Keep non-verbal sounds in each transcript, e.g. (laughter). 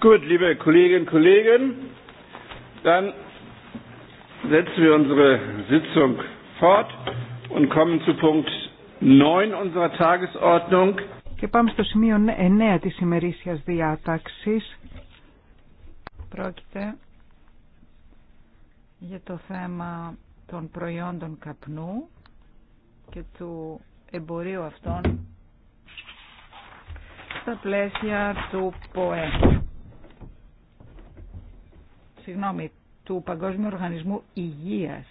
Gut, liebe Kolleginnen und Kollegen, dann setzen wir unsere Sitzung fort und kommen zu Punkt 9 unserer Tagesordnung. Και πάμε στο σημείο 9 της ημερήσιας διάταξης. Πρόκειται για το θέμα των προϊόντων καπνού και του εμπορίου αυτών στα πλαίσια του ΠΟΕ. Συγγνώμη, του Παγκόσμιου Οργανισμού Υγείας.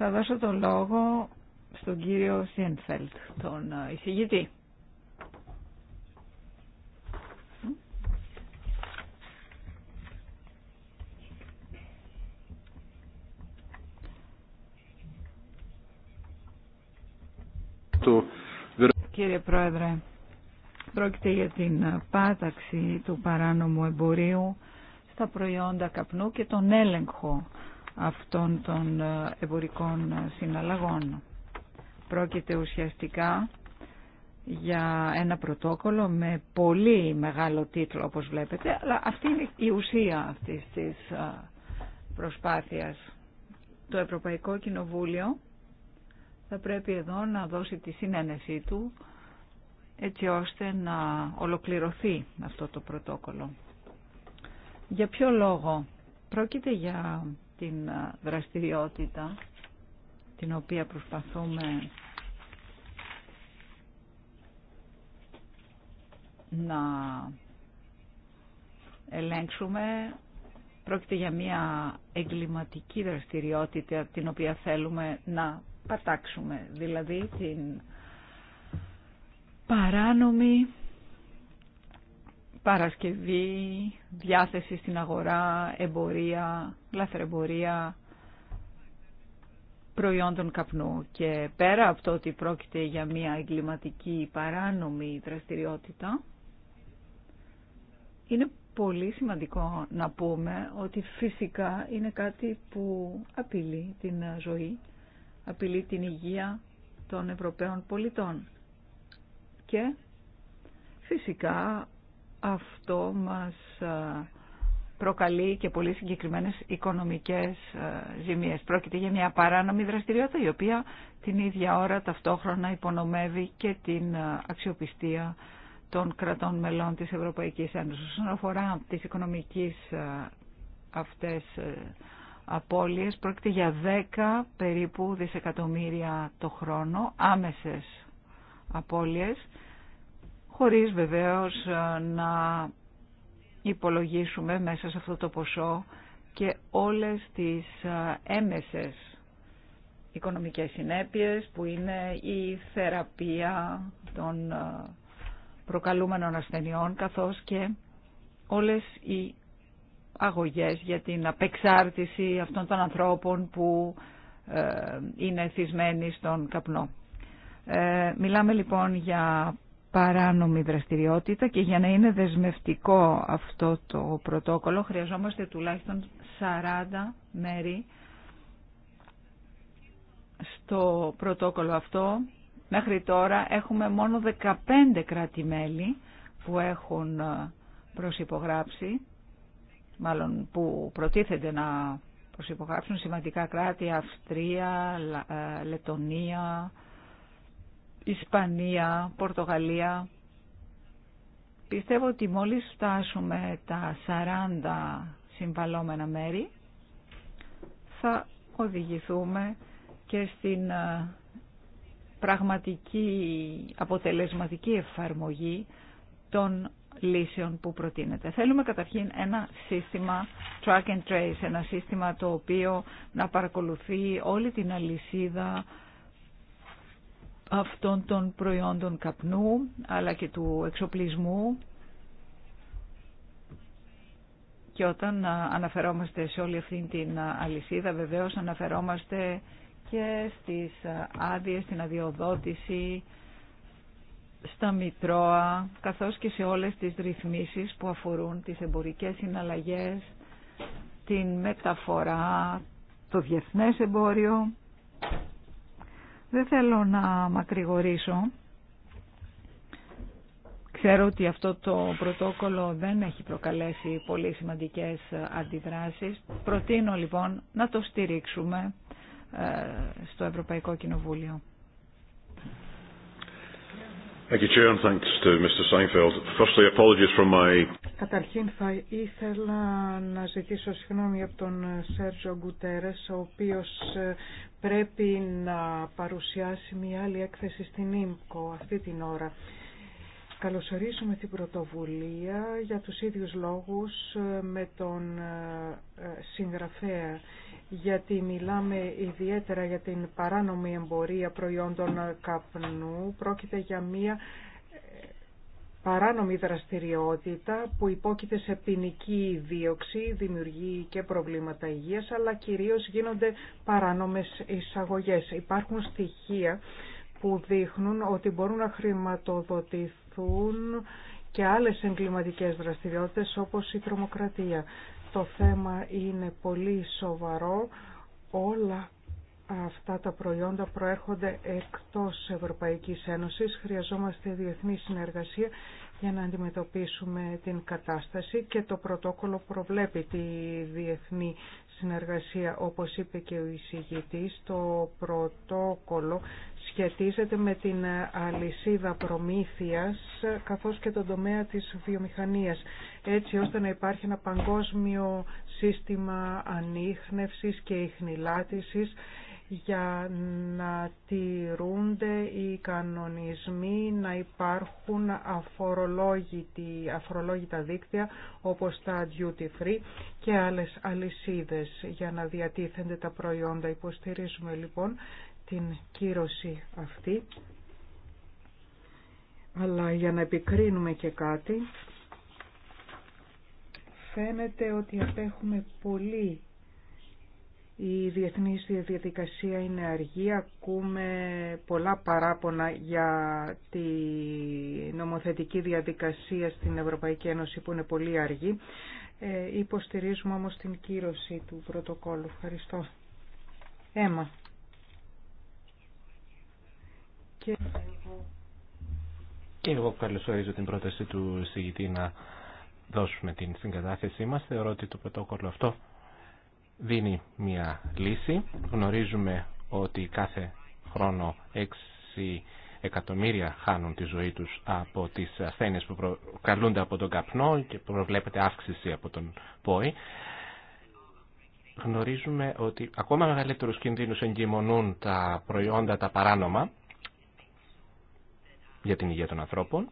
Θα δώσω το λόγο στον κύριο Σίνφελτ, τον ε, εισηγητή. Κύριε Πρόεδρε, πρόκειται για την πάταξη του παράνομου εμπορίου στα προϊόντα καπνού και τον έλεγχο αυτών των εμπορικών συναλλαγών. Πρόκειται ουσιαστικά για ένα πρωτόκολλο με πολύ μεγάλο τίτλο όπως βλέπετε, αλλά αυτή είναι η ουσία αυτής της ε, προσπάθειας. Το Ευρωπαϊκό Κοινοβούλιο θα πρέπει εδώ να δώσει τη συνένεσή του έτσι ώστε να ολοκληρωθεί αυτό το πρωτόκολλο. Για ποιο λόγο πρόκειται για την δραστηριότητα την οποία προσπαθούμε να ελέγξουμε. Πρόκειται για μια εγκληματική δραστηριότητα την οποία θέλουμε να πατάξουμε, δηλαδή την παράνομη παρασκευή, διάθεση στην αγορά, εμπορία, λαθρεμπορία προϊόντων καπνού. Και πέρα από το ότι πρόκειται για μια εγκληματική παράνομη δραστηριότητα, είναι πολύ σημαντικό να πούμε ότι φυσικά είναι κάτι που απειλεί την ζωή απειλεί την υγεία των Ευρωπαίων πολιτών. Και φυσικά αυτό μας προκαλεί και πολύ συγκεκριμένες οικονομικές ζημίες. Πρόκειται για μια παράνομη δραστηριότητα η οποία την ίδια ώρα ταυτόχρονα υπονομεύει και την αξιοπιστία των κρατών μελών της Ευρωπαϊκής Ένωσης. Όσον αφορά τις οικονομικές αυτές ε, απώλειες. Πρόκειται για 10 περίπου δισεκατομμύρια το χρόνο, άμεσες απώλειες, χωρίς βεβαίως ε, να υπολογίσουμε μέσα σε αυτό το ποσό και όλες τις ε, έμεσες οικονομικές συνέπειες που είναι η θεραπεία των ε, προκαλούμενων ασθενειών καθώς και όλες οι αγωγές για την απεξάρτηση αυτών των ανθρώπων που ε, είναι θυσμένοι στον καπνό. Ε, μιλάμε λοιπόν για παράνομη δραστηριότητα και για να είναι δεσμευτικό αυτό το πρωτόκολλο χρειαζόμαστε τουλάχιστον 40 μέρη στο πρωτόκολλο αυτό. Μέχρι τώρα έχουμε μόνο 15 κράτη-μέλη που έχουν ε, προσυπογράψει μάλλον που προτίθεται να προσυπογράψουν σημαντικά κράτη, Αυστρία, ε, Λετωνία, Ισπανία, Πορτογαλία. Πιστεύω ότι μόλις φτάσουμε τα 40 συμβαλόμενα μέρη, θα οδηγηθούμε και στην ε, πραγματική αποτελεσματική εφαρμογή των λύσεων που προτείνεται. Θέλουμε καταρχήν ένα σύστημα track and trace, ένα σύστημα το οποίο να παρακολουθεί όλη την αλυσίδα αυτών των προϊόντων καπνού αλλά και του εξοπλισμού και όταν αναφερόμαστε σε όλη αυτή την αλυσίδα βεβαίως αναφερόμαστε και στις άδειες, στην αδειοδότηση, στα Μητρώα, καθώς και σε όλες τις ρυθμίσεις που αφορούν τις εμπορικές συναλλαγές, την μεταφορά, το διεθνές εμπόριο. Δεν θέλω να μακρηγορήσω. Ξέρω ότι αυτό το πρωτόκολλο δεν έχει προκαλέσει πολύ σημαντικές αντιδράσεις. Προτείνω λοιπόν να το στηρίξουμε ε, στο Ευρωπαϊκό Κοινοβούλιο. Καταρχήν θα ήθελα να ζητήσω συγγνώμη από τον Σέρτζο Γκουτέρες, ο οποίος ε, πρέπει να παρουσιάσει μια άλλη έκθεση στην ΙΜΚΟ αυτή την ώρα. Καλωσορίζουμε την πρωτοβουλία για τους ίδιους λόγους ε, με τον ε, συγγραφέα γιατί μιλάμε ιδιαίτερα για την παράνομη εμπορία προϊόντων καπνού. Πρόκειται για μια ε, παράνομη δραστηριότητα που υπόκειται σε ποινική δίωξη, δημιουργεί και προβλήματα υγείας, αλλά κυρίως γίνονται παράνομες εισαγωγές. Υπάρχουν στοιχεία που δείχνουν ότι μπορούν να χρηματοδοτηθούν και άλλες εγκληματικές δραστηριότητες όπως η τρομοκρατία. Το θέμα είναι πολύ σοβαρό. Όλα αυτά τα προϊόντα προέρχονται εκτός Ευρωπαϊκής Ένωσης. Χρειαζόμαστε διεθνή συνεργασία για να αντιμετωπίσουμε την κατάσταση και το πρωτόκολλο προβλέπει τη διεθνή συνεργασία. Όπως είπε και ο εισηγητής, το πρωτόκολλο σχετίζεται με την αλυσίδα προμήθειας καθώς και τον τομέα της βιομηχανίας έτσι ώστε να υπάρχει ένα παγκόσμιο σύστημα ανείχνευσης και ιχνηλάτησης για να τηρούνται οι κανονισμοί, να υπάρχουν αφορολόγητα δίκτυα όπως τα duty free και άλλες αλυσίδες για να διατίθενται τα προϊόντα. Υποστηρίζουμε λοιπόν την κύρωση αυτή. Αλλά για να επικρίνουμε και κάτι, φαίνεται ότι απέχουμε πολύ η διεθνής διαδικασία είναι αργή. Ακούμε πολλά παράπονα για τη νομοθετική διαδικασία στην Ευρωπαϊκή Ένωση που είναι πολύ αργή. Ε, υποστηρίζουμε όμως την κύρωση του πρωτοκόλλου. Ευχαριστώ. Έμα. Και... Και εγώ καλωσορίζω την πρόταση του συγητή να δώσουμε την συγκατάθεσή μας. Θεωρώ ότι το πρωτόκολλο αυτό δίνει μια λύση. Γνωρίζουμε ότι κάθε χρόνο 6 εκατομμύρια χάνουν τη ζωή τους από τις ασθένειες που προκαλούνται από τον καπνό και προβλέπεται αύξηση από τον ΠΟΗ. Γνωρίζουμε ότι ακόμα μεγαλύτερους κινδύνους εγκυμονούν τα προϊόντα τα παράνομα για την υγεία των ανθρώπων.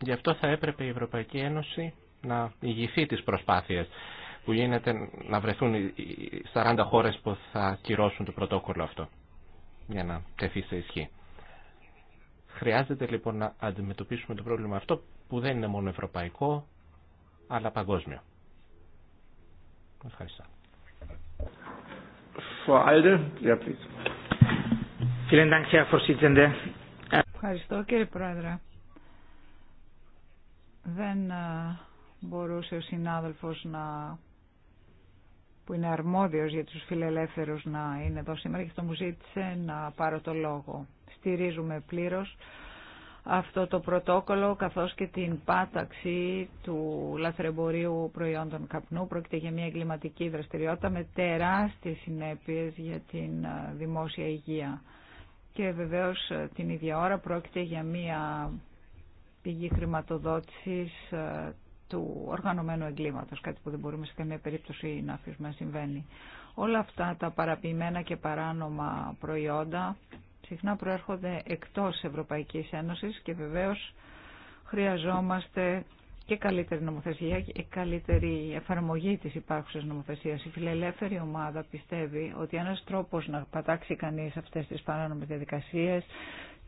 Γι' αυτό θα έπρεπε η Ευρωπαϊκή Ένωση να ηγηθεί τις προσπάθειες που γίνεται να βρεθούν οι 40 χώρες που θα κυρώσουν το πρωτόκολλο αυτό για να τεθεί σε ισχύ. Χρειάζεται λοιπόν να αντιμετωπίσουμε το πρόβλημα αυτό που δεν είναι μόνο ευρωπαϊκό αλλά παγκόσμιο. Ευχαριστώ. Ευχαριστώ κύριε Πρόεδρε. Δεν ε, μπορούσε ο συνάδελφος να που είναι αρμόδιος για τους φιλελεύθερους να είναι εδώ σήμερα και αυτό μου ζήτησε να πάρω το λόγο. Στηρίζουμε πλήρως αυτό το πρωτόκολλο καθώς και την πάταξη του λαθρεμπορίου προϊόντων καπνού. Πρόκειται για μια εγκληματική δραστηριότητα με τεράστιες συνέπειες για την ε, δημόσια υγεία. Και βεβαίως ε, την ίδια ώρα πρόκειται για μια πηγή χρηματοδότησης ε, του οργανωμένου εγκλήματος, κάτι που δεν μπορούμε σε καμία περίπτωση να αφήσουμε να συμβαίνει. Όλα αυτά τα παραποιημένα και παράνομα προϊόντα συχνά προέρχονται εκτός Ευρωπαϊκής Ένωσης και βεβαίως χρειαζόμαστε και καλύτερη νομοθεσία και καλύτερη εφαρμογή της υπάρχουσας νομοθεσίας. Η φιλελεύθερη ομάδα πιστεύει ότι ένας τρόπος να πατάξει κανείς αυτές τις παράνομες διαδικασίες,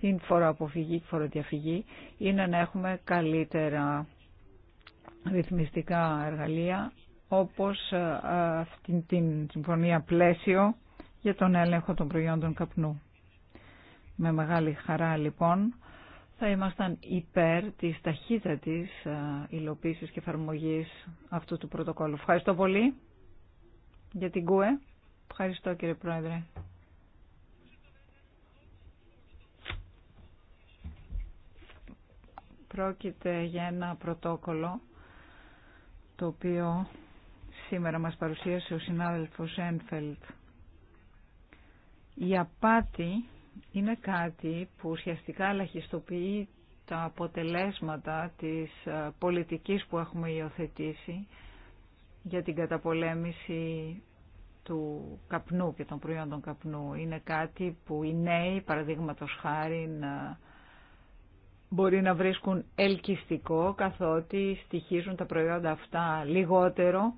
την φοροαποφυγή, και φοροδιαφυγή, είναι να έχουμε καλύτερα ρυθμιστικά εργαλεία όπως ε, αυτή την συμφωνία πλαίσιο για τον έλεγχο των προϊόντων καπνού. Με μεγάλη χαρά λοιπόν θα ήμασταν υπέρ της ταχύτατης ε, υλοποίησης και εφαρμογή αυτού του πρωτοκόλου. Ευχαριστώ πολύ για την ΚΟΕ. Ευχαριστώ κύριε Πρόεδρε. Πρόκειται για ένα πρωτόκολλο το οποίο σήμερα μας παρουσίασε ο συνάδελφος Ένφελτ. Η απάτη είναι κάτι που ουσιαστικά λαχιστοποιεί τα αποτελέσματα της ε, πολιτικής που έχουμε υιοθετήσει για την καταπολέμηση του καπνού και των προϊόντων καπνού. Είναι κάτι που οι νέοι, παραδείγματος χάρη, μπορεί να βρίσκουν ελκυστικό καθότι στοιχίζουν τα προϊόντα αυτά λιγότερο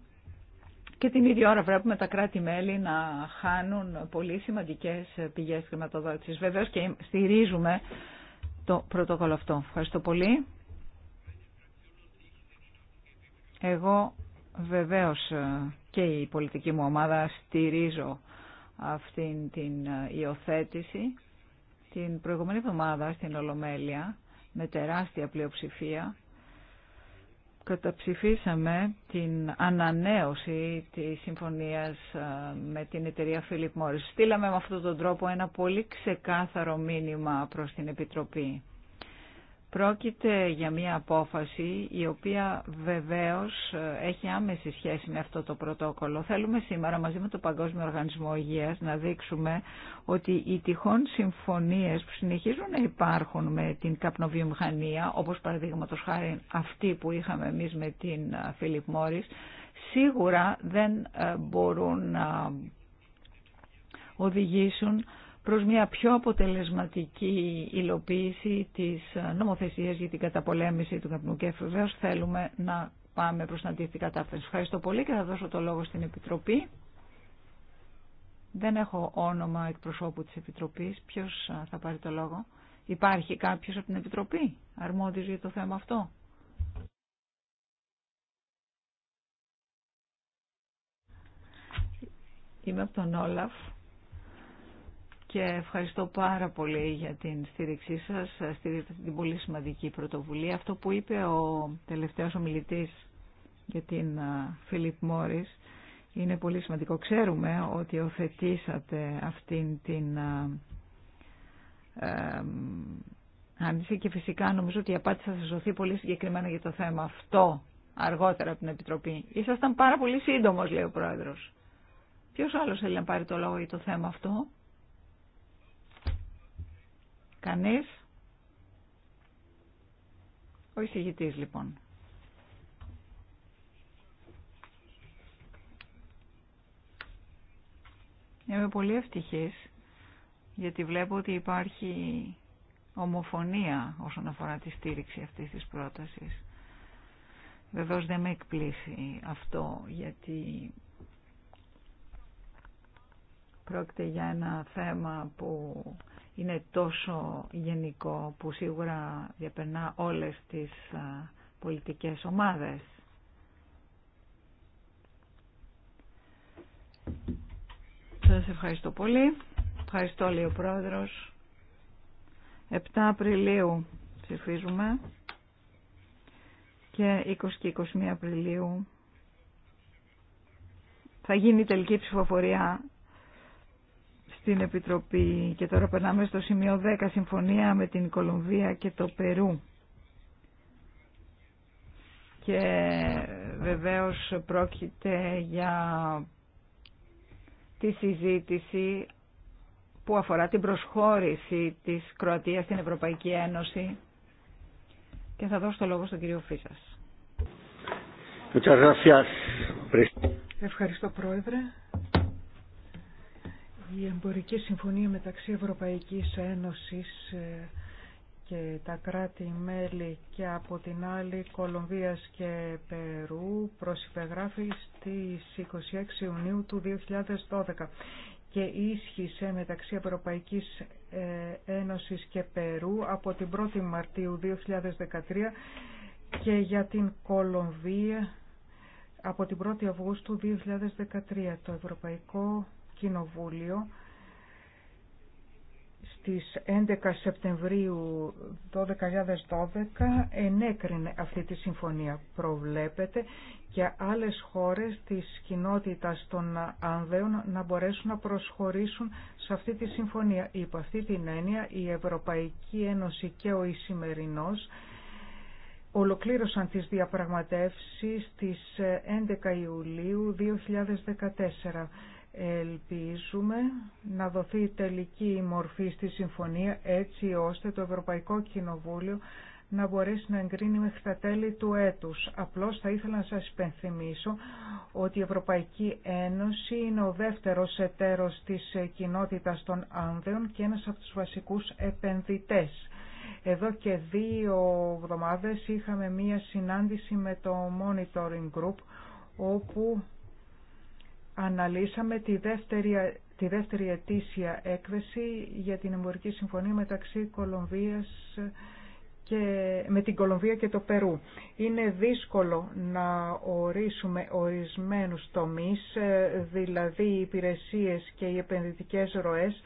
και την ίδια ώρα βλέπουμε τα κράτη-μέλη να χάνουν πολύ σημαντικές πηγές χρηματοδότησης. Βεβαίως και στηρίζουμε το πρωτόκολλο αυτό. Ευχαριστώ πολύ. Εγώ βεβαίως και η πολιτική μου ομάδα στηρίζω αυτήν την υιοθέτηση. Την προηγούμενη εβδομάδα στην Ολομέλεια με τεράστια πλειοψηφία καταψηφίσαμε την ανανέωση της συμφωνίας ε, με την εταιρεία Philip Morris. Στείλαμε με αυτόν τον τρόπο ένα πολύ ξεκάθαρο μήνυμα προς την Επιτροπή. Πρόκειται για μια απόφαση η οποία βεβαίως ε, έχει άμεση σχέση με αυτό το πρωτόκολλο. Θέλουμε σήμερα μαζί με το Παγκόσμιο Οργανισμό Υγείας να δείξουμε ότι οι τυχόν συμφωνίες που συνεχίζουν να υπάρχουν με την καπνοβιομηχανία, όπως παραδείγματο χάρη αυτή που είχαμε εμείς με την Φίλιπ ε, Μόρις, σίγουρα δεν ε, μπορούν να οδηγήσουν προς μια πιο αποτελεσματική υλοποίηση της νομοθεσίας για την καταπολέμηση του καπνού και θέλουμε να πάμε προς την αντίθετη κατάσταση. Ευχαριστώ πολύ και θα δώσω το λόγο στην Επιτροπή. Δεν έχω όνομα εκπροσώπου της Επιτροπής. Ποιος θα πάρει το λόγο. Υπάρχει κάποιος από την Επιτροπή αρμόδιος για το θέμα αυτό. Είμαι από τον Όλαφ και ευχαριστώ πάρα πολύ για την στήριξή σας. Στηρίζετε την πολύ σημαντική πρωτοβουλία. Αυτό που είπε ο τελευταίος ομιλητής για την Φίλιπ Μόρις είναι πολύ σημαντικό. Ξέρουμε ότι οθετήσατε αυτήν την ε, και φυσικά νομίζω ότι η απάντηση θα σας δοθεί πολύ συγκεκριμένα για το θέμα αυτό αργότερα από την Επιτροπή. Ήσασταν πάρα πολύ σύντομος, λέει ο Πρόεδρος. Ποιος άλλος θέλει να πάρει το λόγο για το θέμα αυτό. Κανείς. Ο εισηγητής λοιπόν. Είμαι πολύ ευτυχής γιατί βλέπω ότι υπάρχει ομοφωνία όσον αφορά τη στήριξη αυτής της πρότασης. Βεβαίως δεν με εκπλήσει αυτό γιατί πρόκειται για ένα θέμα που είναι τόσο γενικό που σίγουρα διαπερνά όλες τις πολιτικές ομάδες. Σας ευχαριστώ πολύ. Ευχαριστώ όλοι ο Πρόεδρος. 7 Απριλίου ψηφίζουμε και 20 και 21 Απριλίου θα γίνει η τελική ψηφοφορία στην Επιτροπή και τώρα περνάμε στο σημείο 10 συμφωνία με την Κολομβία και το Περού. Και βεβαίως πρόκειται για τη συζήτηση που αφορά την προσχώρηση της Κροατίας στην Ευρωπαϊκή Ένωση και θα δώσω το λόγο στον κύριο Φίσας. Ευχαριστώ Πρόεδρε. Η εμπορική συμφωνία μεταξύ Ευρωπαϊκής Ένωσης ε, και τα κράτη-μέλη και από την άλλη Κολομβίας και Περού προσυπεγράφει στις 26 Ιουνίου του 2012 και ίσχυσε μεταξύ Ευρωπαϊκής ε, Ένωσης και Περού από την 1η Μαρτίου 2013 και για την Κολομβία από την 1η Αυγούστου 2013. Το Ευρωπαϊκό Κοινοβούλιο στις 11 Σεπτεμβρίου 2012 ενέκρινε αυτή τη συμφωνία. Προβλέπεται και άλλες χώρες της κοινότητας των Άνδεων να μπορέσουν να προσχωρήσουν σε αυτή τη συμφωνία. Υπό αυτή την έννοια η Ευρωπαϊκή Ένωση και ο Ισημερινός ολοκλήρωσαν τις διαπραγματεύσεις στις 11 Ιουλίου 2014 Ελπίζουμε να δοθεί τελική μορφή στη συμφωνία έτσι ώστε το Ευρωπαϊκό Κοινοβούλιο να μπορέσει να εγκρίνει μέχρι τα τέλη του έτους. Απλώς θα ήθελα να σας υπενθυμίσω ότι η Ευρωπαϊκή Ένωση είναι ο δεύτερος εταίρος της κοινότητας των Άνδεων και ένας από τους βασικούς επενδυτές. Εδώ και δύο εβδομάδες είχαμε μία συνάντηση με το Monitoring Group όπου αναλύσαμε τη δεύτερη, τη δεύτερη ετήσια έκθεση για την εμπορική συμφωνία μεταξύ Κολομβίας και, με την Κολομβία και το Περού. Είναι δύσκολο να ορίσουμε ορισμένους τομείς, ε, δηλαδή οι υπηρεσίες και οι επενδυτικές ροές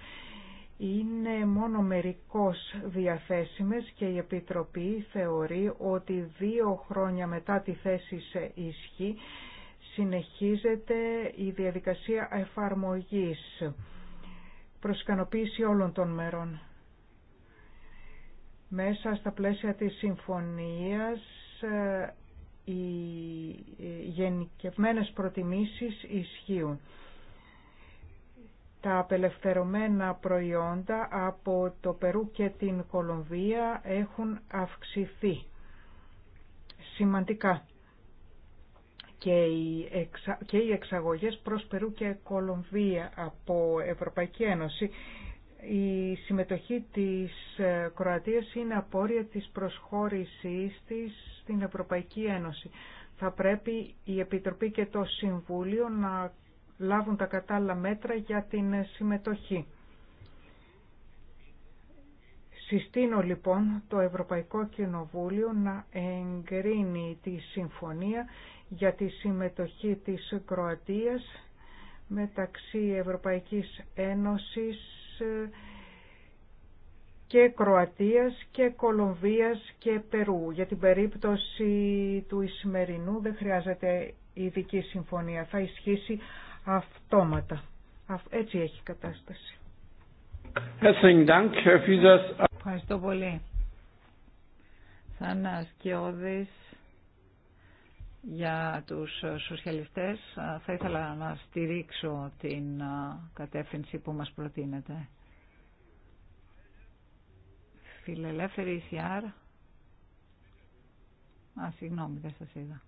είναι μόνο μερικώς διαθέσιμες και η Επιτροπή θεωρεί ότι δύο χρόνια μετά τη θέση σε ισχύ συνεχίζεται η διαδικασία εφαρμογής προς ικανοποίηση όλων των μέρων. Μέσα στα πλαίσια της συμφωνίας ε, οι γενικευμένες προτιμήσεις ισχύουν. Τα απελευθερωμένα προϊόντα από το Περού και την Κολομβία έχουν αυξηθεί σημαντικά και οι, εξα... και οι εξαγωγές προς Περού και Κολομβία από Ευρωπαϊκή Ένωση. Η συμμετοχή της ε, Κροατίας είναι απόρρια της προσχώρησής της στην Ευρωπαϊκή Ένωση. Θα πρέπει η Επιτροπή και το Συμβούλιο να λάβουν τα κατάλληλα μέτρα για την συμμετοχή. Συστήνω λοιπόν το Ευρωπαϊκό Κοινοβούλιο να εγκρίνει τη συμφωνία για τη συμμετοχή της Κροατίας μεταξύ Ευρωπαϊκής Ένωσης ε, και Κροατίας και Κολομβίας και Περού. Για την περίπτωση του Ισημερινού δεν χρειάζεται ειδική συμφωνία. Θα ισχύσει αυτόματα. Έτσι έχει κατάσταση. Ευχαριστώ πολύ. Σαν Κιώδης, για τους σοσιαλιστές θα ήθελα να στηρίξω την κατεύθυνση που μας προτείνεται. Φιλελεύθερη ΙΣΙΑΡ. Α, συγγνώμη, δεν σας είδα.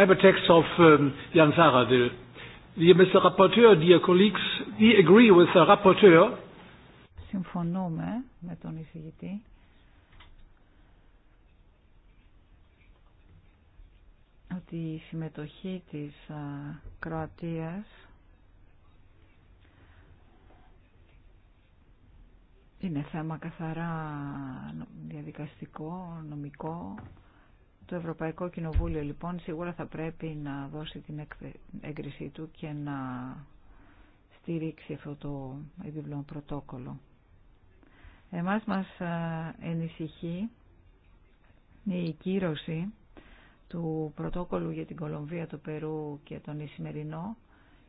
I have a text of um, Jan Saradil. Dear Mr. Rapporteur, dear colleagues, we agree with the rapporteur. Συμφωνούμε με τον εισηγητή. ότι η συμμετοχή της Κροατίας είναι θέμα καθαρά διαδικαστικό, νομικό το Ευρωπαϊκό Κοινοβούλιο λοιπόν σίγουρα θα πρέπει να δώσει την έγκρισή του και να στηρίξει αυτό το επιπλέον πρωτόκολλο. Εμάς μας ε, ενησυχεί η κύρωση του πρωτόκολλου για την Κολομβία, το Περού και τον Ισημερινό,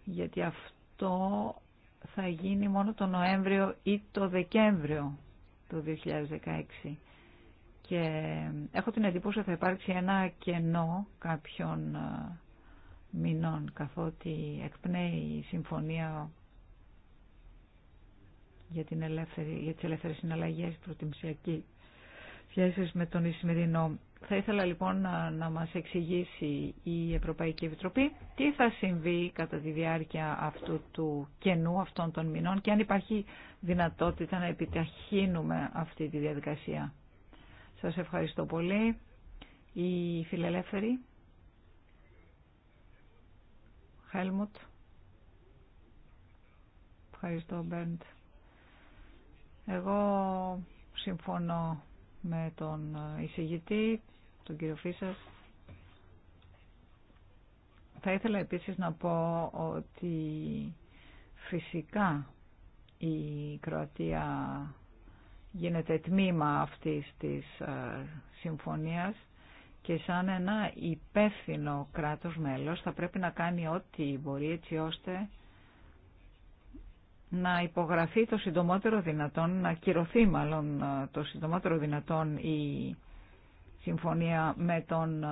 γιατί αυτό θα γίνει μόνο το Νοέμβριο ή το Δεκέμβριο του 2016 και έχω την εντύπωση ότι θα υπάρξει ένα κενό κάποιων ε, μηνών καθότι εκπνέει η συμφωνία για, την ελεύθερη, για τις ελεύθερες συναλλαγές προτιμησιακή σχέσεις με τον Ισημερινό. Θα ήθελα λοιπόν να, να μας εξηγήσει η Ευρωπαϊκή Επιτροπή τι θα συμβεί κατά τη διάρκεια αυτού του κενού αυτών των μηνών και αν υπάρχει δυνατότητα να επιταχύνουμε αυτή τη διαδικασία. Σας ευχαριστώ πολύ. Η φιλελεύθερη. Χέλμουτ. Ευχαριστώ, Μπέρντ. Εγώ συμφωνώ με τον εισηγητή, τον κύριο Φίσας. Θα ήθελα επίσης να πω ότι φυσικά η Κροατία γίνεται τμήμα αυτής της ε, συμφωνίας και σαν ένα υπεύθυνο κράτος μέλος θα πρέπει να κάνει ό,τι μπορεί έτσι ώστε να υπογραφεί το συντομότερο δυνατόν, να κυρωθεί μάλλον ε, το συντομότερο δυνατόν η συμφωνία με τον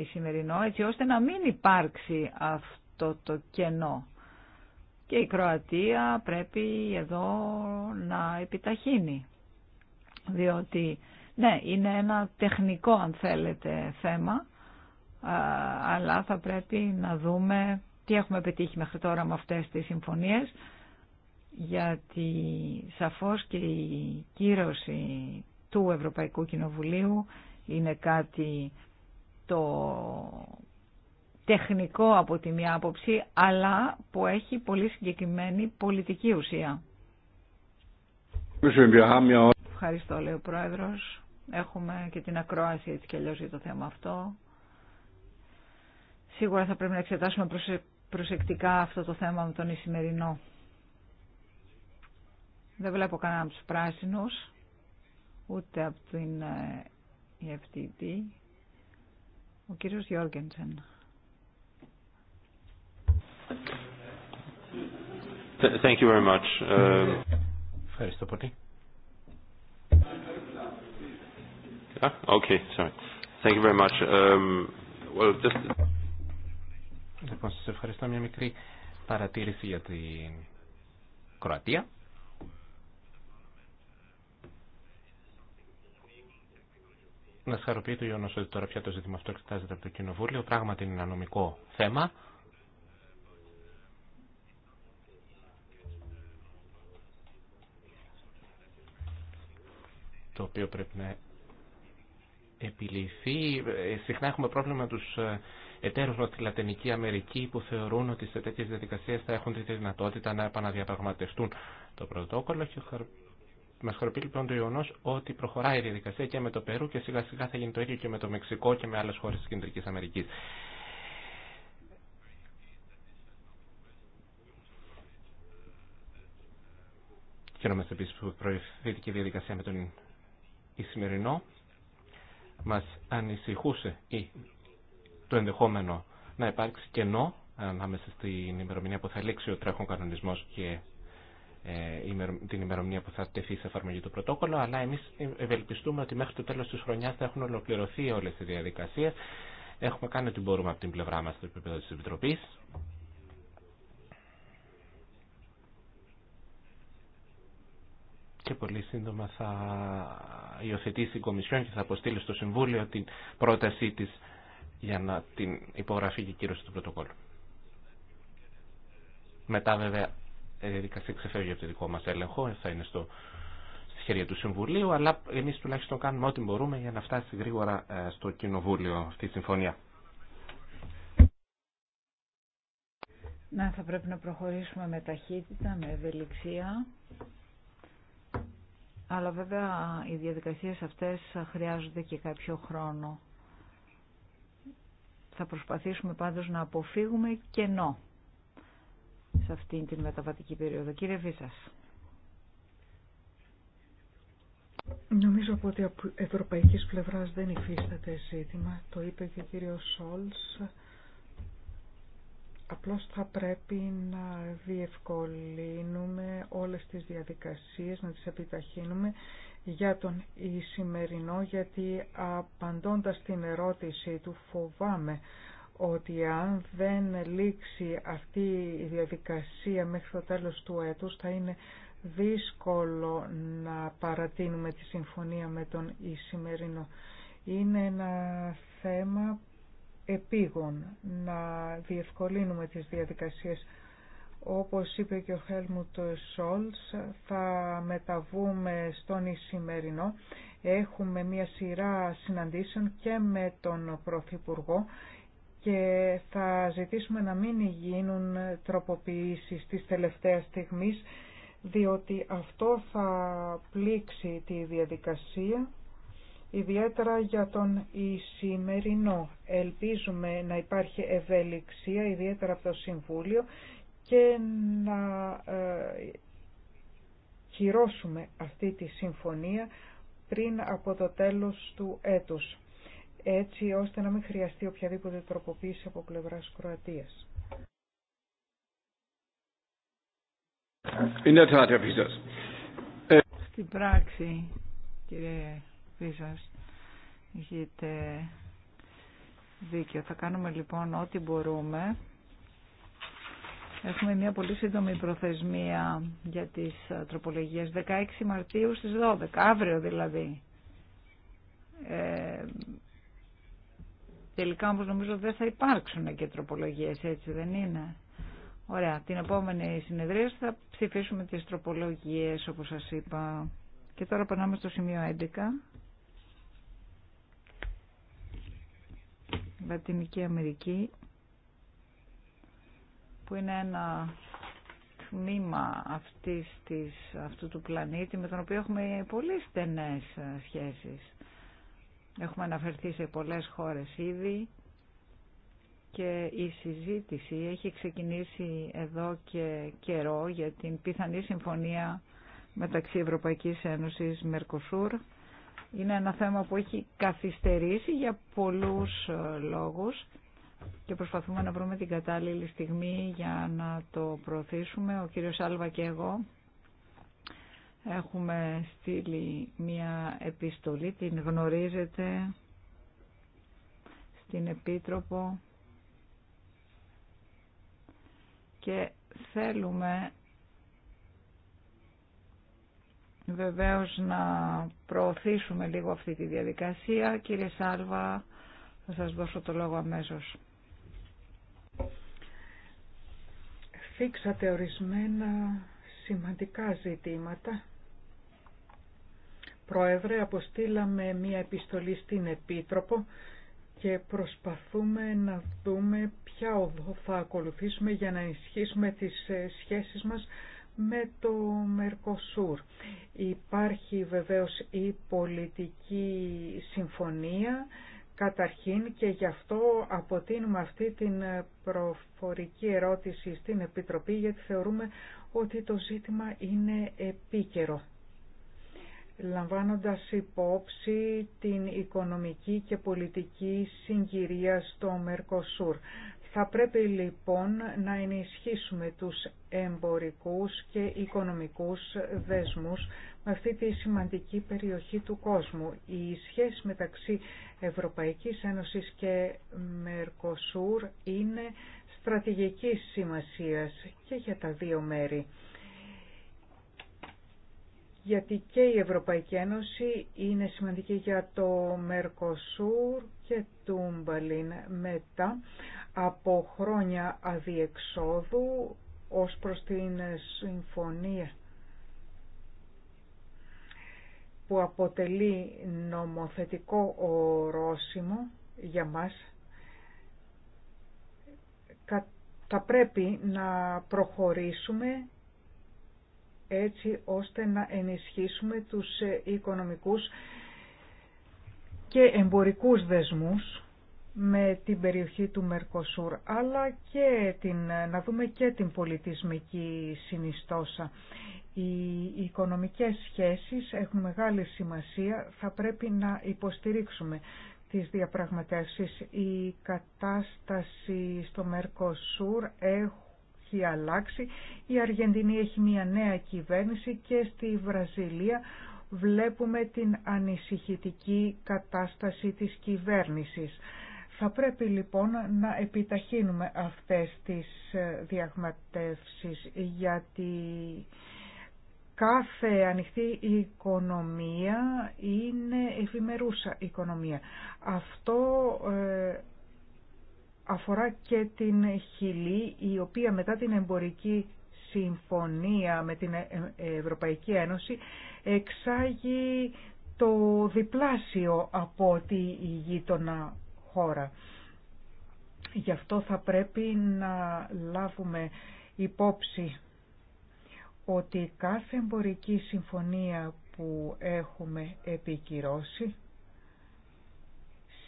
Ισημερινό ε, έτσι ώστε να μην υπάρξει αυτό το κενό. Και η Κροατία πρέπει εδώ να επιταχύνει διότι ναι, είναι ένα τεχνικό αν θέλετε θέμα, αλλά θα πρέπει να δούμε τι έχουμε πετύχει μέχρι τώρα με αυτές τις συμφωνίες, γιατί σαφώς και η κύρωση του Ευρωπαϊκού Κοινοβουλίου είναι κάτι το τεχνικό από τη μία άποψη, αλλά που έχει πολύ συγκεκριμένη πολιτική ουσία. Ευχαριστώ, λέει ο Πρόεδρος. Έχουμε και την ακρόαση έτσι και αλλιώς για το θέμα αυτό. Σίγουρα θα πρέπει να εξετάσουμε προσεκτικά αυτό το θέμα με τον Ισημερινό. Δεν βλέπω κανέναν από τους πράσινους, ούτε από την EFTD. Ε, ο κύριος Γιώργεντσεν. Thank you very much. Ε, Ευχαριστώ πολύ. Yeah? Okay, sorry. Thank you very much. Um, well, just... Λοιπόν, σας ευχαριστώ μια μικρή παρατήρηση για την Κροατία. Να χαροποιεί το γεγονό ότι τώρα πια το ζήτημα αυτό εξετάζεται από το Κοινοβούλιο. Πράγματι είναι ένα νομικό θέμα. το οποίο πρέπει να επιληθεί. Ε, συχνά έχουμε πρόβλημα με τους ε, εταίρους μας στη Λατινική Αμερική που θεωρούν ότι σε τέτοιες διαδικασίες θα έχουν τη δυνατότητα να επαναδιαπραγματευτούν το πρωτόκολλο και Μα χαροποιεί λοιπόν το γεγονό ότι προχωράει η διαδικασία και με το Περού και σιγά σιγά θα γίνει το ίδιο και με το Μεξικό και με άλλε χώρε τη Κεντρική Αμερική. Χαίρομαι επίση που προηγήθηκε η διαδικασία με τον Ισημερινό μας ανησυχούσε ή το ενδεχόμενο να υπάρξει κενό ανάμεσα στην ημερομηνία που θα λήξει ο τρέχον κανονισμός και ε, την ημερομηνία που θα τεθεί σε εφαρμογή το πρωτόκολλο, αλλά εμείς ευελπιστούμε ότι μέχρι το τέλος της χρονιάς θα έχουν ολοκληρωθεί όλες οι διαδικασίες. Έχουμε κάνει ό,τι μπορούμε από την πλευρά μας στο επίπεδο της Επιτροπής και πολύ σύντομα θα υιοθετήσει η Κομισιόν και θα αποστείλει στο Συμβούλιο την πρότασή της για να την υπογραφεί και κύρωση του πρωτοκόλου. Μετά βέβαια η διαδικασία ξεφεύγει από το δικό μας έλεγχο, θα είναι στο, στη χέρια του Συμβουλίου, αλλά εμείς τουλάχιστον κάνουμε ό,τι μπορούμε για να φτάσει γρήγορα ε, στο Κοινοβούλιο αυτή η συμφωνία. Να, θα πρέπει να προχωρήσουμε με ταχύτητα, με ευελιξία. Αλλά βέβαια οι διαδικασίες αυτές χρειάζονται και κάποιο χρόνο. Θα προσπαθήσουμε πάντως να αποφύγουμε κενό σε αυτήν την μεταβατική περίοδο. Κύριε Βίσας. Νομίζω ότι από ευρωπαϊκής πλευράς δεν υφίσταται ζήτημα. Το είπε και ο κύριος Σόλς Απλώς θα πρέπει να διευκολύνουμε όλες τις διαδικασίες, να τις επιταχύνουμε για τον Ισημερινό, γιατί απαντώντας την ερώτηση του φοβάμαι ότι αν δεν λήξει αυτή η διαδικασία μέχρι το τέλος του έτους θα είναι δύσκολο να παρατείνουμε τη συμφωνία με τον Ισημερινό. Είναι ένα θέμα επίγον να διευκολύνουμε τις διαδικασίες. Όπως είπε και ο Χέλμουτ Σόλτς, θα μεταβούμε στον Ισημερινό. Έχουμε μια σειρά συναντήσεων και με τον Πρωθυπουργό και θα ζητήσουμε να μην γίνουν τροποποιήσεις της τελευταίας στιγμής, διότι αυτό θα πλήξει τη διαδικασία ιδιαίτερα για τον Ισημερινό. Ελπίζουμε να υπάρχει ευελιξία, ιδιαίτερα από το Συμβούλιο, και να ε, κυρώσουμε αυτή τη συμφωνία πριν από το τέλος του έτους, έτσι ώστε να μην χρειαστεί οποιαδήποτε τροποποίηση από πλευράς Κροατίας. Στην πράξη, κύριε βίζας. Έχετε δίκιο. Θα κάνουμε λοιπόν ό,τι μπορούμε. Έχουμε μια πολύ σύντομη προθεσμία για τις ε, τροπολογίες. 16 Μαρτίου στις 12, αύριο δηλαδή. Ε, τελικά όμως νομίζω δεν θα υπάρξουν και τροπολογίες, έτσι δεν είναι. Ωραία, την επόμενη συνεδρία θα ψηφίσουμε τις τροπολογίες όπως σας είπα. Και τώρα περνάμε στο σημείο 11. Λατινική Αμερική που είναι ένα τμήμα αυτής της, αυτού του πλανήτη με τον οποίο έχουμε πολύ στενές σχέσεις. Έχουμε αναφερθεί σε πολλές χώρες ήδη και η συζήτηση έχει ξεκινήσει εδώ και καιρό για την πιθανή συμφωνία μεταξύ Ευρωπαϊκής Ένωσης Μερκοσούρ είναι ένα θέμα που έχει καθυστερήσει για πολλούς ε, λόγους και προσπαθούμε να βρούμε την κατάλληλη στιγμή για να το προωθήσουμε. Ο κύριος Άλβα και εγώ έχουμε στείλει μία επιστολή, την γνωρίζετε στην Επίτροπο και θέλουμε βεβαίως να προωθήσουμε λίγο αυτή τη διαδικασία. Κύριε Σάλβα, θα σας δώσω το λόγο αμέσως. Φίξατε ορισμένα σημαντικά ζητήματα. Πρόεδρε, αποστήλαμε μία επιστολή στην Επίτροπο και προσπαθούμε να δούμε ποια οδό θα ακολουθήσουμε για να ενισχύσουμε τις ε, σχέσεις μας με το Μερκοσούρ. Υπάρχει βεβαίως η πολιτική συμφωνία καταρχήν και γι' αυτό αποτείνουμε αυτή την προφορική ερώτηση στην Επιτροπή γιατί θεωρούμε ότι το ζήτημα είναι επίκαιρο λαμβάνοντας υπόψη την οικονομική και πολιτική συγκυρία στο Μερκοσούρ. Θα πρέπει λοιπόν να ενισχύσουμε τους εμπορικούς και οικονομικούς δέσμους με αυτή τη σημαντική περιοχή του κόσμου. Η σχέση μεταξύ Ευρωπαϊκής Ένωσης και Μερκοσούρ είναι στρατηγικής σημασίας και για τα δύο μέρη. Γιατί και η Ευρωπαϊκή Ένωση είναι σημαντική για το Μερκοσούρ και το Μπαλίν μετά από χρόνια αδιεξόδου ως προς την συμφωνία που αποτελεί νομοθετικό ορόσημο για μας θα πρέπει να προχωρήσουμε έτσι ώστε να ενισχύσουμε τους οικονομικούς και εμπορικούς δεσμούς με την περιοχή του Μερκοσούρ, αλλά και την, να δούμε και την πολιτισμική συνιστόσα. Οι οικονομικές σχέσεις έχουν μεγάλη σημασία, θα πρέπει να υποστηρίξουμε τις διαπραγματεύσεις. Η κατάσταση στο Μερκοσούρ έχει αλλάξει, η Αργεντινή έχει μια νέα κυβέρνηση και στη Βραζιλία βλέπουμε την ανησυχητική κατάσταση της κυβέρνησης. Θα πρέπει λοιπόν να επιταχύνουμε αυτές τις ε, διαγματεύσεις γιατί κάθε ανοιχτή οικονομία είναι εφημερούσα οικονομία. Αυτό ε, αφορά και την Χιλή η οποία μετά την εμπορική συμφωνία με την ε, Ευρωπαϊκή Ένωση εξάγει το διπλάσιο από ό,τι η γείτονα χώρα. Γι' αυτό θα πρέπει να λάβουμε υπόψη ότι κάθε εμπορική συμφωνία που έχουμε επικυρώσει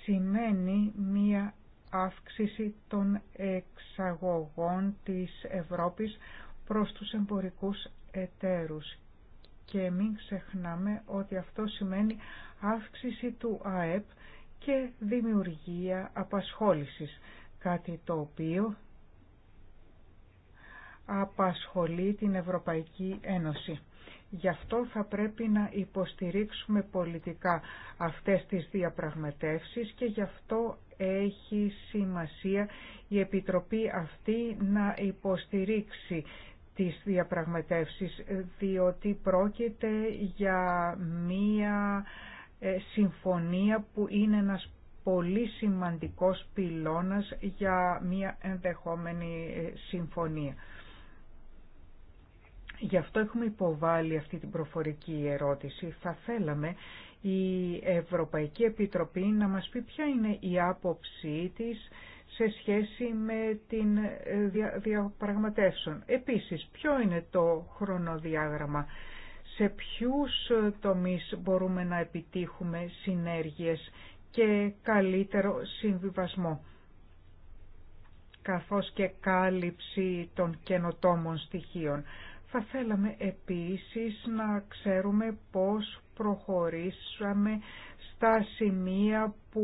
σημαίνει μία αύξηση των εξαγωγών της Ευρώπης προς τους εμπορικούς εταίρους. Και μην ξεχνάμε ότι αυτό σημαίνει αύξηση του ΑΕΠ και δημιουργία απασχόλησης, κάτι το οποίο απασχολεί την Ευρωπαϊκή Ένωση. Γι' αυτό θα πρέπει να υποστηρίξουμε πολιτικά αυτές τις διαπραγματεύσεις και γι' αυτό έχει σημασία η Επιτροπή αυτή να υποστηρίξει τις διαπραγματεύσεις, διότι πρόκειται για μία ε, συμφωνία που είναι ένας πολύ σημαντικός πυλώνας για μια ενδεχόμενη ε, συμφωνία. Γι' αυτό έχουμε υποβάλει αυτή την προφορική ερώτηση. Θα θέλαμε η Ευρωπαϊκή Επιτροπή να μας πει ποια είναι η άποψή της σε σχέση με την ε, διαπραγματεύσεων. Επίσης, ποιο είναι το χρονοδιάγραμμα σε ποιους ε, τομείς μπορούμε να επιτύχουμε συνέργειες και καλύτερο συμβιβασμό καθώς και κάλυψη των καινοτόμων στοιχείων. Θα θέλαμε επίσης να ξέρουμε πώς προχωρήσαμε στα σημεία που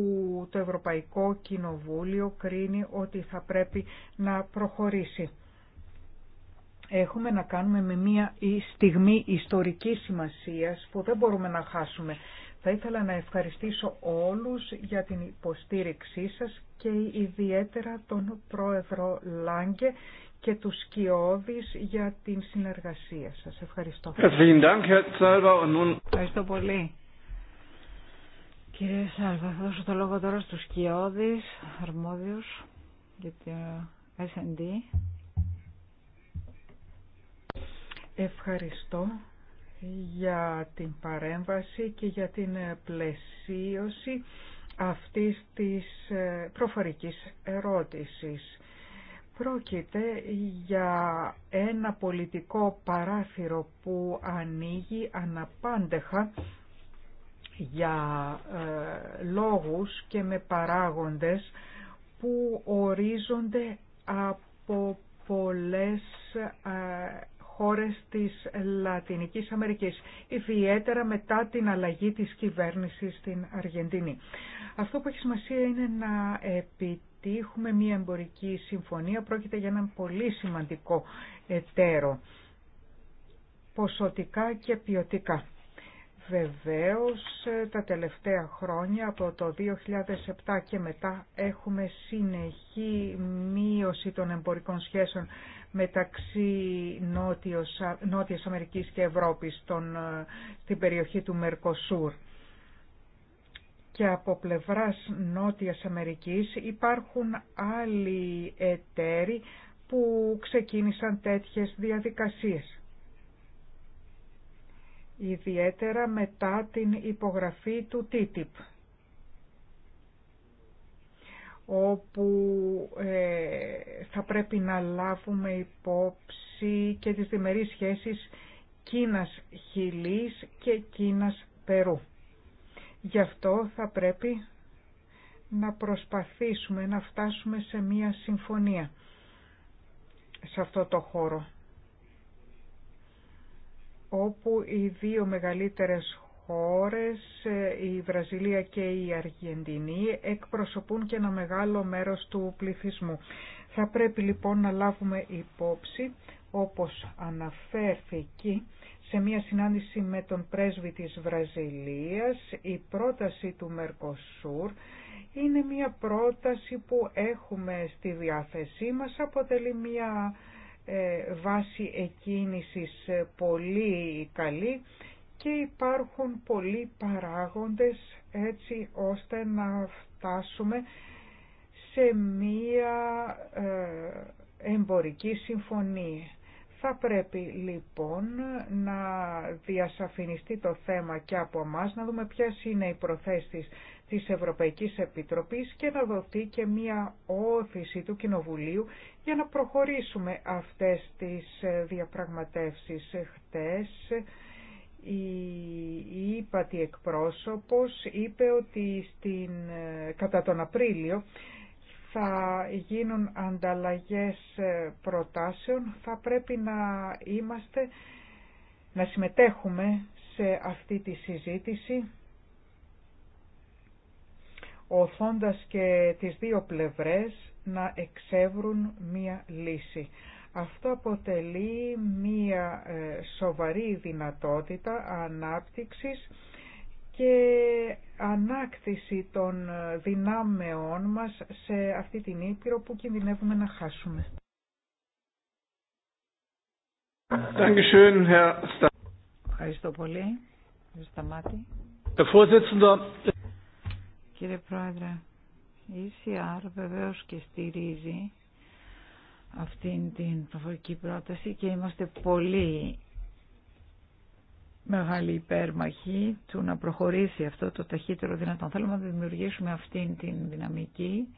το Ευρωπαϊκό Κοινοβούλιο κρίνει ότι θα πρέπει να προχωρήσει. Έχουμε να κάνουμε με μια στιγμή ιστορικής σημασίας που δεν μπορούμε να χάσουμε. Θα ήθελα να ευχαριστήσω όλους για την υποστήριξή σας και ιδιαίτερα τον Πρόεδρο Λάγκε και τους Σκιώδης για την συνεργασία σας. Ευχαριστώ. Ευχαριστώ πολύ. Κύριε Σάλβα, θα δώσω το λόγο τώρα στους Σκιώδης, αρμόδιους για Ευχαριστώ για την παρέμβαση και για την ε, πλαισίωση αυτής της ε, προφορικής ερώτησης. Πρόκειται για ένα πολιτικό παράθυρο που ανοίγει αναπάντεχα για ε, λόγους και με παράγοντες που ορίζονται από πολλές ε, χώρες της Λατινικής Αμερικής, ιδιαίτερα μετά την αλλαγή της κυβέρνησης στην Αργεντινή. Αυτό που έχει σημασία είναι να επιτύχουμε μια εμπορική συμφωνία. Πρόκειται για έναν πολύ σημαντικό εταίρο, ποσοτικά και ποιοτικά. Βεβαίως τα τελευταία χρόνια από το 2007 και μετά έχουμε συνεχή μείωση των εμπορικών σχέσεων μεταξύ Νότιος, Νότιας Αμερικής και Ευρώπης τον ε, στην περιοχή του Μερκοσούρ. Και από πλευράς Νότιας Αμερικής υπάρχουν άλλοι εταίροι που ξεκίνησαν τέτοιες διαδικασίες. Ιδιαίτερα μετά την υπογραφή του TTIP όπου ε, θα πρέπει να λάβουμε υπόψη και τις διμερείς σχέσεις Κίνας-Χιλής και Κίνας-Περού. Γι' αυτό θα πρέπει να προσπαθήσουμε να φτάσουμε σε μία συμφωνία σε αυτό το χώρο όπου οι δύο μεγαλύτερες χώρες, ε, η Βραζιλία και η Αργεντινή, εκπροσωπούν και ένα μεγάλο μέρος του πληθυσμού. Θα πρέπει λοιπόν να λάβουμε υπόψη, όπως αναφέρθηκε σε μια συνάντηση με τον πρέσβη της Βραζιλίας, η πρόταση του Μερκοσούρ είναι μια πρόταση που έχουμε στη διάθεσή μας, αποτελεί μια ε, βάση εκκίνησης ε, πολύ καλή και υπάρχουν πολλοί παράγοντες έτσι ώστε να φτάσουμε σε μία ε, εμπορική συμφωνία. Θα πρέπει λοιπόν να διασαφινιστεί το θέμα και από εμά να δούμε ποιες είναι οι προθέσεις της Ευρωπαϊκής Επιτροπής και να δοθεί και μία όθηση του Κοινοβουλίου για να προχωρήσουμε αυτές τις ε, διαπραγματεύσεις χτες η ύπατη εκπρόσωπος είπε ότι στην, κατά τον Απρίλιο θα γίνουν ανταλλαγές προτάσεων. Θα πρέπει να είμαστε, να συμμετέχουμε σε αυτή τη συζήτηση οθώντας και τις δύο πλευρές να εξεύρουν μία λύση. Αυτό αποτελεί μία ε, σοβαρή δυνατότητα ανάπτυξης και ανάκτηση των ε, δυνάμεών μας σε αυτή την Ήπειρο που κινδυνεύουμε να χάσουμε. Ευχαριστώ πολύ. Σταμάτη. Κύριε Πρόεδρε, η ECR βεβαίως και στηρίζει αυτήν την προφορική πρόταση και είμαστε πολύ μεγάλη υπέρμαχη του να προχωρήσει αυτό το ταχύτερο δυνατόν. Θέλουμε να δημιουργήσουμε αυτήν την δυναμική.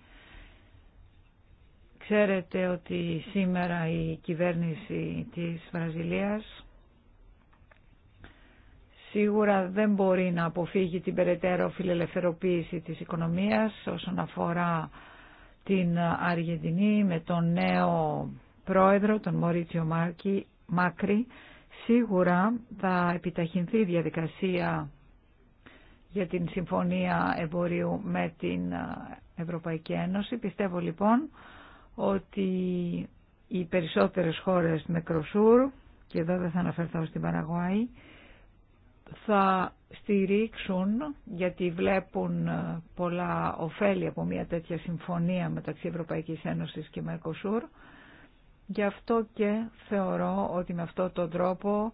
Ξέρετε ότι σήμερα η κυβέρνηση της Βραζιλίας σίγουρα δεν μπορεί να αποφύγει την περαιτέρω φιλελευθεροποίηση της οικονομίας όσον αφορά την Αργεντινή με τον νέο πρόεδρο, τον Μωρίτσιο Μάκρη, σίγουρα θα επιταχυνθεί η διαδικασία για την Συμφωνία Εμπορίου με την Ευρωπαϊκή Ένωση. Πιστεύω λοιπόν ότι οι περισσότερες χώρες με κροσούρ, και εδώ δεν θα αναφερθώ στην Παραγουάη, θα στηρίξουν, γιατί βλέπουν ε, πολλά ωφέλη από μια τέτοια συμφωνία μεταξύ Ευρωπαϊκής Ένωσης και Μερκοσούρ. Γι' αυτό και θεωρώ ότι με αυτόν τον τρόπο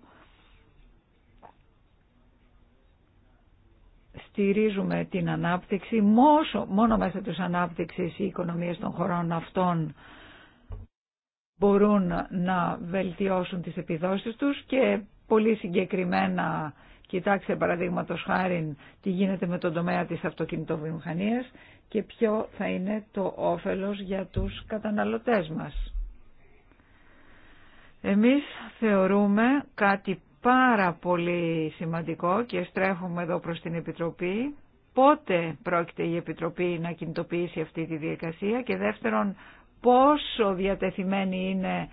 στηρίζουμε την ανάπτυξη, μόνο, μόνο μέσα της ανάπτυξης οι οικονομίες των χωρών αυτών μπορούν να βελτιώσουν τις επιδόσεις τους και πολύ συγκεκριμένα Κοιτάξτε παραδείγματο χάρη τι γίνεται με τον τομέα της αυτοκινητοβιομηχανίας και ποιο θα είναι το όφελος για τους καταναλωτές μας. Εμείς θεωρούμε κάτι πάρα πολύ σημαντικό και στρέφουμε εδώ προς την Επιτροπή. Πότε πρόκειται η Επιτροπή να κινητοποιήσει αυτή τη διαδικασία και δεύτερον πόσο διατεθειμένη είναι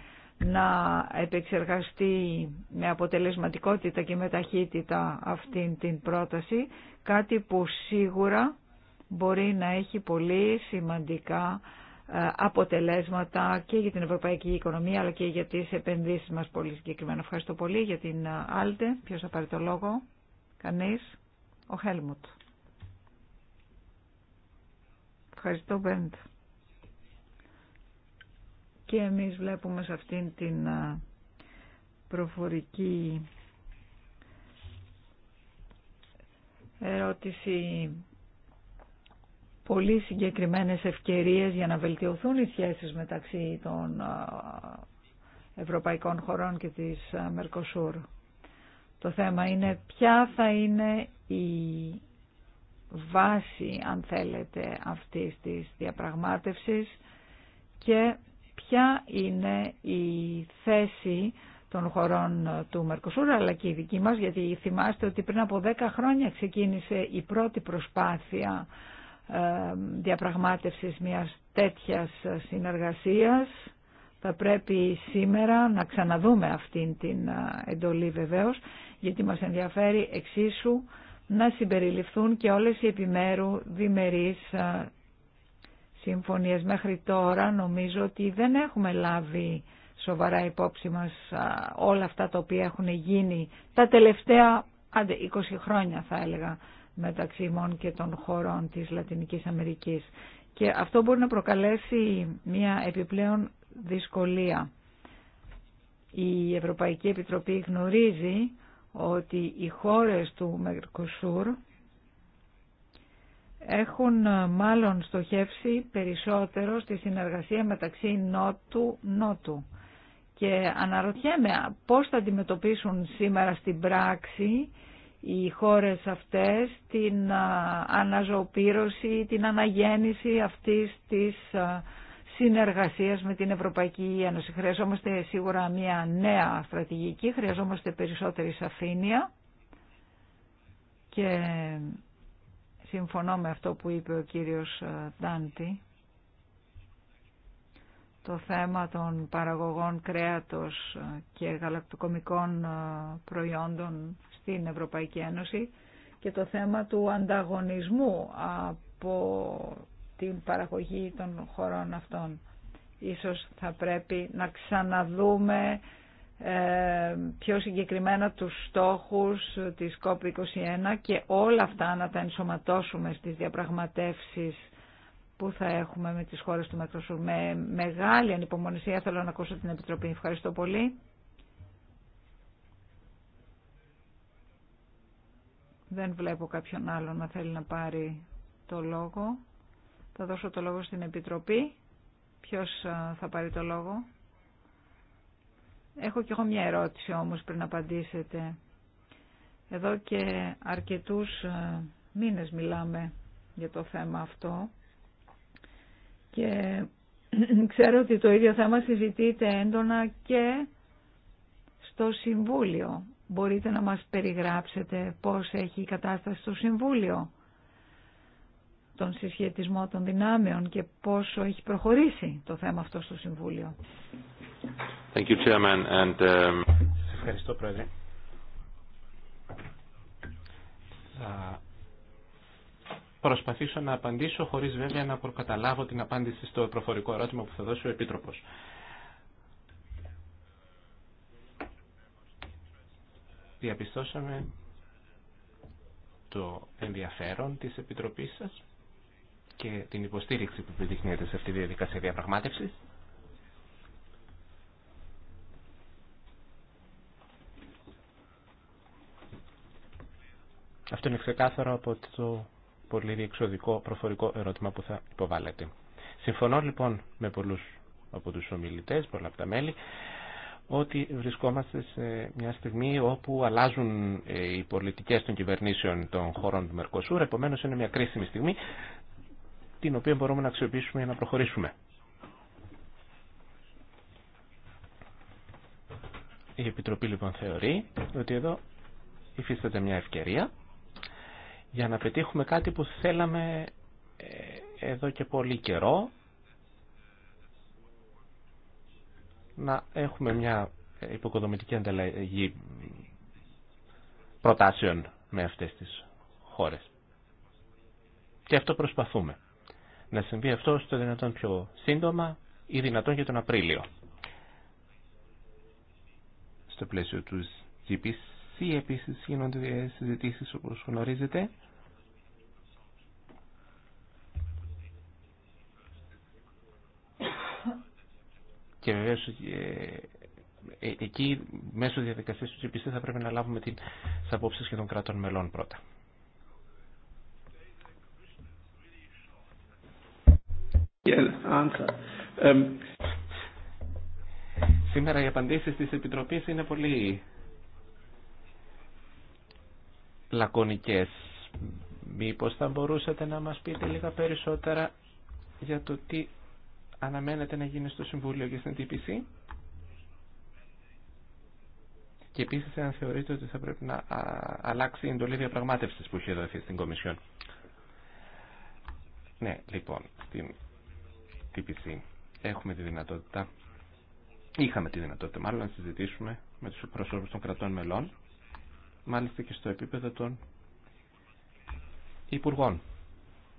να επεξεργαστεί με αποτελεσματικότητα και με ταχύτητα αυτήν την πρόταση, κάτι που σίγουρα μπορεί να έχει πολύ σημαντικά ε, αποτελέσματα και για την ευρωπαϊκή οικονομία αλλά και για τις επενδύσεις μας πολύ συγκεκριμένα. Ευχαριστώ πολύ για την ε, Άλτε. Ποιος θα πάρει το λόγο. Κανείς. Ο Χέλμουτ. Ευχαριστώ Μπέντ και εμείς βλέπουμε σε αυτήν την προφορική ερώτηση πολύ συγκεκριμένες ευκαιρίες για να βελτιωθούν οι σχέσεις μεταξύ των ευρωπαϊκών χωρών και της Μερκοσούρ. Το θέμα είναι ποια θα είναι η βάση, αν θέλετε, αυτής της διαπραγμάτευσης και ποια είναι η θέση των χωρών του Μερκοσούρα αλλά και η δική μας γιατί θυμάστε ότι πριν από 10 χρόνια ξεκίνησε η πρώτη προσπάθεια ε, διαπραγμάτευσης μιας τέτοιας συνεργασίας. Θα πρέπει σήμερα να ξαναδούμε αυτήν την ε, εντολή βεβαίως γιατί μας ενδιαφέρει εξίσου να συμπεριληφθούν και όλες οι επιμέρου διμερείς ε, συμφωνίες μέχρι τώρα νομίζω ότι δεν έχουμε λάβει σοβαρά υπόψη μας όλα αυτά τα οποία έχουν γίνει τα τελευταία 20 χρόνια θα έλεγα μεταξύ ημών και των χωρών της Λατινικής Αμερικής. Και αυτό μπορεί να προκαλέσει μια επιπλέον δυσκολία. Η Ευρωπαϊκή Επιτροπή γνωρίζει ότι οι χώρες του Μερκοσούρ έχουν ε, μάλλον στοχεύσει περισσότερο στη συνεργασία μεταξύ νότου-νότου. Και αναρωτιέμαι πώς θα αντιμετωπίσουν σήμερα στην πράξη οι χώρες αυτές την ε, αναζωοπήρωση, την αναγέννηση αυτής της ε, συνεργασίας με την Ευρωπαϊκή Ένωση. Χρειαζόμαστε σίγουρα μια νέα στρατηγική, χρειαζόμαστε περισσότερη σαφήνεια και Συμφωνώ με αυτό που είπε ο κύριος ε, Ντάντι. Το θέμα των παραγωγών κρέατος ε, και γαλακτοκομικών ε, προϊόντων στην Ευρωπαϊκή Ένωση και το θέμα του ανταγωνισμού από την παραγωγή των χωρών αυτών. Ίσως θα πρέπει να ξαναδούμε ε, πιο συγκεκριμένα τους στόχους της COP21 και όλα αυτά να τα ενσωματώσουμε στις διαπραγματεύσεις που θα έχουμε με τις χώρες του Μεκροσούρ. Με μεγάλη ανυπομονησία θέλω να ακούσω την Επιτροπή. Ευχαριστώ πολύ. Δεν βλέπω κάποιον άλλο να θέλει να πάρει το λόγο. Θα δώσω το λόγο στην Επιτροπή. Ποιος ε, θα πάρει το λόγο. Έχω και εγώ μια ερώτηση όμως πριν απαντήσετε. Εδώ και αρκετούς ε, μήνες μιλάμε για το θέμα αυτό και (clears throat) ξέρω ότι το ίδιο θέμα συζητείται έντονα και στο Συμβούλιο. Μπορείτε να μας περιγράψετε πώς έχει η κατάσταση στο Συμβούλιο, τον συσχετισμό των δυνάμεων και πόσο έχει προχωρήσει το θέμα αυτό στο Συμβούλιο. Thank you, Chairman. And, um, Ευχαριστώ, Πρόεδρε. Θα προσπαθήσω να απαντήσω χωρίς βέβαια να προκαταλάβω την απάντηση στο προφορικό ερώτημα που θα δώσει ο Επίτροπος. Διαπιστώσαμε το ενδιαφέρον της Επιτροπής σας και την υποστήριξη που επιδεικνύεται σε αυτή τη διαδικασία διαπραγμάτευσης. Αυτό είναι ξεκάθαρο από το πολύ διεξοδικό προφορικό ερώτημα που θα υποβάλλετε. Συμφωνώ λοιπόν με πολλούς από τους ομιλητές, πολλά από τα μέλη, ότι βρισκόμαστε σε μια στιγμή όπου αλλάζουν ε, οι πολιτικές των κυβερνήσεων των χωρών του Μερκοσούρ, επομένως είναι μια κρίσιμη στιγμή την οποία μπορούμε να αξιοποιήσουμε για να προχωρήσουμε. Η Επιτροπή λοιπόν θεωρεί ότι εδώ υφίσταται μια ευκαιρία για να πετύχουμε κάτι που θέλαμε ε, εδώ και πολύ καιρό να έχουμε μια υποκοδομητική ανταλλαγή προτάσεων με αυτές τις χώρες. Και αυτό προσπαθούμε. Να συμβεί αυτό στο δυνατόν πιο σύντομα ή δυνατόν για τον Απρίλιο. Στο πλαίσιο του GPs τι επίσης γίνονται συζητήσει όπω γνωρίζετε. Και ε, ε, εκεί μέσω διαδικασία του GPC θα πρέπει να λάβουμε τι απόψει και των κρατών μελών πρώτα. Um, Σήμερα οι απαντήσεις της Επιτροπής είναι πολύ λακωνικές. Μήπως θα μπορούσατε να μας πείτε λίγα περισσότερα για το τι αναμένετε να γίνει στο Συμβούλιο και στην TPC. Και επίσης αν θεωρείτε ότι θα πρέπει να αλλάξει η εντολή διαπραγμάτευσης που έχει δοθεί στην Κομισιόν. Ναι, λοιπόν, στην TPC έχουμε τη δυνατότητα, είχαμε τη δυνατότητα μάλλον να συζητήσουμε με τους προσώπους των κρατών μελών μάλιστα και στο επίπεδο των Υπουργών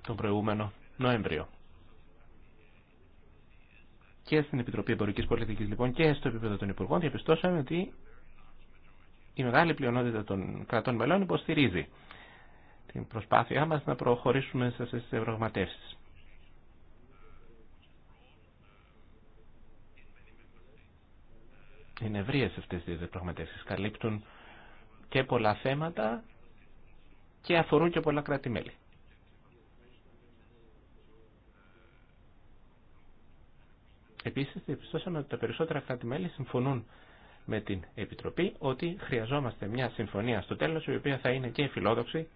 τον προηγούμενο Νοέμβριο. Και στην Επιτροπή Εμπορικής Πολιτικής λοιπόν και στο επίπεδο των Υπουργών διαπιστώσαμε ότι η μεγάλη πλειονότητα των κρατών μελών υποστηρίζει την προσπάθειά μας να προχωρήσουμε σε αυτές τις ευρωγματεύσεις. Είναι ευρείες αυτές τις διαπραγματεύσεις. Καλύπτουν και πολλά θέματα και αφορούν και πολλά κράτη-μέλη. Επίσης, διαπιστώσαμε ότι τα περισσότερα κράτη-μέλη συμφωνούν με την Επιτροπή ότι χρειαζόμαστε μια συμφωνία στο τέλος η οποία θα είναι και φιλόδοξη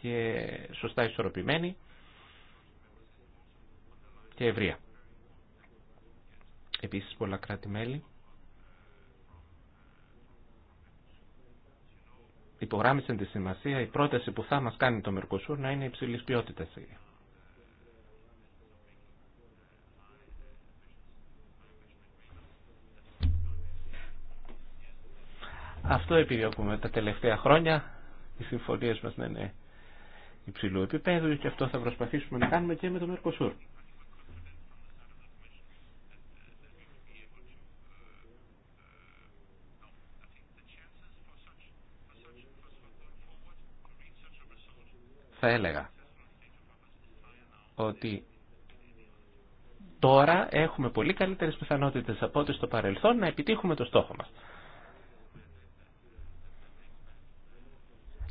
και σωστά ισορροπημένη και ευρεία. Επίσης πολλά κράτη-μέλη υπογράμμισαν τη σημασία η πρόταση που θα μας κάνει το Μερκοσούρ να είναι υψηλής ποιότητας. Αυτό επιδιώκουμε τα τελευταία χρόνια, οι συμφωνίες μας να είναι υψηλού επίπεδου και αυτό θα προσπαθήσουμε να κάνουμε και με το Μερκοσούρ. θα έλεγα ότι τώρα έχουμε πολύ καλύτερες πιθανότητες από ό,τι στο παρελθόν να επιτύχουμε το στόχο μας.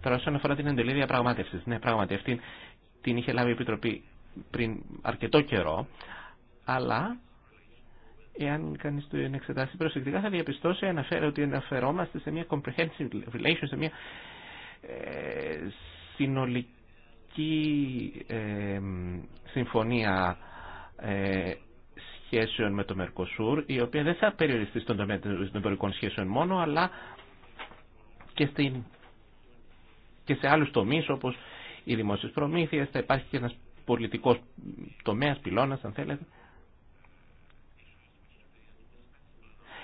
Τώρα, όσον αφορά την εντολή διαπραγμάτευση, ναι, πράγματι αυτή την είχε λάβει η Επιτροπή πριν αρκετό καιρό, αλλά εάν κάνεις το εξετάσει προσεκτικά θα διαπιστώσει ότι αναφερόμαστε σε μια comprehensive relation, σε μια ε, συνολική ε, συμφωνία ε, σχέσεων με το Μερκοσούρ, η οποία δεν θα περιοριστεί στον τομέα των εμπορικών σχέσεων μόνο, αλλά και, στην, σε άλλους τομείς όπως οι δημόσιες προμήθειες, θα υπάρχει και ένας πολιτικός τομέας, πυλώνας αν θέλετε.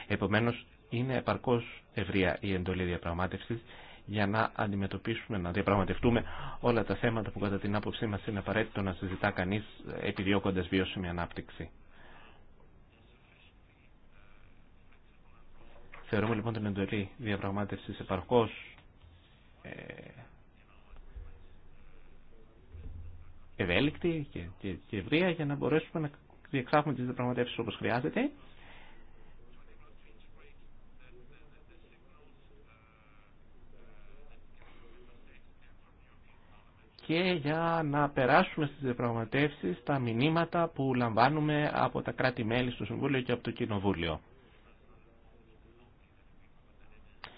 Επομένως είναι επαρκώς ευρεία η εντολή διαπραγμάτευσης για να αντιμετωπίσουμε, να διαπραγματευτούμε όλα τα θέματα που κατά την άποψή μας είναι απαραίτητο να συζητά κανείς επιδιώκοντας βιώσιμη ανάπτυξη. Θεωρούμε λοιπόν την εντολή διαπραγμάτευση επαρκώ ε, ευέλικτη και, και, ευρεία για να μπορέσουμε να διεξάγουμε τις διαπραγματεύσεις όπως χρειάζεται και για να περάσουμε στις διαπραγματεύσει τα μηνύματα που λαμβάνουμε από τα κράτη-μέλη στο Συμβούλιο και από το Κοινοβούλιο.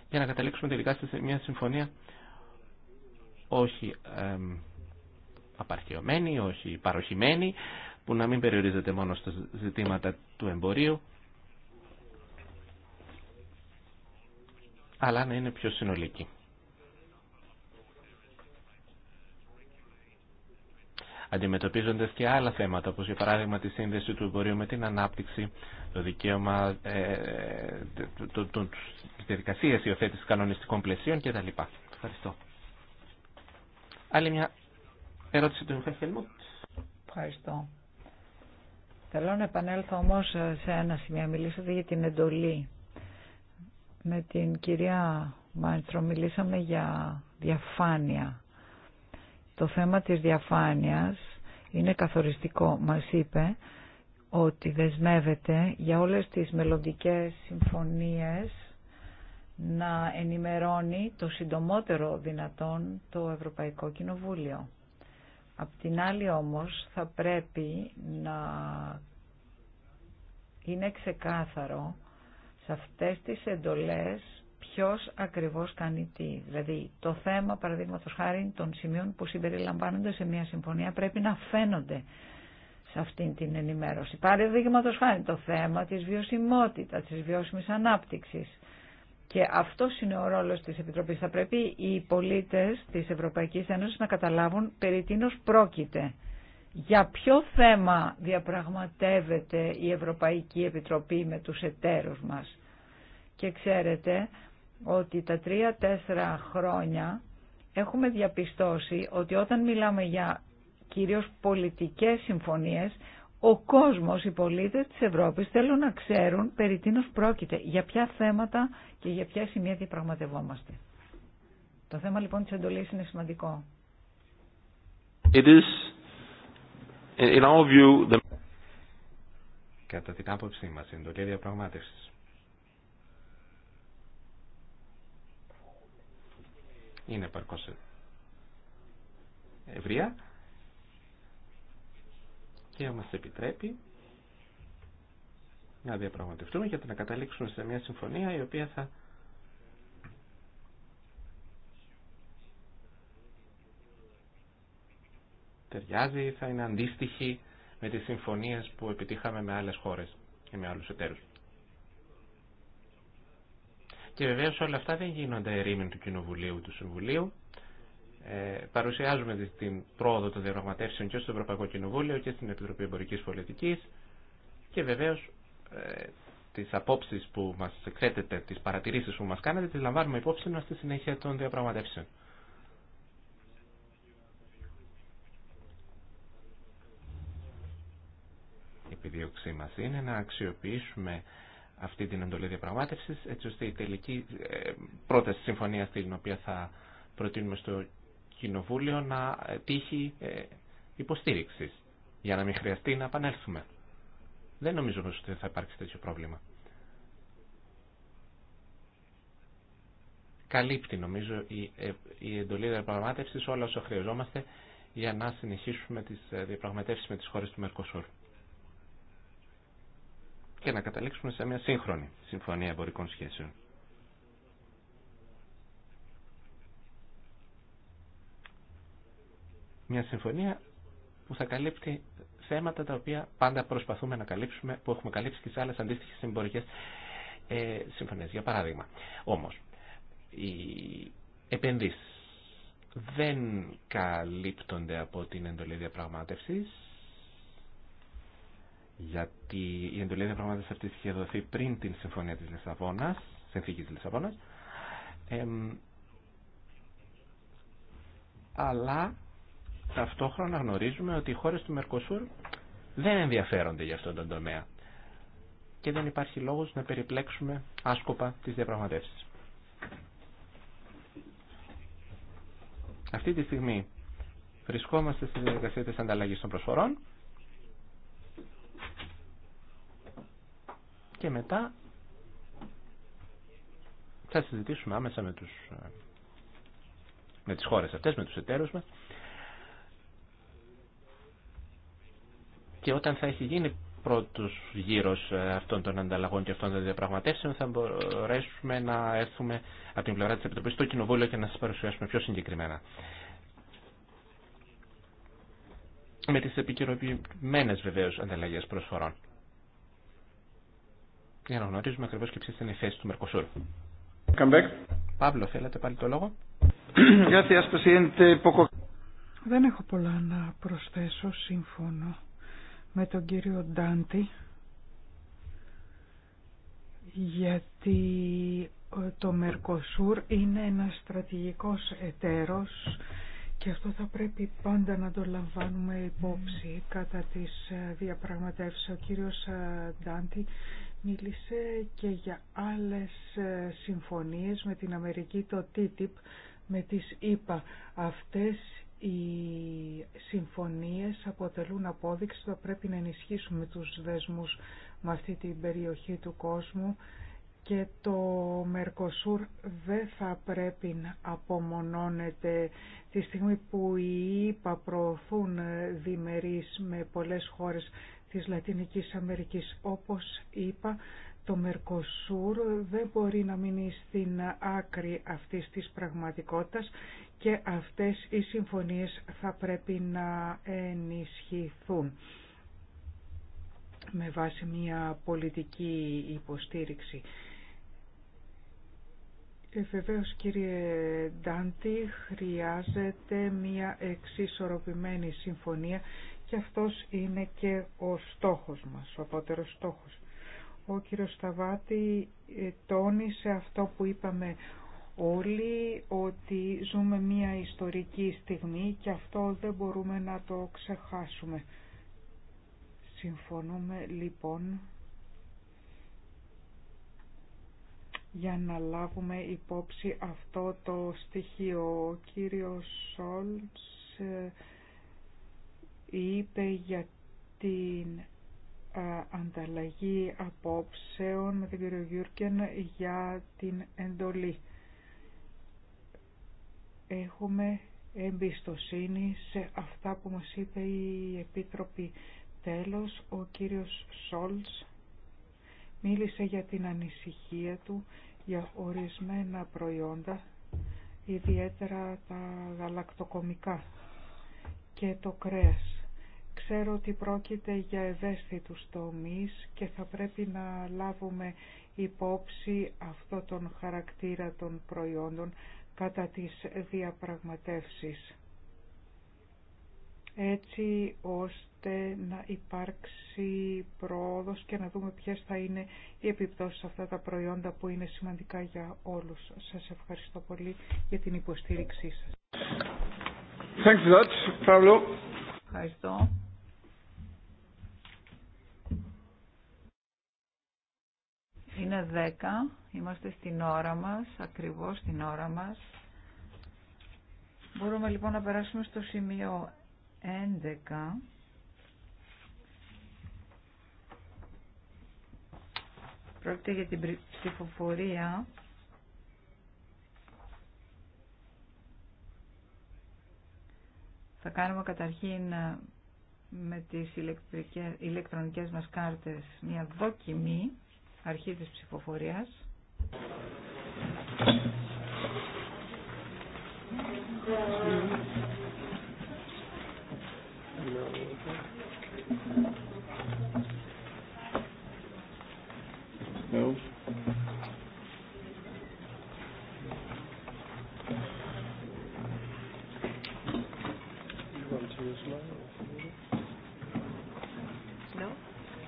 Για να καταλήξουμε τελικά σε μια συμφωνία όχι ε, απαρχαιωμένη, όχι παροχημένη, που να μην περιορίζεται μόνο στα ζητήματα του εμπορίου, αλλά να είναι πιο συνολική. Αντιμετωπίζοντα και άλλα θέματα, όπως για παράδειγμα τη σύνδεση του εμπορίου με την ανάπτυξη, το δικαίωμα ε, ε, τη διαδικασία υιοθέτηση κανονιστικών πλαισίων κτλ. Ευχαριστώ. Άλλη μια ερώτηση του Μιχαήλ Ευχαριστώ. Θέλω να επανέλθω όμως σε ένα σημείο. Μιλήσατε για την εντολή. Με την κυρία Μάντρο μιλήσαμε για διαφάνεια το θέμα της διαφάνειας είναι καθοριστικό. Μας είπε ότι δεσμεύεται για όλες τις μελλοντικέ συμφωνίες να ενημερώνει το συντομότερο δυνατόν το Ευρωπαϊκό Κοινοβούλιο. Απ' την άλλη όμως θα πρέπει να είναι ξεκάθαρο σε αυτές τις εντολές ποιος ακριβώς κάνει τι. Δηλαδή το θέμα παραδείγματο χάρη των σημείων που συμπεριλαμβάνονται σε μια συμφωνία πρέπει να φαίνονται σε αυτήν την ενημέρωση. Παραδείγματο χάρη το θέμα της βιωσιμότητας, της βιώσιμης ανάπτυξης. Και αυτό είναι ο ρόλο τη Επιτροπής. Θα πρέπει οι πολίτε τη Ευρωπαϊκή Ένωση να καταλάβουν περί τίνο πρόκειται. Για ποιο θέμα διαπραγματεύεται η Ευρωπαϊκή Επιτροπή με τους εταίρους μας. Και ξέρετε ότι τα τρία-τέσσερα χρόνια έχουμε διαπιστώσει ότι όταν μιλάμε για κυρίως πολιτικές συμφωνίες, ο κόσμος, οι πολίτες της Ευρώπης θέλουν να ξέρουν περί τίνος πρόκειται, για ποια θέματα και για ποια σημεία διαπραγματευόμαστε. Το θέμα λοιπόν της εντολής είναι σημαντικό. Κατά την άποψή μας, η εντολή διαπραγμάτευσης είναι παρκώς ευρεία και μας επιτρέπει να διαπραγματευτούμε για να καταλήξουμε σε μια συμφωνία η οποία θα ταιριάζει, θα είναι αντίστοιχη με τις συμφωνίες που επιτύχαμε με άλλες χώρες και με άλλους εταίρους. Και βεβαίω όλα αυτά δεν γίνονται ερήμην του Κοινοβουλίου, του Συμβουλίου. Ε, παρουσιάζουμε την πρόοδο των διαπραγματεύσεων και στο Ευρωπαϊκό Κοινοβούλιο και στην Επιτροπή Εμπορική Πολιτική και βεβαίω ε, τι απόψει που μα εκθέτετε, τι παρατηρήσει που μα κάνετε, τις λαμβάνουμε υπόψη μα στη συνέχεια των διαπραγματεύσεων. Η επιδίωξή μα είναι να αξιοποιήσουμε αυτή την εντολή διαπραγμάτευση, έτσι ώστε η τελική ε, πρόταση συμφωνία την οποία θα προτείνουμε στο Κοινοβούλιο να τύχει ε, υποστήριξη για να μην χρειαστεί να επανέλθουμε. Δεν νομίζω ότι θα υπάρξει τέτοιο πρόβλημα. Καλύπτει νομίζω η ε, εντολή διαπραγμάτευση όλα όσα χρειαζόμαστε για να συνεχίσουμε τις διαπραγματεύσεις με τις χώρες του Μερκοσούρ και να καταλήξουμε σε μια σύγχρονη συμφωνία εμπορικών σχέσεων. Μια συμφωνία που θα καλύπτει θέματα τα οποία πάντα προσπαθούμε να καλύψουμε, που έχουμε καλύψει και σε άλλες αντίστοιχες εμπορικές ε, συμφωνίες. Για παράδειγμα, όμως, οι επενδύσεις δεν καλύπτονται από την εντολή διαπραγμάτευσης, γιατί η εντολή διαπραγμάτευση αυτή είχε δοθεί πριν την συμφωνία της Λισαβόνα συνθήκη της Λισαβόνας, αλλά ταυτόχρονα γνωρίζουμε ότι οι χώρες του Μερκοσούρ δεν ενδιαφέρονται για αυτόν τον τομέα και δεν υπάρχει λόγος να περιπλέξουμε άσκοπα τις διαπραγματεύσεις. Αυτή τη στιγμή βρισκόμαστε στη διαδικασία της ανταλλαγής των προσφορών και μετά θα συζητήσουμε άμεσα με, τους, ε, με τις χώρες αυτές, με τους εταίρους μας και όταν θα έχει γίνει πρώτος γύρος ε, αυτών των ανταλλαγών και αυτών των διαπραγματεύσεων θα μπορέσουμε να έρθουμε από την πλευρά της Επιτροπής στο Κοινοβούλιο και να σας παρουσιάσουμε πιο συγκεκριμένα. Με τις επικαιροποιημένες βεβαίως ανταλλαγές προσφορών για να γνωρίζουμε ακριβώ και ποιε είναι οι θέσει του Μερκοσούρ. Παύλο, θέλετε πάλι το λόγο. Δεν έχω πολλά να προσθέσω, σύμφωνο με τον κύριο Ντάντι, γιατί ε, το Μερκοσούρ είναι ένα στρατηγικός εταίρος και αυτό θα πρέπει πάντα να το λαμβάνουμε υπόψη κατά τις ε, διαπραγματεύσεις. Ο κύριος ε, Ντάντι Μίλησε και για άλλες ε, συμφωνίες με την Αμερική, το TTIP, με τις ΗΠΑ. Αυτές οι συμφωνίες αποτελούν απόδειξη ότι πρέπει να ενισχύσουμε τους δεσμούς με αυτή την περιοχή του κόσμου και το Μερκοσούρ δεν θα πρέπει να απομονώνεται τη στιγμή που οι ΗΠΑ προωθούν διμερείς με πολλές χώρες της Λατινικής Αμερικής. Όπως είπα, το Μερκοσούρ δεν μπορεί να μείνει στην άκρη αυτής της πραγματικότητας και αυτές οι συμφωνίες θα πρέπει να ενισχυθούν με βάση μια πολιτική υποστήριξη. Ε, κύριε Ντάντι χρειάζεται μια εξισορροπημένη συμφωνία και αυτός είναι και ο στόχος μας, ο απότερος στόχος. Ο κύριος Σταβάτη ε, τόνισε αυτό που είπαμε όλοι, ότι ζούμε μία ιστορική στιγμή και αυτό δεν μπορούμε να το ξεχάσουμε. Συμφωνούμε λοιπόν για να λάβουμε υπόψη αυτό το στοιχείο. κύριος Σόλτς ε, είπε για την ανταλλαγή απόψεων με τον κύριο Γιούρκεν για την εντολή. Έχουμε εμπιστοσύνη σε αυτά που μας είπε η Επίτροπη Τέλος, ο κύριος Σόλτς μίλησε για την ανησυχία του για ορισμένα προϊόντα, ιδιαίτερα τα γαλακτοκομικά και το κρέας Ξέρω ότι πρόκειται για ευαίσθητους τομεί και θα πρέπει να λάβουμε υπόψη αυτό τον χαρακτήρα των προϊόντων κατά τις διαπραγματεύσεις. Έτσι ώστε να υπάρξει πρόοδος και να δούμε ποιες θα είναι οι επιπτώσεις αυτά τα προϊόντα που είναι σημαντικά για όλους. Σας ευχαριστώ πολύ για την υποστήριξή σας. Είναι 10, είμαστε στην ώρα μας, ακριβώς στην ώρα μας. Μπορούμε λοιπόν να περάσουμε στο σημείο 11. Πρόκειται για την ψηφοφορία Θα κάνουμε καταρχήν ε, με τις ηλεκτρικές, ηλεκτρονικές μας κάρτες μια δοκιμή αρχή της ψηφοφορίας.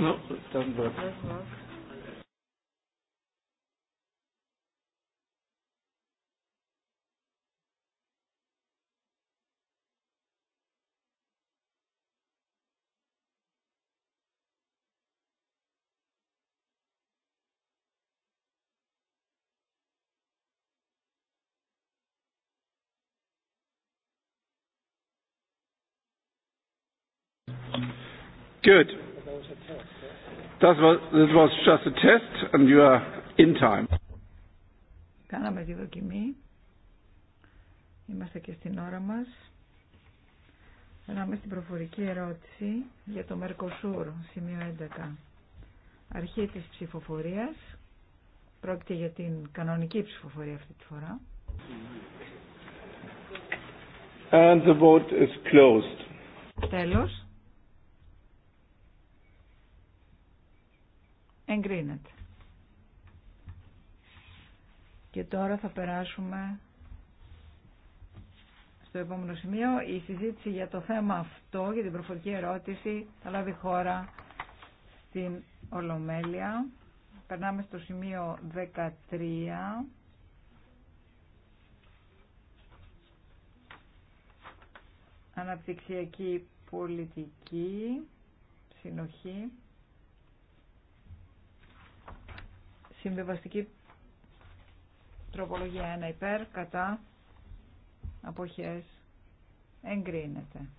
No. No, Good. That was, that was just a test and you are in time. Κάναμε τη δοκιμή. Είμαστε και στην ώρα μας. Περνάμε στην προφορική ερώτηση για το Μερκοσούρ, σημείο 11. Αρχή της ψηφοφορίας. Πρόκειται για την κανονική ψηφοφορία αυτή τη φορά. And the vote is closed. Τέλος. Εγκρίνεται. Και τώρα θα περάσουμε στο επόμενο σημείο. Η συζήτηση για το θέμα αυτό, για την προφορική ερώτηση, θα λάβει χώρα στην Ολομέλεια. Περνάμε στο σημείο 13. Αναπτυξιακή πολιτική, συνοχή. Συμβιβαστική τροπολογία 1 υπέρ, κατά, αποχές, εγκρίνεται.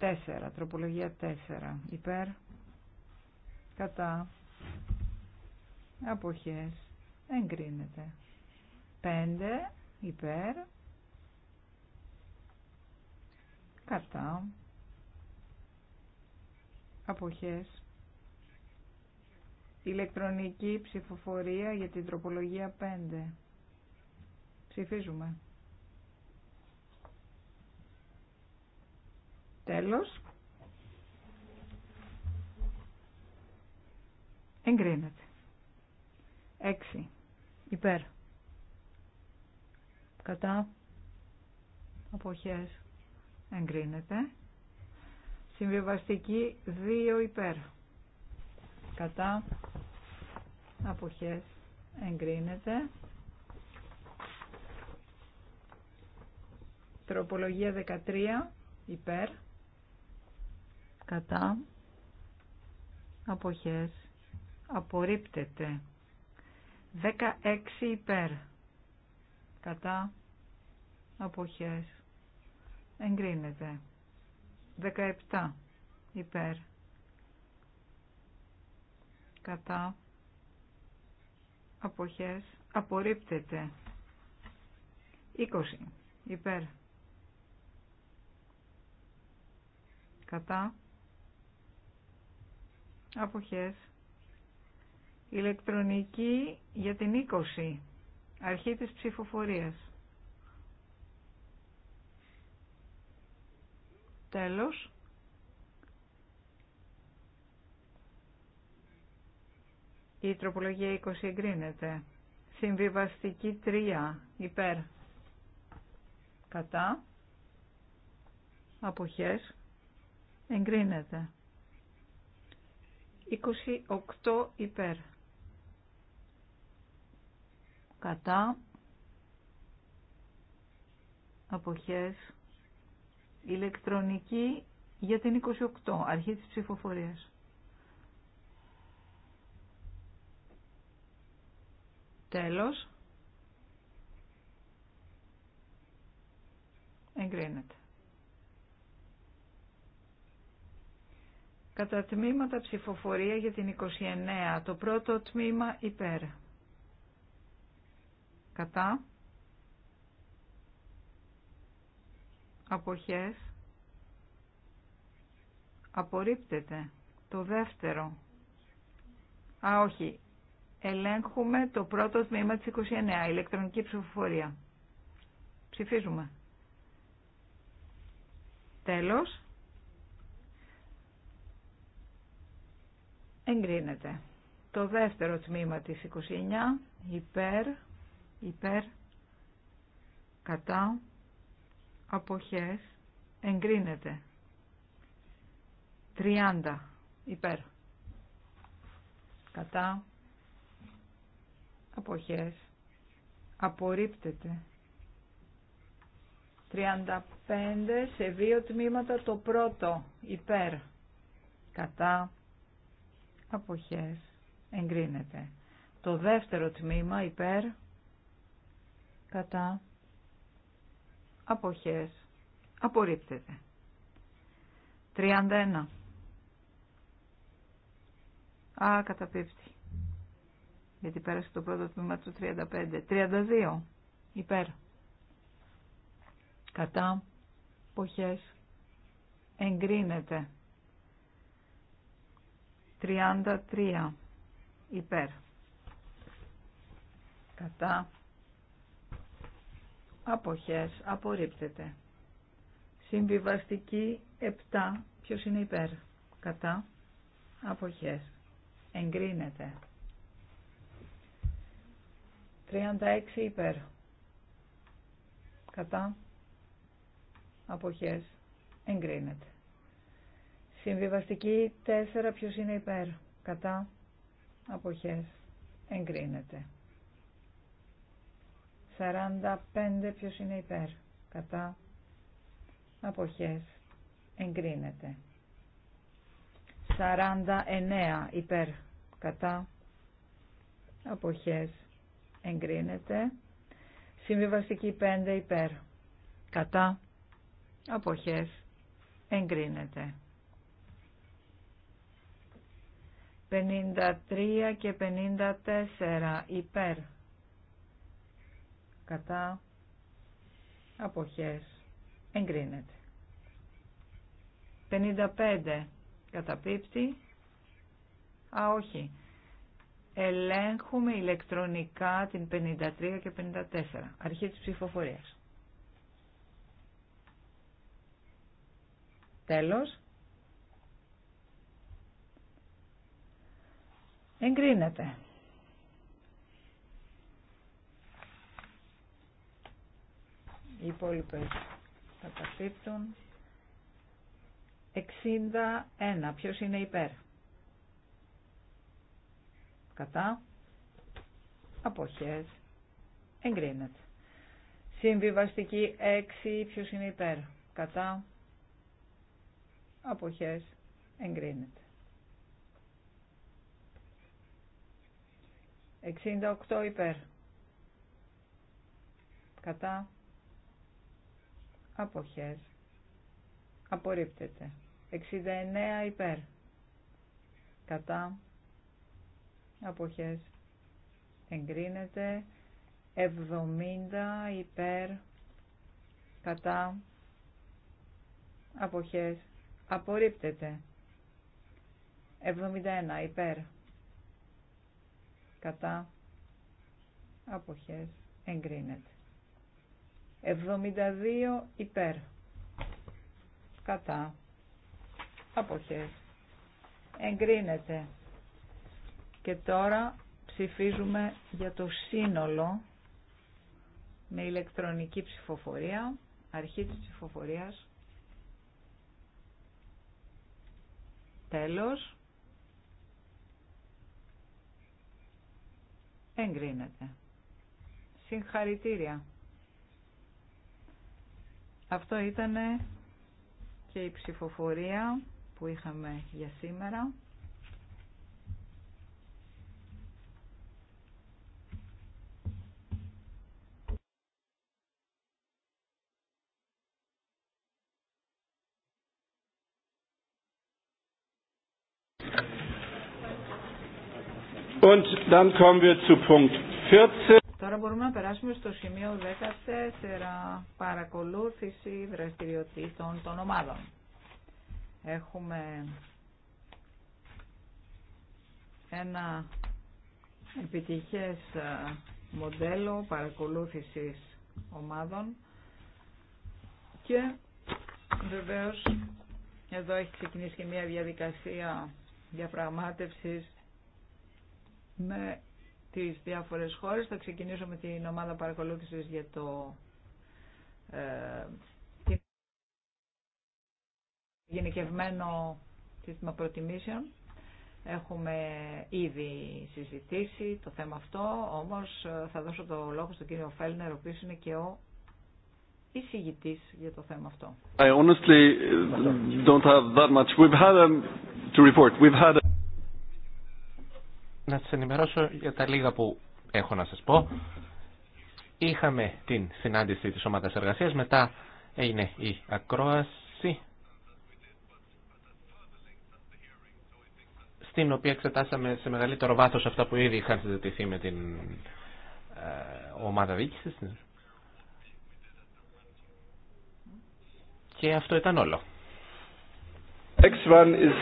4, τροπολογία 4 υπέρ, κατά, αποχές, εγκρίνεται. 5 υπέρ, κατά, αποχές, Ηλεκτρονική ψηφοφορία για την τροπολογία 5. Ψηφίζουμε. Τέλος. Εγκρίνεται. 6. Υπέρ. Κατά. Αποχές. Εγκρίνεται. Συμβιβαστική 2 υπέρ. Κατά αποχές εγκρίνεται. Τροπολογία 13 υπέρ κατά αποχές απορρίπτεται. 16 υπέρ κατά αποχές εγκρίνεται. 17 υπέρ κατά αποχές απορρίπτεται 20 υπέρ κατά αποχές ηλεκτρονική για την 20 αρχή της ψηφοφορίας τέλος Η τροπολογία 20 εγκρίνεται. Συμβιβαστική 3 υπέρ κατά αποχές εγκρίνεται. 28 υπέρ κατά αποχές ηλεκτρονική για την 28 αρχή της ψηφοφορίας. Τέλος. Εγκρίνεται. Κατά τμήματα ψηφοφορία για την 29. Το πρώτο τμήμα υπέρ. Κατά. Αποχές. Απορρίπτεται. Το δεύτερο. Α, όχι ελέγχουμε το πρώτο τμήμα της 29, ηλεκτρονική ψηφοφορία. Ψηφίζουμε. Τέλος. Εγκρίνεται. Το δεύτερο τμήμα της 29, υπέρ, υπέρ, κατά, αποχές, εγκρίνεται. 30, υπέρ, κατά, αποχές απορρίπτεται 35 σε δύο τμήματα το πρώτο υπέρ κατά αποχές εγκρίνεται το δεύτερο τμήμα υπέρ κατά αποχές απορρίπτεται 31 α καταπίπτει γιατί πέρασε το πρώτο τμήμα του 35. 32 υπέρ. Κατά ποχές εγκρίνεται. 33 υπέρ. Κατά αποχές απορρίπτεται. Συμβιβαστική 7. Ποιος είναι υπέρ. Κατά αποχές. Εγκρίνεται. 36 υπέρ. Κατά. Αποχές. Εγκρίνεται. Συμβιβαστική 4 ποιος είναι υπέρ. Κατά. Αποχές. Εγκρίνεται. 45 ποιος είναι υπέρ. Κατά. Αποχές. Εγκρίνεται. 49 υπέρ. Κατά. Αποχές εγκρίνεται. Συμβιβαστική 5 υπέρ. Κατά. Αποχές. Εγκρίνεται. 53 και 54 υπέρ. Κατά. Αποχές. Εγκρίνεται. 55 καταπίπτει. Α, όχι ελέγχουμε ηλεκτρονικά την 53 και 54, αρχή της ψηφοφορίας. Τέλος. Εγκρίνεται. Οι υπόλοιπες καταπίπτουν. 61. Ποιος είναι υπέρ κατά, αποχές, εγκρίνεται. Συμβιβαστική 6, ποιος είναι υπέρ, κατά, αποχές, εγκρίνεται. 68 υπέρ, κατά, αποχές, απορρίπτεται. 69 υπέρ, κατά, αποχές εγκρίνεται 70 υπέρ κατά αποχές απορρίπτεται 71 υπέρ κατά αποχές εγκρίνεται 72 υπέρ κατά αποχές εγκρίνεται και τώρα ψηφίζουμε για το σύνολο με ηλεκτρονική ψηφοφορία, αρχή της ψηφοφορίας. Τέλος. Εγκρίνεται. Συγχαρητήρια. Αυτό ήταν και η ψηφοφορία που είχαμε για σήμερα. Τώρα μπορούμε να περάσουμε στο σημείο 14, ε, παρακολούθηση δραστηριοτήτων των ομάδων. Έχουμε ένα επιτυχές ε, μοντέλο παρακολούθησης ομάδων και βεβαίως εδώ έχει ξεκινήσει μια διαδικασία διαπραγμάτευσης με τις διάφορες χώρες. Θα ξεκινήσω με την ομάδα παρακολούθησης για το ε, γενικευμένο σύστημα προτιμήσεων. Έχουμε ήδη συζητήσει το θέμα αυτό, όμως ε, θα δώσω το λόγο στον κύριο Φέλνερ, ο οποίος είναι και ο εισηγητής για το θέμα αυτό. I honestly uh, don't have that much. Um, to report. We've had να σας ενημερώσω για τα λίγα που έχω να σας πω. Είχαμε την συνάντηση της ομάδας εργασίας, μετά έγινε η ακρόαση, στην οποία εξετάσαμε σε μεγαλύτερο βάθος αυτά που ήδη είχαν συζητηθεί με την ε, ομάδα διοίκησης. Και αυτό ήταν όλο. is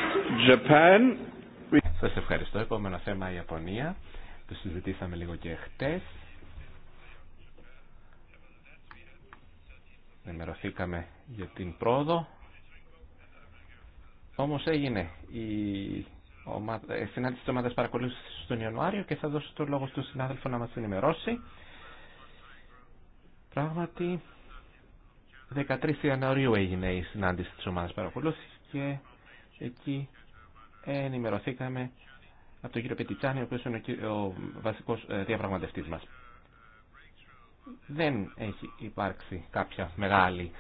Japan. Σας ευχαριστώ. Επόμενο θέμα η Ιαπωνία. Το συζητήσαμε λίγο και χτες. Ενημερωθήκαμε για την πρόοδο. Όμως έγινε η ε, συνάντηση της ομάδας παρακολούθησης τον Ιανουάριο και θα δώσω το λόγο στον συνάδελφο να μας ενημερώσει. Πράγματι, 13 Ιανουαρίου έγινε η συνάντηση της ομάδας παρακολούθησης και εκεί ενημερωθήκαμε από τον κύριο Πετιτσάνη, ο οποίος είναι ο βασικός ε, διαπραγματευτής μας. Δεν έχει υπάρξει κάποια μεγάλη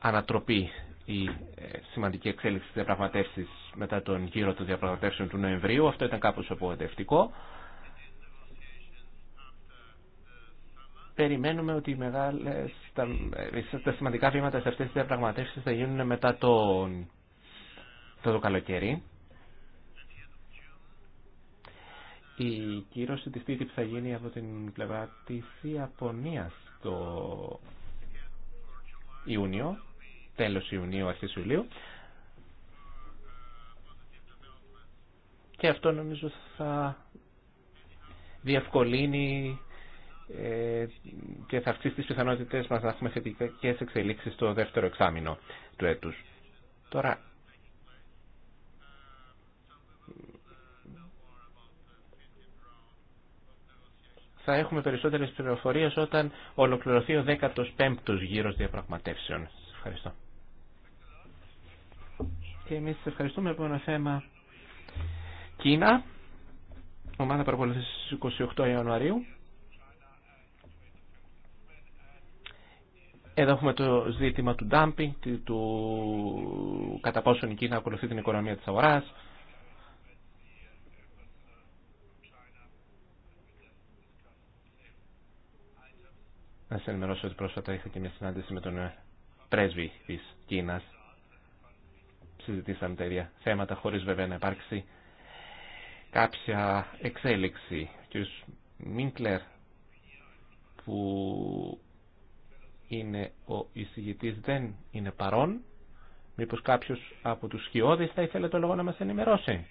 ανατροπή η ε, σημαντική εξέλιξη της διαπραγματεύσης μετά τον γύρο των διαπραγματεύσεων του Νοεμβρίου. Αυτό ήταν κάπως απογοητευτικό. Περιμένουμε ότι οι μεγάλες, τα, σημαντικά βήματα σε αυτές τις διαπραγματεύσεις θα γίνουν μετά τον, το καλοκαίρι. Η κύρωση της TTIP θα γίνει από την πλευρά της Ιαπωνίας το Ιούνιο, τέλος Ιουνίου, αρχής Ιουλίου. Και αυτό νομίζω θα διευκολύνει ε, και θα αυξήσει τις πιθανότητες μας να έχουμε θετικές εξελίξεις στο δεύτερο εξάμεινο του έτους. Τώρα, θα έχουμε περισσότερες πληροφορίε όταν ολοκληρωθεί ο 15 ο γύρος διαπραγματεύσεων. Ευχαριστώ. Και εμεί σα ευχαριστούμε από ένα θέμα Κίνα, ομάδα προβολής 28 Ιανουαρίου. Εδώ έχουμε το ζήτημα του dumping, του κατά πόσον η Κίνα ακολουθεί την οικονομία της αγοράς, Να σε ενημερώσω ότι πρόσφατα είχα και μια συνάντηση με τον ε, πρέσβη τη Κίνα. Συζητήσαμε τα θέματα χωρίς βέβαια να υπάρξει κάποια εξέλιξη. Ο κ. Μίνκλερ που είναι ο εισηγητή, δεν είναι παρόν. Μήπως κάποιο από του σκιώδεις θα ήθελε το λόγο να μας ενημερώσει.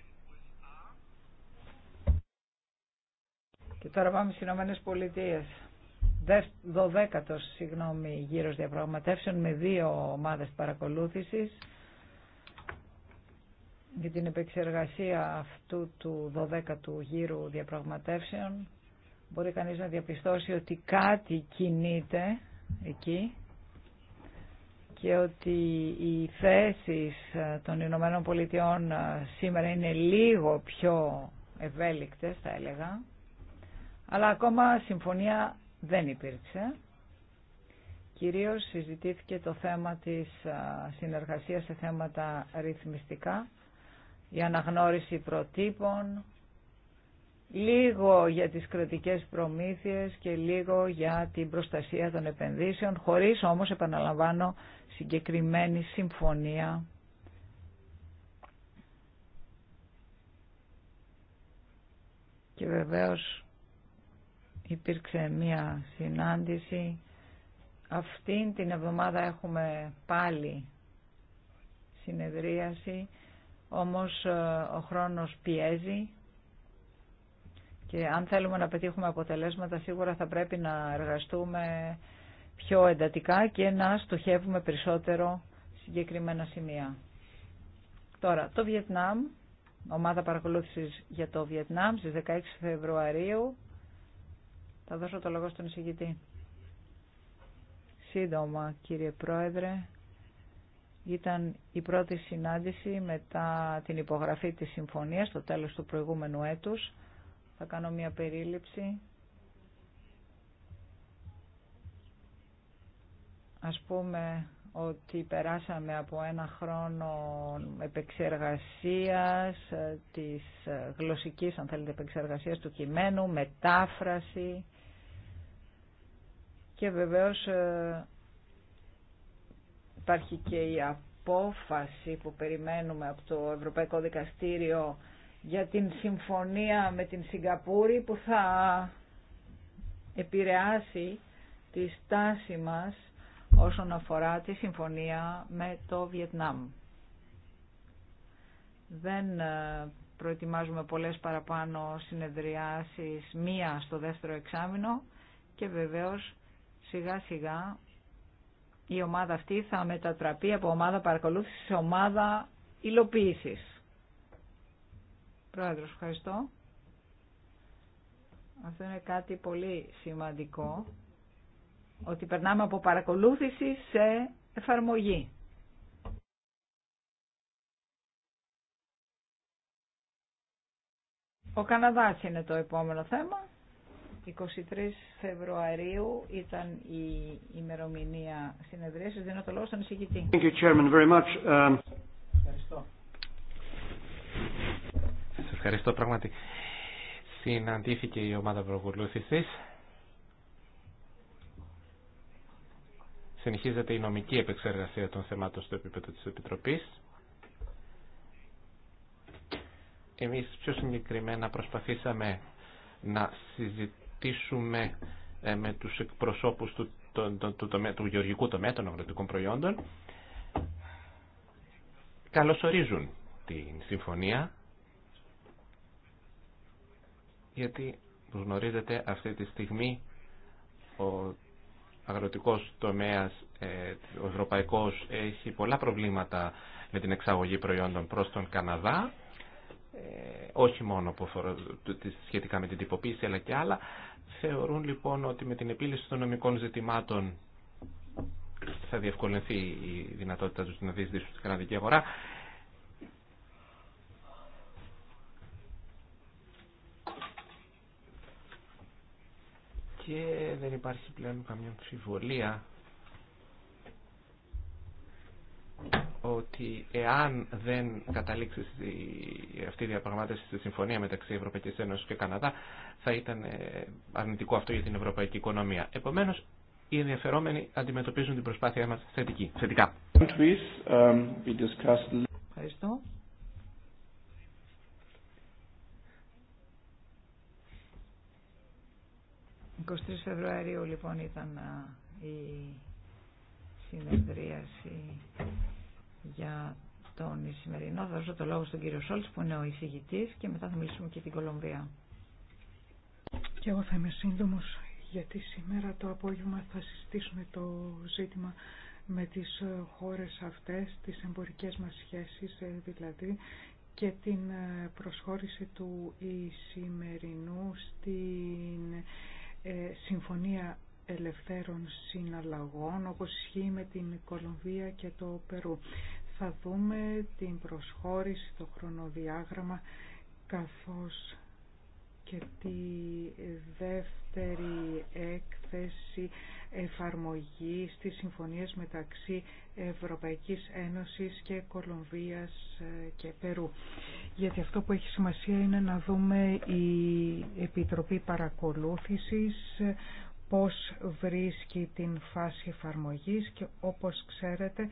Και τώρα πάμε στι Ηνωμένε Πολιτείε δωδέκατος ο συγγνώμη, γύρος διαπραγματεύσεων με δύο ομάδες παρακολούθησης για την επεξεργασία αυτού του 12 γύρου διαπραγματεύσεων μπορεί κανείς να διαπιστώσει ότι κάτι κινείται εκεί και ότι οι θέσεις των Ηνωμένων Πολιτειών σήμερα είναι λίγο πιο ευέλικτες θα έλεγα αλλά ακόμα συμφωνία δεν υπήρξε. Κυρίως συζητήθηκε το θέμα της συνεργασίας σε θέματα ρυθμιστικά, η αναγνώριση προτύπων, λίγο για τις κρατικές προμήθειες και λίγο για την προστασία των επενδύσεων, χωρίς όμως, επαναλαμβάνω, συγκεκριμένη συμφωνία. Και βεβαίως υπήρξε μία συνάντηση. Αυτήν την εβδομάδα έχουμε πάλι συνεδρίαση, όμως ε, ο χρόνος πιέζει και αν θέλουμε να πετύχουμε αποτελέσματα σίγουρα θα πρέπει να εργαστούμε πιο εντατικά και να στοχεύουμε περισσότερο συγκεκριμένα σημεία. Τώρα, το Βιετνάμ, ομάδα παρακολούθησης για το Βιετνάμ στις 16 Φεβρουαρίου θα δώσω το λόγο στον εισηγητή. Σύντομα, κύριε Πρόεδρε, ήταν η πρώτη συνάντηση μετά την υπογραφή της συμφωνίας στο τέλος του προηγούμενου έτους. Θα κάνω μια περίληψη. Ας πούμε ότι περάσαμε από ένα χρόνο επεξεργασίας ε, της ε, γλωσσικής, αν θέλετε, επεξεργασίας του κειμένου, μετάφραση, και βεβαίως ε, υπάρχει και η απόφαση που περιμένουμε από το Ευρωπαϊκό Δικαστήριο για την συμφωνία με την Σιγκαπούρη που θα επηρεάσει τη στάση μας όσον αφορά τη συμφωνία με το Βιετνάμ. Δεν ε, προετοιμάζουμε πολλές παραπάνω συνεδριάσεις, μία στο δεύτερο εξάμεινο και βεβαίως σιγά σιγά η ομάδα αυτή θα μετατραπεί από ομάδα παρακολούθησης σε ομάδα υλοποίησης. Πρόεδρος, ευχαριστώ. Αυτό είναι κάτι πολύ σημαντικό, ότι περνάμε από παρακολούθηση σε εφαρμογή. Ο Καναδάς είναι το επόμενο θέμα. 23 Φεβρουαρίου ήταν η ημερομηνία συνεδρία. Σας δίνω το λόγο στον εισηγητή. Thank you, Chairman, very much. Um, ευχαριστώ. Σας ευχαριστώ πραγματικά. Συναντήθηκε η ομάδα προκολούθησης. Συνεχίζεται η νομική επεξεργασία των θεμάτων στο επίπεδο της Επιτροπής. Εμείς πιο συγκεκριμένα προσπαθήσαμε να συζητήσουμε συζητήσουμε ε, με τους εκπροσώπους του, του, του, το, του γεωργικού τομέα των αγροτικών προϊόντων καλωσορίζουν την συμφωνία γιατί που γνωρίζετε αυτή τη στιγμή ο αγροτικός τομέας ε, ο ευρωπαϊκός έχει πολλά προβλήματα με την εξαγωγή προϊόντων προς τον Καναδά ε, όχι μόνο που σχετικά με την τυποποίηση αλλά και άλλα. Θεωρούν λοιπόν ότι με την επίλυση των νομικών ζητημάτων θα διευκολυνθεί η δυνατότητα τους να διεισδύσουν στην καναδική αγορά. Και δεν υπάρχει πλέον καμία αμφιβολία ότι εάν δεν καταλήξει αυτή η διαπραγμάτευση στη συμφωνία μεταξύ Ευρωπαϊκής Ένωσης και Καναδά θα ήταν ε, αρνητικό αυτό για την ευρωπαϊκή οικονομία. Επομένως, οι ενδιαφερόμενοι αντιμετωπίζουν την προσπάθειά μας θετικά. Ευχαριστώ. 23 Φεβρουαρίου λοιπόν ήταν ε, η συνεδρίαση για τον Ισημερινό. Θα δώσω το λόγο στον κύριο Σόλτς που είναι ο εισηγητής και μετά θα μιλήσουμε και την Κολομβία. Και εγώ θα είμαι σύντομος γιατί σήμερα το απόγευμα θα συζητήσουμε το ζήτημα με τις χώρες αυτές, τις εμπορικές μας σχέσεις ε, δηλαδή και την ε, προσχώρηση του Ισημερινού στην ε, Συμφωνία ελευθέρων συναλλαγών όπως ισχύει με την Κολομβία και το Περού. Θα δούμε την προσχώρηση, το χρονοδιάγραμμα καθώς και τη δεύτερη έκθεση εφαρμογή στις συμφωνίες μεταξύ Ευρωπαϊκής Ένωσης και Κολομβίας ε, και Περού. Γιατί αυτό που έχει σημασία είναι να δούμε η Επιτροπή Παρακολούθησης πώς βρίσκει την φάση εφαρμογής και όπως ξέρετε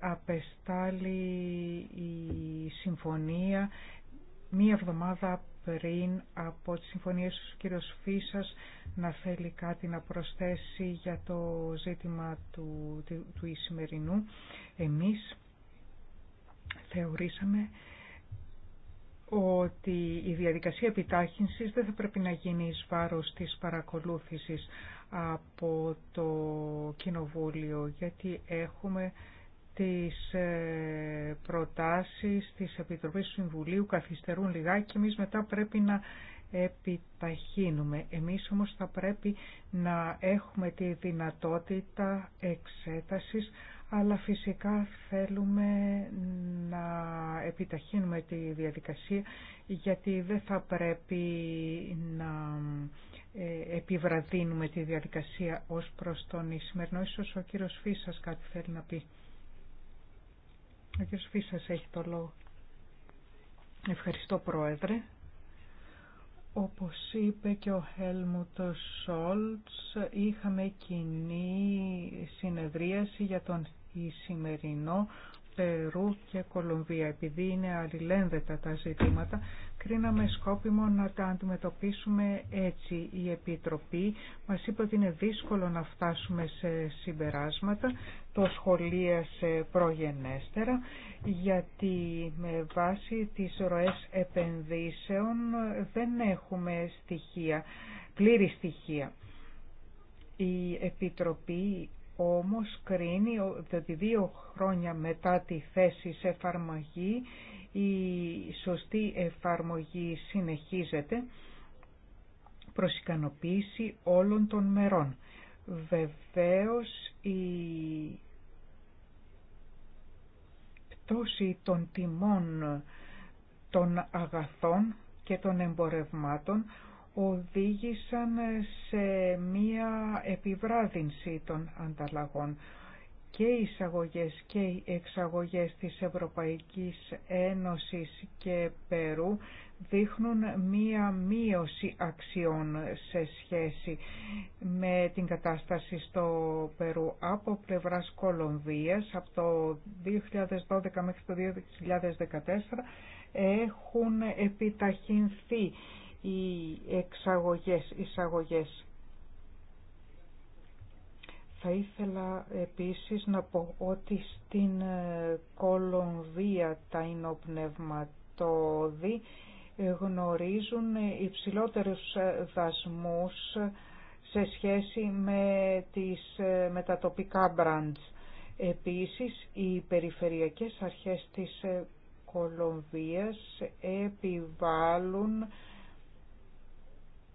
απεστάλλει η συμφωνία μία εβδομάδα πριν από τις συμφωνίες του κ. Φίσας να θέλει κάτι να προσθέσει για το ζήτημα του, του, του Ισημερινού. Εμείς θεωρήσαμε ότι η διαδικασία επιτάχυνσης δεν θα πρέπει να γίνει εις βάρος της παρακολούθησης από το Κοινοβούλιο, γιατί έχουμε τις ε, προτάσεις της Επιτροπής του Συμβουλίου καθυστερούν λιγάκι και εμείς μετά πρέπει να επιταχύνουμε. Εμείς όμως θα πρέπει να έχουμε τη δυνατότητα εξέτασης αλλά φυσικά θέλουμε να επιταχύνουμε τη διαδικασία γιατί δεν θα πρέπει να ε, επιβραδύνουμε τη διαδικασία ως προς τον Ισημερινό. Ίσως ο κύριος Φίσας κάτι θέλει να πει. Ο κύριος Φίσας έχει το λόγο. Ευχαριστώ Πρόεδρε. Όπως είπε και ο Χέλμουτ Σόλτς, είχαμε κοινή συνεδρίαση για τον ή σημερινό Περού και Κολομβία. Επειδή είναι αλληλένδετα τα ζητήματα, κρίναμε σκόπιμο να τα αντιμετωπίσουμε έτσι. Η Επιτροπή μας είπε ότι είναι δύσκολο να φτάσουμε σε συμπεράσματα, το σχολίασε προγενέστερα, γιατί με βάση τις ροές επενδύσεων δεν έχουμε στοιχεία, πλήρη στοιχεία. Η Επιτροπή όμως κρίνει ότι δύο χρόνια μετά τη θέση σε εφαρμογή η σωστή εφαρμογή συνεχίζεται προς ικανοποίηση όλων των μερών. Βεβαίως η πτώση των τιμών των αγαθών και των εμπορευμάτων οδήγησαν σε μία επιβράδυνση των ανταλλαγών. Και οι εισαγωγές και οι εξαγωγές της Ευρωπαϊκής Ένωσης και Περού δείχνουν μία μείωση αξιών σε σχέση με την κατάσταση στο Περού από πλευράς Κολομβίας από το 2012 μέχρι το 2014 έχουν επιταχυνθεί οι εξαγωγές, εισαγωγές. Θα ήθελα επίσης να πω ότι στην ε, Κολομβία τα εινοπνευματόδη ε, γνωρίζουν υψηλότερους ε, δασμούς σε σχέση με, τις, με τα τοπικά μπραντς. Επίσης, οι περιφερειακές αρχές της Κολομβίας επιβάλλουν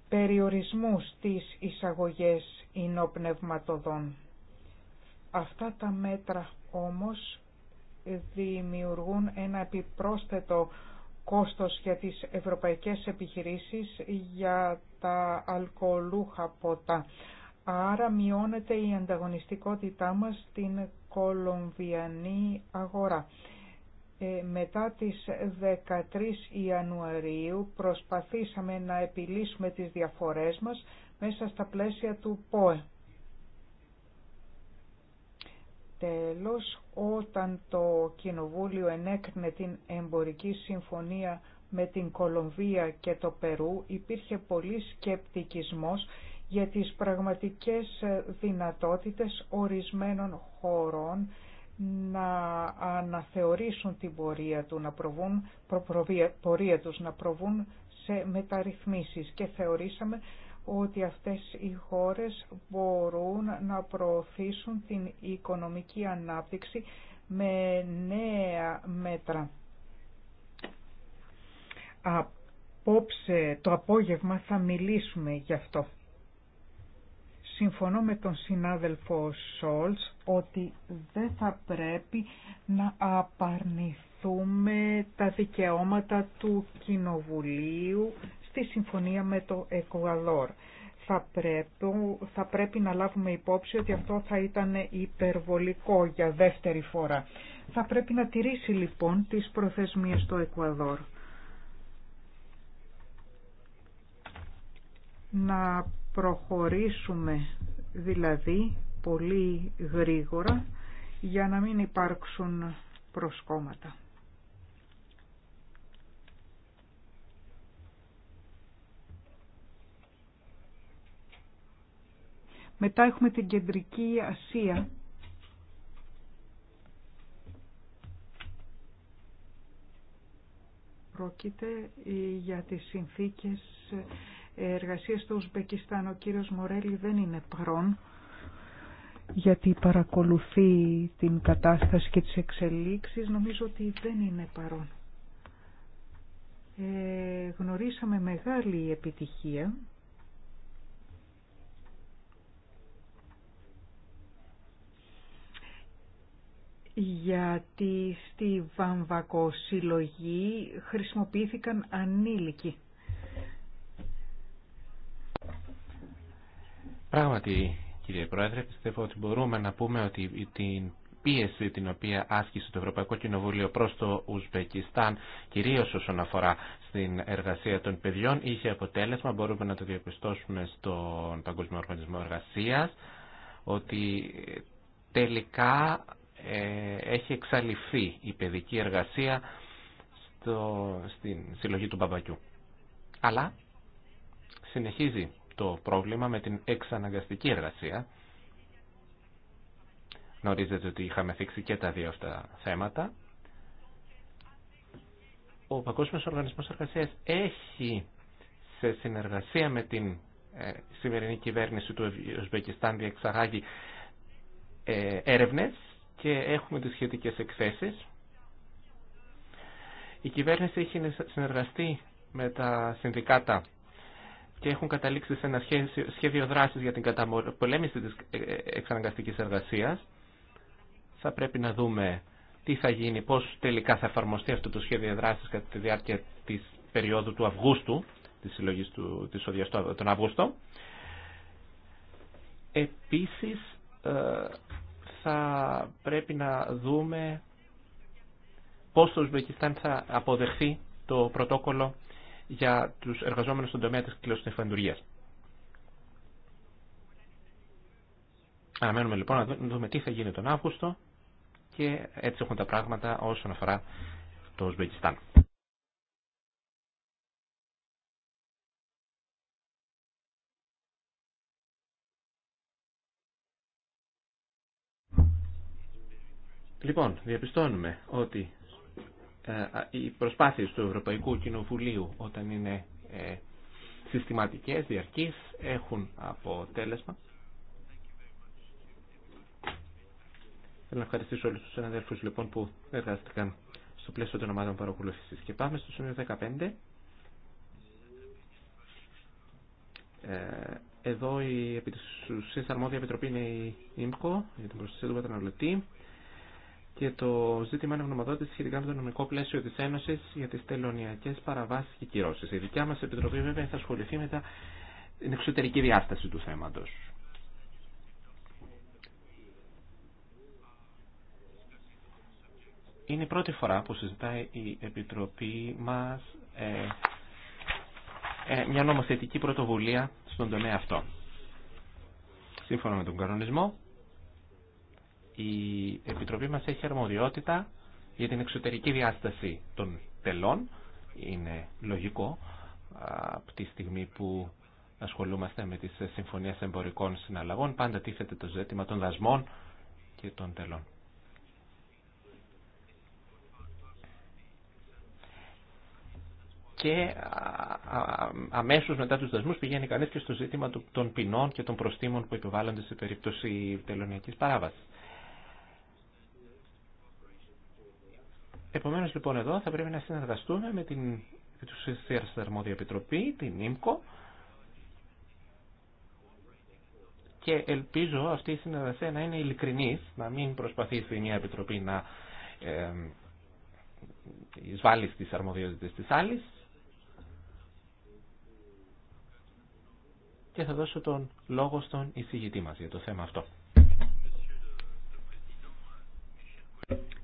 περιορισμού στις εισαγωγές εινοπνευματοδών. Αυτά τα μέτρα όμως δημιουργούν ένα επιπρόσθετο κόστος για τις ευρωπαϊκές επιχειρήσεις για τα αλκοολούχα ποτά. Άρα μειώνεται η ανταγωνιστικότητά μας στην κολομβιανή αγορά. Ε, μετά τις 13 Ιανουαρίου προσπαθήσαμε να επιλύσουμε τις διαφορές μας μέσα στα πλαίσια του ΠΟΕ. Τέλος, όταν το Κοινοβούλιο ενέκρινε την εμπορική συμφωνία με την Κολομβία και το Περού, υπήρχε πολύ σκεπτικισμός για τις πραγματικές δυνατότητες ορισμένων χωρών να αναθεωρήσουν την πορεία, του, να προβούν, τους, να προβούν σε μεταρρυθμίσεις και θεωρήσαμε ότι αυτές οι χώρες μπορούν να προωθήσουν την οικονομική ανάπτυξη με νέα μέτρα. Απόψε το απόγευμα θα μιλήσουμε γι' αυτό συμφωνώ με τον συνάδελφο Σόλτς ότι δεν θα πρέπει να απαρνηθούμε τα δικαιώματα του Κοινοβουλίου στη συμφωνία με το Εκουαδόρ. Θα πρέπει, θα πρέπει να λάβουμε υπόψη ότι αυτό θα ήταν υπερβολικό για δεύτερη φορά. Θα πρέπει να τηρήσει λοιπόν τις προθεσμίες στο Εκουαδόρ. Να προχωρήσουμε δηλαδή πολύ γρήγορα για να μην υπάρξουν προσκόμματα. Μετά έχουμε την Κεντρική Ασία. Πρόκειται ε, για τις συνθήκες ε, Εργασία στο Ουσμπεκιστάν. Ο κύριος Μορέλη δεν είναι παρόν γιατί παρακολουθεί την κατάσταση και τις εξελίξεις. Νομίζω ότι δεν είναι παρόν. Ε, γνωρίσαμε μεγάλη επιτυχία γιατί στη βαμβακοσυλλογή χρησιμοποιήθηκαν ανήλικοι. Πράγματι, κύριε Πρόεδρε, πιστεύω ότι μπορούμε να πούμε ότι την πίεση την οποία άσκησε το Ευρωπαϊκό Κοινοβούλιο προς το Ουσβεκιστάν, κυρίως όσον αφορά στην εργασία των παιδιών, είχε αποτέλεσμα, μπορούμε να το διαπιστώσουμε στον Παγκόσμιο Οργανισμό Εργασίας, ότι τελικά ε, έχει εξαλειφθεί η παιδική εργασία στο, στην συλλογή του Μπαμπακιού. Αλλά συνεχίζει το πρόβλημα με την εξαναγκαστική εργασία. Γνωρίζετε ότι είχαμε θίξει και τα δύο αυτά θέματα. Ο Παγκόσμιος Οργανισμός Εργασίας έχει σε συνεργασία με την ε, σημερινή κυβέρνηση του Ουσβεκιστάν διεξαγάγει ε, έρευνες και έχουμε τις σχετικές εκθέσεις. Η κυβέρνηση έχει συνεργαστεί με τα συνδικάτα και έχουν καταλήξει σε ένα σχέδιο δράσης για την καταπολέμηση της ε, εξαναγκαστικής εργασίας. Θα πρέπει να δούμε τι θα γίνει, πώς τελικά θα εφαρμοστεί αυτό το σχέδιο δράσης κατά τη διάρκεια της περίοδου του Αυγούστου, της συλλογής του, της οδιαστό, τον Αυγούστο. Επίσης, ε, θα πρέπει να δούμε πώς το Ουσβεκιστάν θα αποδεχθεί το πρωτόκολλο για τους εργαζόμενους στον τομέα τη κλειστοφαντουργία. Αναμένουμε λοιπόν να δούμε τι θα γίνει τον Αύγουστο και έτσι έχουν τα πράγματα όσον αφορά το Ουσβεκιστάν. Λοιπόν, διαπιστώνουμε ότι ε, οι προσπάθειες του Ευρωπαϊκού Κοινοβουλίου όταν είναι ε, συστηματικές, διαρκείς, έχουν αποτέλεσμα. Θέλω να ευχαριστήσω όλους τους συναδέλφους λοιπόν που εργάστηκαν στο πλαίσιο των ομάδων παρακολούθησης. Και πάμε στο σημείο 15. Ε, εδώ η αρμόδια επιτροπή είναι η ΙΜΚΟ για την προστασία του καταναλωτή και το ζήτημα αναγνωματότητα σχετικά με το νομικό πλαίσιο τη Ένωση για τι τελωνιακέ παραβάσει και κυρώσει. Η δικιά μα επιτροπή βέβαια θα ασχοληθεί με την εξωτερική διάσταση του θέματο. Είναι η πρώτη φορά που συζητάει η Επιτροπή μας ε, ε, μια νομοθετική πρωτοβουλία στον τομέα αυτό. Σύμφωνα με τον κανονισμό, η Επιτροπή μας έχει αρμοδιότητα για την εξωτερική διάσταση των τελών. Είναι λογικό από τη στιγμή που ασχολούμαστε με τις συμφωνίες εμπορικών συναλλαγών. Πάντα τίθεται το ζήτημα των δασμών και των τελών. και αμέσως μετά τους δασμούς πηγαίνει κανείς και στο ζήτημα των ποινών και των προστήμων που επιβάλλονται σε περίπτωση τελωνιακής παράβασης. Επομένως λοιπόν εδώ θα πρέπει να συνεργαστούμε με την Επιτουσιακή Αρμόδια Επιτροπή, την ΙΜΚΟ και ελπίζω αυτή η συνεργασία να είναι ειλικρινής, να μην προσπαθήσει μια Επιτροπή να ε, εισβάλλει στις αρμοδιότητες της άλλης και θα δώσω τον λόγο στον εισηγητή μας για το θέμα αυτό.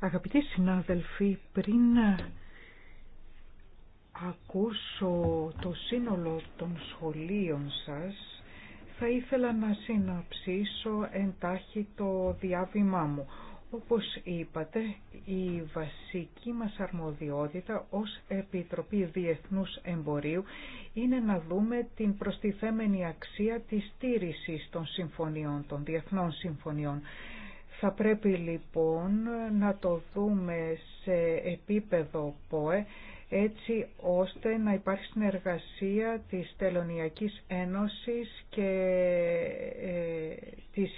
Αγαπητοί συνάδελφοι, πριν ακούσω το σύνολο των σχολείων σας, θα ήθελα να συναψίσω εντάχει το διάβημά μου. Όπως είπατε, η βασική μας αρμοδιότητα ως Επιτροπή Διεθνούς Εμπορίου είναι να δούμε την προστιθέμενη αξία της στήρισης των συμφωνιών, των διεθνών συμφωνιών. Θα πρέπει λοιπόν να το δούμε σε επίπεδο ΠΟΕ έτσι ώστε να υπάρχει συνεργασία της Τελωνιακής Ένωσης και ε, της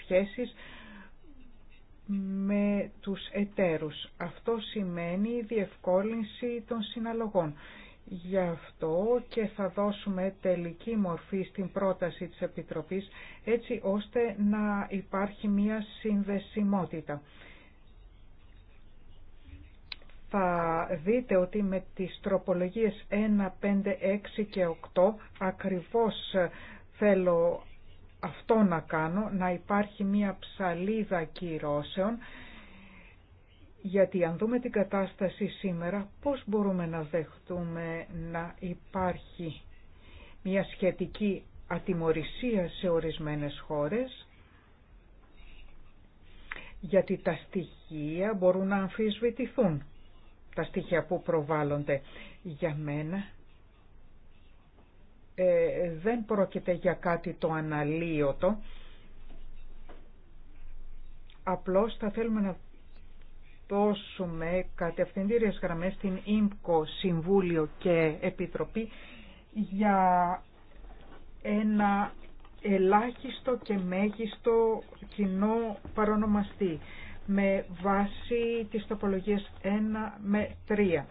με τους εταίρους. Αυτό σημαίνει διευκόλυνση των συναλλογών Γι' αυτό και θα δώσουμε τελική μορφή στην πρόταση της Επιτροπής έτσι ώστε να υπάρχει μία συνδεσιμότητα. Θα δείτε ότι με τις τροπολογίες 1, 5, 6 και 8 ακριβώς θέλω αυτό να κάνω, να υπάρχει μία ψαλίδα κυρώσεων γιατί αν δούμε την κατάσταση σήμερα, πώς μπορούμε να δεχτούμε να υπάρχει μια σχετική ατιμορρησία σε ορισμένες χώρες, γιατί τα στοιχεία μπορούν να αμφισβητηθούν, τα στοιχεία που προβάλλονται. Για μένα ε, δεν πρόκειται για κάτι το αναλύωτο, απλώς θα θέλουμε να δώσουμε κατευθυντήριες γραμμές στην ΙΜΚΟ, Συμβούλιο και Επιτροπή για ένα ελάχιστο και μέγιστο κοινό παρονομαστή με βάση τις τοπολογίες 1 με 3.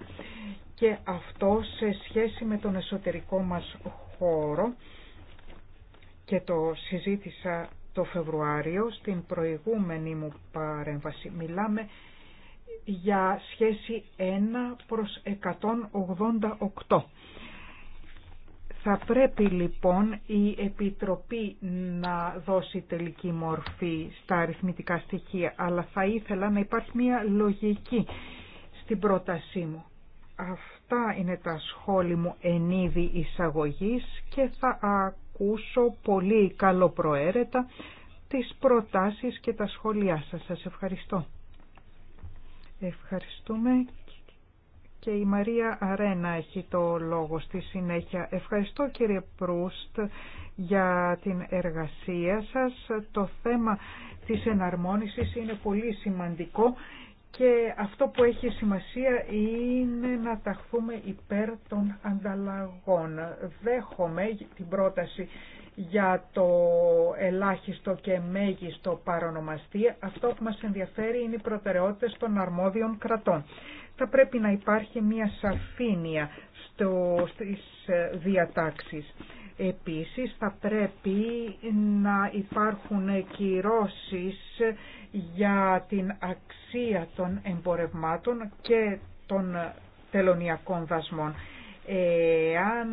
Και αυτό σε σχέση με τον εσωτερικό μας χώρο και το συζήτησα το Φεβρουάριο στην προηγούμενη μου παρέμβαση. Μιλάμε για σχέση 1 προς 188. Θα πρέπει λοιπόν η Επιτροπή να δώσει τελική μορφή στα αριθμητικά στοιχεία, αλλά θα ήθελα να υπάρχει μια λογική στην πρότασή μου. Αυτά είναι τα σχόλια μου εν είδη εισαγωγής και θα ακούσω πολύ καλοπροαίρετα τις προτάσεις και τα σχόλιά σας. Σας ευχαριστώ. Ευχαριστούμε και η Μαρία Αρένα έχει το λόγο στη συνέχεια. Ευχαριστώ κύριε Προύστ για την εργασία σας. Το θέμα της εναρμόνισης είναι πολύ σημαντικό και αυτό που έχει σημασία είναι να ταχθούμε υπέρ των ανταλλαγών. Δέχομαι την πρόταση για το ελάχιστο και μέγιστο παρονομαστή. Αυτό που μας ενδιαφέρει είναι οι προτεραιότητες των αρμόδιων κρατών. Θα πρέπει να υπάρχει μια σαφήνεια στο, στις ε, διατάξεις. Επίσης θα πρέπει να υπάρχουν κυρώσεις για την αξία των εμπορευμάτων και των τελωνιακών δασμών. Εάν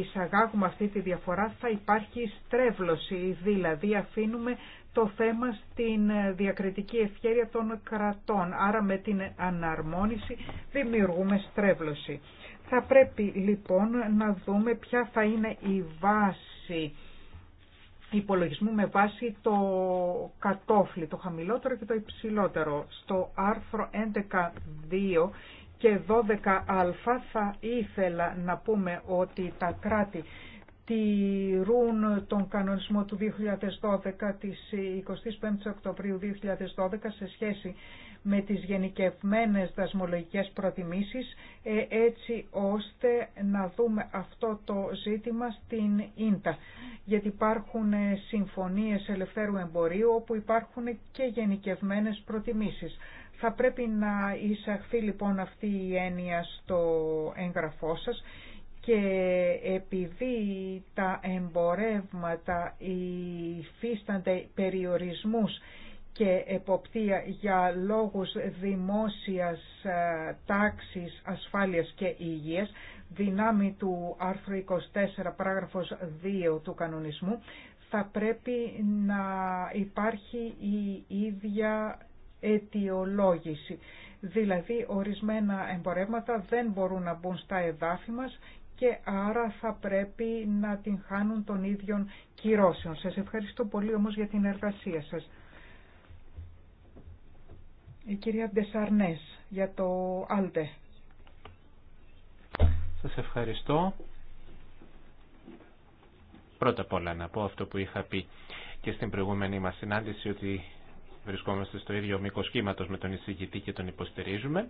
εισαγάγουμε αυτή τη διαφορά θα υπάρχει στρέβλωση, δηλαδή αφήνουμε το θέμα στην διακριτική ευχέρεια των κρατών. Άρα με την αναρμόνιση δημιουργούμε στρέβλωση. Θα πρέπει λοιπόν να δούμε ποια θα είναι η βάση υπολογισμού με βάση το κατόφλι, το χαμηλότερο και το υψηλότερο. Στο άρθρο 11.2 και 12α θα ήθελα να πούμε ότι τα κράτη τηρούν τον κανονισμό του 2012 της 25 Οκτωβρίου 2012 σε σχέση με τις γενικευμένες δασμολογικές προτιμήσεις ε, έτσι ώστε να δούμε αυτό το ζήτημα στην ίντα γιατί υπάρχουν ε, συμφωνίες ελευθέρου εμπορίου όπου υπάρχουν και γενικευμένες προτιμήσεις. Θα πρέπει να εισαχθεί λοιπόν αυτή η έννοια στο έγγραφό σας και επειδή τα εμπορεύματα υφίστανται περιορισμούς και εποπτεία για λόγους δημόσιας ε, τάξης, ασφάλειας και υγείας, δυνάμει του άρθρου 24 παράγραφος 2 του κανονισμού, θα πρέπει να υπάρχει η ίδια αιτιολόγηση. Δηλαδή ορισμένα εμπορεύματα δεν μπορούν να μπουν στα εδάφη μας και άρα θα πρέπει να την χάνουν των ίδιων κυρώσεων. Σας ευχαριστώ πολύ όμως για την εργασία σας. Η κυρία Ντεσαρνές για το Άλτε. Σας ευχαριστώ. Πρώτα απ' όλα να πω αυτό που είχα πει και στην προηγούμενη μας συνάντηση ότι βρισκόμαστε στο ίδιο μήκο κύματο με τον εισηγητή και τον υποστηρίζουμε.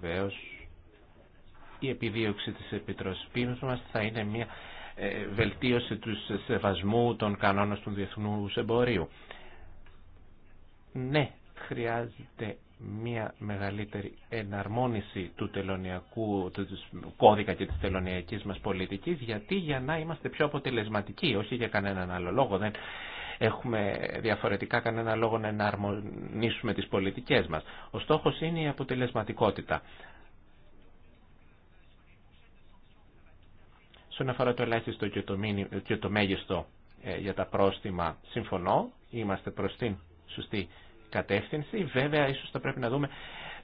Βεβαίω, η επιδίωξη τη Επιτροπής μα θα είναι μια ε, βελτίωση του σεβασμού των κανόνων του διεθνού εμπορίου. Ναι, χρειάζεται μια μεγαλύτερη εναρμόνιση του τελωνιακού του κώδικα και της τελωνιακής μας πολιτικής γιατί για να είμαστε πιο αποτελεσματικοί όχι για κανέναν άλλο λόγο δεν έχουμε διαφορετικά κανένα λόγο να εναρμονίσουμε τις πολιτικές μας. Ο στόχος είναι η αποτελεσματικότητα. Στον αφορά το ελάχιστο και το, και το μέγιστο ε, για τα πρόστιμα, συμφωνώ, είμαστε προς την σωστή κατεύθυνση. Βέβαια, ίσως θα πρέπει να δούμε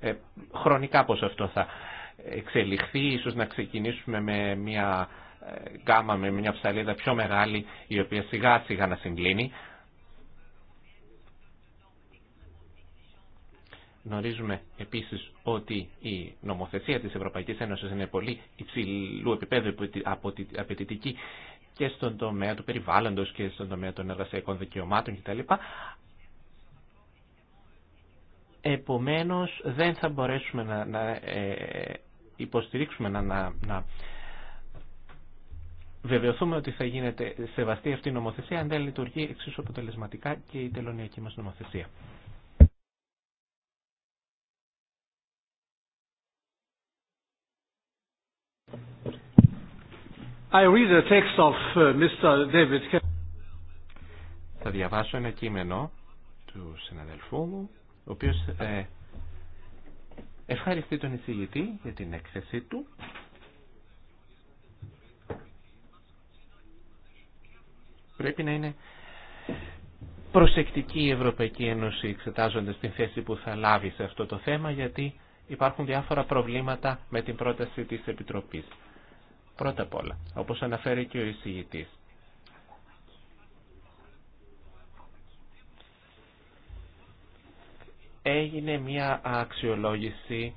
ε, χρονικά πώς αυτό θα εξελιχθεί, ίσως να ξεκινήσουμε με μια γκάμα με μια ψαλίδα πιο μεγάλη η οποία σιγά σιγά να συγκλίνει. Γνωρίζουμε επίσης ότι η νομοθεσία της Ευρωπαϊκής Ένωσης είναι πολύ υψηλού επίπεδου απαιτητική και στον τομέα του περιβάλλοντος και στον τομέα των εργασιακών δικαιωμάτων κτλ. Επομένως δεν θα μπορέσουμε να, να ε, υποστηρίξουμε, να, να βεβαιωθούμε ότι θα γίνεται σεβαστή αυτή η νομοθεσία αν δεν λειτουργεί εξίσου αποτελεσματικά και η τελωνιακή μας νομοθεσία. I read the text of uh, Mr. Θα διαβάσω ένα κείμενο του συναδελφού μου, ο οποίος ε, ευχαριστεί τον εισηγητή για την έκθεσή του Πρέπει να είναι προσεκτική η Ευρωπαϊκή Ένωση εξετάζοντας την θέση που θα λάβει σε αυτό το θέμα γιατί υπάρχουν διάφορα προβλήματα με την πρόταση της Επιτροπής. Πρώτα απ' όλα, όπως αναφέρει και ο εισηγητής, έγινε μια αξιολόγηση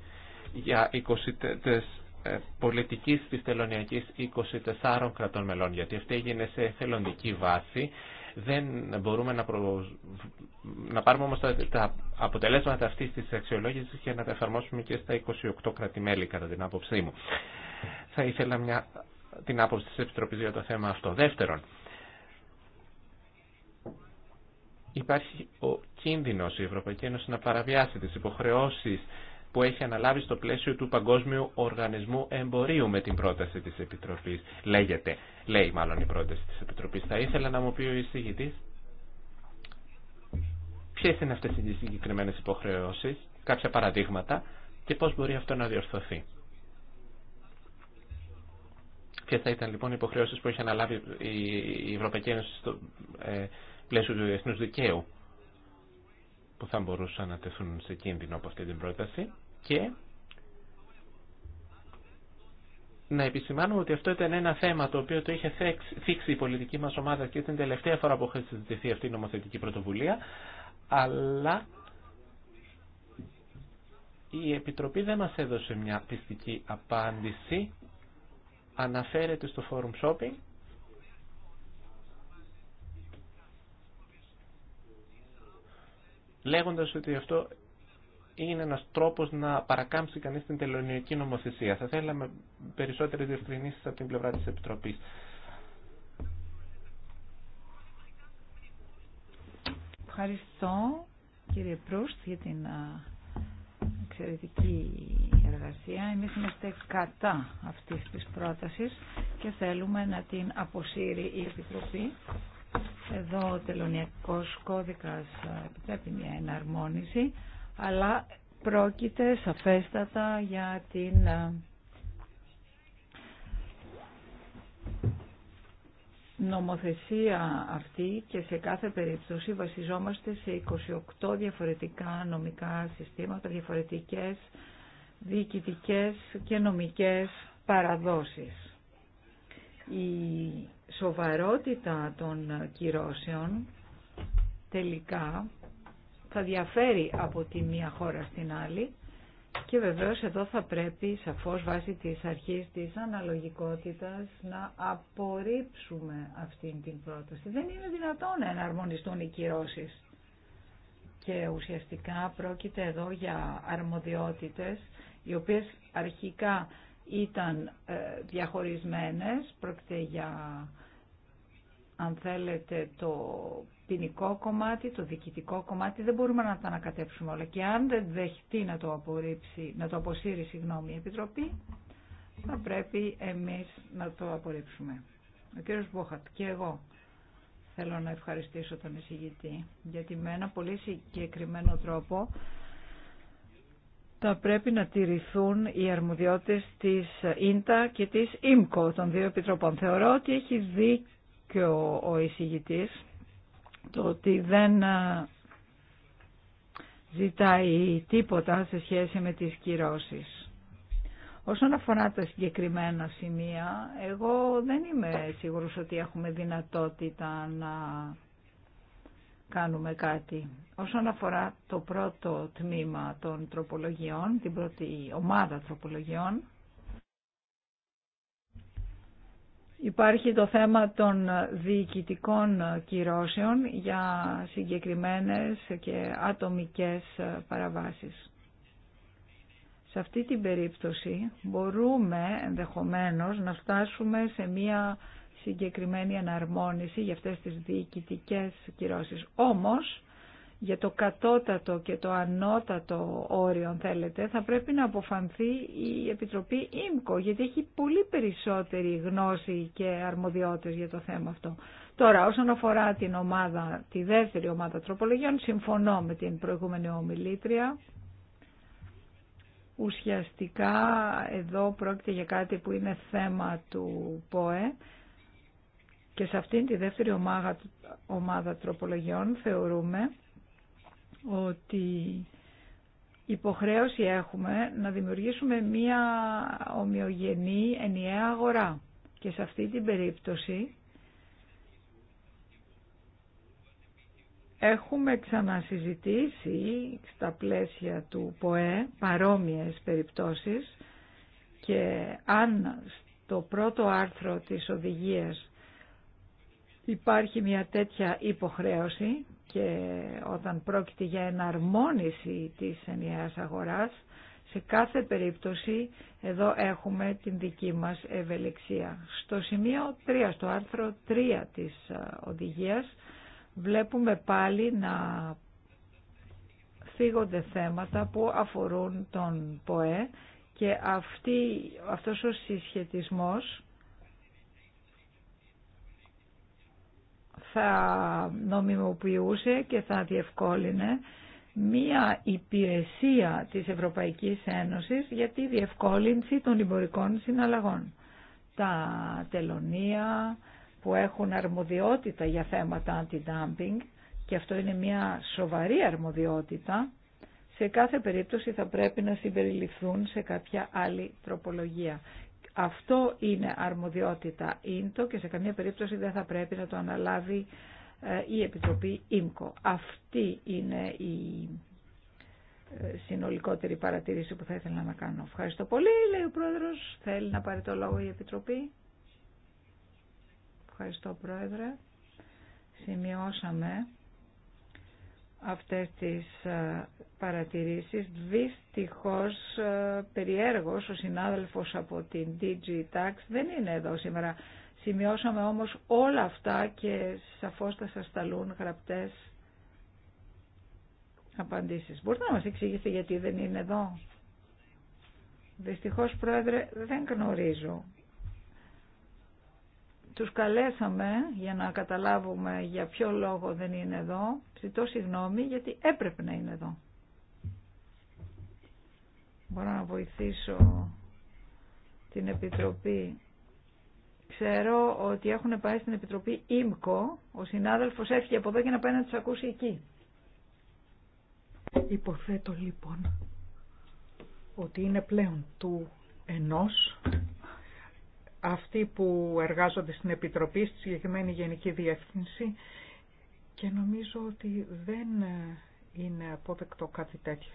για 24 ε, πολιτικής της τελωνιακής 24 κρατών μελών, γιατί αυτή έγινε σε θελοντική βάση. Δεν μπορούμε να, να πάρουμε όμως τα, αποτελέσματα αυτής της αξιολόγησης και να τα εφαρμόσουμε και στα 28 κρατημέλη, κατά την άποψή μου. Θα ήθελα μια... την άποψη της Επιτροπής για το θέμα αυτό. Δεύτερον, υπάρχει ο κίνδυνος η Ευρωπαϊκή Ένωση να παραβιάσει τις υποχρεώσεις που έχει αναλάβει στο πλαίσιο του Παγκόσμιου Οργανισμού Εμπορίου με την πρόταση της Επιτροπής. Λέγεται, λέει μάλλον η πρόταση της Επιτροπής. Θα ήθελα να μου πει ο εισηγητής ποιες είναι αυτές οι συγκεκριμένε υποχρεώσεις, κάποια παραδείγματα και πώς μπορεί αυτό να διορθωθεί. Ποιε θα ήταν λοιπόν οι υποχρεώσει που έχει αναλάβει η Ευρωπαϊκή Ένωση στο ε, πλαίσιο του διεθνού δικαίου που θα μπορούσαν να τεθούν σε κίνδυνο από αυτή την πρόταση και να επισημάνουμε ότι αυτό ήταν ένα θέμα το οποίο το είχε θίξει η πολιτική μας ομάδα και την τελευταία φορά που είχε συζητηθεί αυτή η νομοθετική πρωτοβουλία, αλλά η Επιτροπή δεν μας έδωσε μια πιστική απάντηση. Αναφέρεται στο Forum Shopping. Λέγοντας ότι αυτό είναι ένας τρόπος να παρακάμψει κανείς την τελωνιακή νομοθεσία. Θα θέλαμε περισσότερες διευκρινήσεις από την πλευρά της Επιτροπής. Ευχαριστώ κύριε Προύστ για την εξαιρετική εργασία. Εμείς είμαστε κατά αυτής της πρότασης και θέλουμε να την αποσύρει η Επιτροπή. Εδώ ο τελωνιακός κώδικας επιτρέπει μια εναρμόνιση αλλά πρόκειται σαφέστατα για την ε, νομοθεσία αυτή και σε κάθε περίπτωση βασιζόμαστε σε 28 διαφορετικά νομικά συστήματα, διαφορετικές διοικητικές και νομικές παραδόσεις. Η σοβαρότητα των κυρώσεων τελικά θα διαφέρει από τη μία χώρα στην άλλη και βεβαίως εδώ θα πρέπει σαφώς βάσει της αρχής της αναλογικότητας να απορρίψουμε αυτή την πρόταση. Δεν είναι δυνατόν να εναρμονιστούν οι κυρώσεις. Και ουσιαστικά πρόκειται εδώ για αρμοδιότητες οι οποίες αρχικά ήταν ε, διαχωρισμένες, πρόκειται για αν θέλετε το ποινικό κομμάτι, το διοικητικό κομμάτι, δεν μπορούμε να τα ανακατέψουμε όλα. Και αν δεν δεχτεί να το, απορρίψει, να το αποσύρει συγγνώμη, η Επιτροπή, θα πρέπει εμείς να το απορρίψουμε. Ο κύριος Μπόχατ και εγώ θέλω να ευχαριστήσω τον εισηγητή, γιατί με ένα πολύ συγκεκριμένο τρόπο θα πρέπει να τηρηθούν οι αρμοδιότητες της ΙΝΤΑ και της ΙΜΚΟ των δύο επιτροπών. Θεωρώ ότι έχει δίκιο ο εισηγητής το ότι δεν ε, ζητάει τίποτα σε σχέση με τις κυρώσεις. Όσον αφορά τα συγκεκριμένα σημεία, εγώ δεν είμαι σίγουρος ότι έχουμε δυνατότητα να κάνουμε κάτι. Όσον αφορά το πρώτο τμήμα των τροπολογιών, την πρώτη ομάδα τροπολογιών, Υπάρχει το θέμα των διοικητικών κυρώσεων για συγκεκριμένες και ατομικές παραβάσεις. Σε αυτή την περίπτωση μπορούμε ενδεχομένως να φτάσουμε σε μία συγκεκριμένη αναρμόνιση για αυτές τις διοικητικές κυρώσεις. Όμως για το κατώτατο και το ανώτατο όριο, αν θέλετε, θα πρέπει να αποφανθεί η Επιτροπή ΙΜΚΟ, γιατί έχει πολύ περισσότερη γνώση και αρμοδιότητες για το θέμα αυτό. Τώρα, όσον αφορά την ομάδα, τη δεύτερη ομάδα τροπολογιών, συμφωνώ με την προηγούμενη ομιλήτρια. Ουσιαστικά, εδώ πρόκειται για κάτι που είναι θέμα του ΠΟΕ. Και σε αυτήν τη δεύτερη ομάδα, ομάδα τροπολογιών θεωρούμε ότι υποχρέωση έχουμε να δημιουργήσουμε μία ομοιογενή ενιαία αγορά. Και σε αυτή την περίπτωση έχουμε ξανασυζητήσει στα πλαίσια του ΠΟΕ παρόμοιες περιπτώσεις και αν στο πρώτο άρθρο της οδηγίας υπάρχει μια τέτοια υποχρέωση και όταν πρόκειται για εναρμόνιση της ενιαίας αγοράς, σε κάθε περίπτωση εδώ έχουμε την δική μας ευελιξία. Στο σημείο 3, στο άρθρο 3 της ε, οδηγίας, βλέπουμε πάλι να φύγονται θέματα που αφορούν τον ΠΟΕ και αυτή, αυτός ο συσχετισμός θα νομιμοποιούσε και θα διευκόλυνε μία υπηρεσία της Ευρωπαϊκής Ένωσης για τη διευκόλυνση των εμπορικών συναλλαγών. Τα τελωνία που έχουν αρμοδιότητα για θεματα αντι anti-dumping και αυτό είναι μια σοβαρή αρμοδιότητα, σε κάθε περίπτωση θα πρέπει να συμπεριληφθούν σε κάποια άλλη τροπολογία. Αυτό είναι αρμοδιότητα ΙΝΤΟ και σε καμία περίπτωση δεν θα πρέπει να το αναλάβει ε, η Επιτροπή ΙΜΚΟ. Αυτή είναι η ε, συνολικότερη παρατήρηση που θα ήθελα να κάνω. Ευχαριστώ πολύ, λέει ο Πρόεδρος. Θέλει να πάρει το λόγο η Επιτροπή. Ευχαριστώ, Πρόεδρε. Σημειώσαμε αυτές τις ε, παρατηρήσεις. Δυστυχώς, ε, περιέργως, ο συνάδελφος από την DG Tax δεν είναι εδώ σήμερα. Σημειώσαμε όμως όλα αυτά και σαφώς θα σας ταλούν γραπτές απαντήσεις. Μπορείτε να μας εξηγήσετε γιατί δεν είναι εδώ. Δυστυχώς, Πρόεδρε, δεν γνωρίζω τους καλέσαμε για να καταλάβουμε για ποιο λόγο δεν είναι εδώ. Ζητώ συγγνώμη γιατί έπρεπε να είναι εδώ. Μπορώ να βοηθήσω την Επιτροπή. Ξέρω ότι έχουν πάει στην Επιτροπή ΙΜΚΟ. Ο συνάδελφος έφυγε από εδώ για να πάει να τους ακούσει εκεί. Υποθέτω λοιπόν ότι είναι πλέον του ενός αυτοί που εργάζονται στην Επιτροπή, στη συγκεκριμένη Γενική Διεύθυνση και νομίζω ότι δεν ε, είναι αποδεκτό κάτι τέτοιο.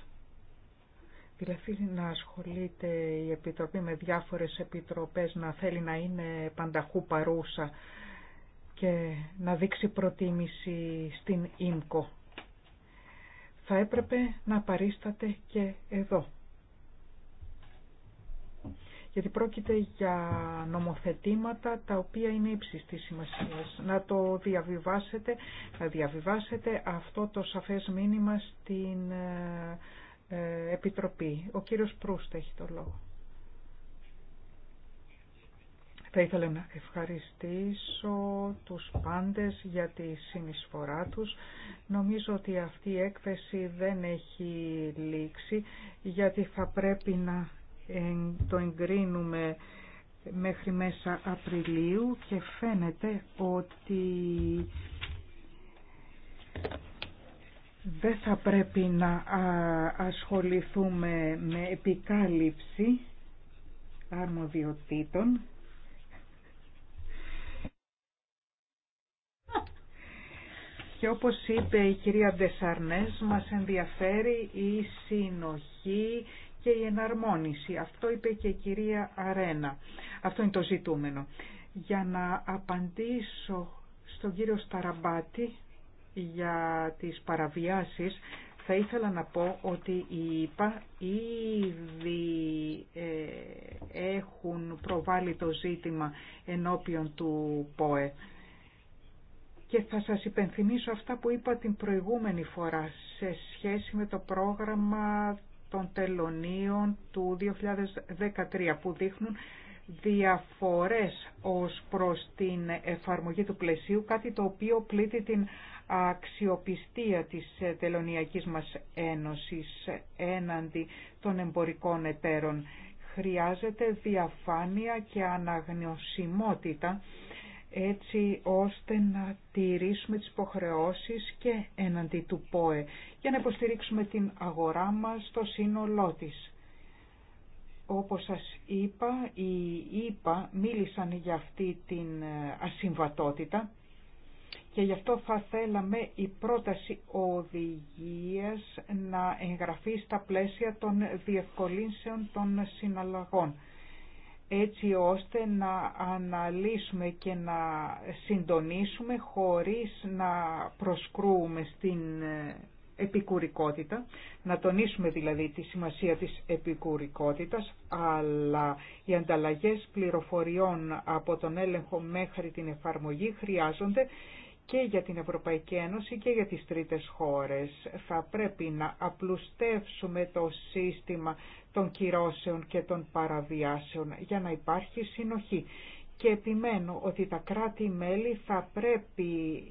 Δηλαδή να ασχολείται η Επιτροπή με διάφορες επιτροπές, να θέλει να είναι πανταχού παρούσα και να δείξει προτίμηση στην ΙΜΚΟ. Θα έπρεπε να παρίσταται και εδώ γιατί πρόκειται για νομοθετήματα τα οποία είναι ύψης της σημασίας. Να το διαβιβάσετε, να διαβιβάσετε αυτό το σαφές μήνυμα στην ε, ε, Επιτροπή. Ο κύριος Προύστα έχει το λόγο. Θα ήθελα να ευχαριστήσω τους πάντες για τη συνεισφορά τους. Νομίζω ότι αυτή η έκθεση δεν έχει λήξει γιατί θα πρέπει να το εγκρίνουμε μέχρι μέσα Απριλίου και φαίνεται ότι δεν θα πρέπει να ασχοληθούμε με επικάλυψη αρμοδιοτήτων. Και όπως είπε η κυρία Ντεσαρνές, μας ενδιαφέρει η συνοχή, και η εναρμόνιση. Αυτό είπε και η κυρία Αρένα. Αυτό είναι το ζητούμενο. Για να απαντήσω στον κύριο Σταραμπάτη για τις παραβιάσεις, θα ήθελα να πω ότι οι ΙΠΑ ήδη ε, έχουν προβάλει το ζήτημα ενώπιον του ΠΟΕ. Και θα σας υπενθυμίσω αυτά που είπα την προηγούμενη φορά σε σχέση με το πρόγραμμα των τελωνίων του 2013 που δείχνουν διαφορές ως προς την εφαρμογή του πλαισίου, κάτι το οποίο πλήττει την αξιοπιστία της τελωνιακής μας ένωσης έναντι των εμπορικών εταίρων. Χρειάζεται διαφάνεια και αναγνωσιμότητα έτσι ώστε να τηρήσουμε τις υποχρεώσεις και εναντί του ΠΟΕ για να υποστηρίξουμε την αγορά μας στο σύνολό της. Όπως σας είπα, οι ΙΠΑ μίλησαν για αυτή την ε, ασυμβατότητα και γι' αυτό θα θέλαμε η πρόταση οδηγίας να εγγραφεί στα πλαίσια των διευκολύνσεων των συναλλαγών έτσι ώστε να αναλύσουμε και να συντονίσουμε χωρίς να προσκρούμε στην ε, επικουρικότητα, να τονίσουμε δηλαδή τη σημασία της επικουρικότητας, αλλά οι ανταλλαγές πληροφοριών από τον έλεγχο μέχρι την εφαρμογή χρειάζονται και για την Ευρωπαϊκή Ένωση και για τις τρίτες χώρες. Θα πρέπει να απλουστεύσουμε το σύστημα των κυρώσεων και των παραβιάσεων για να υπάρχει συνοχή. Και επιμένω ότι τα κράτη-μέλη θα πρέπει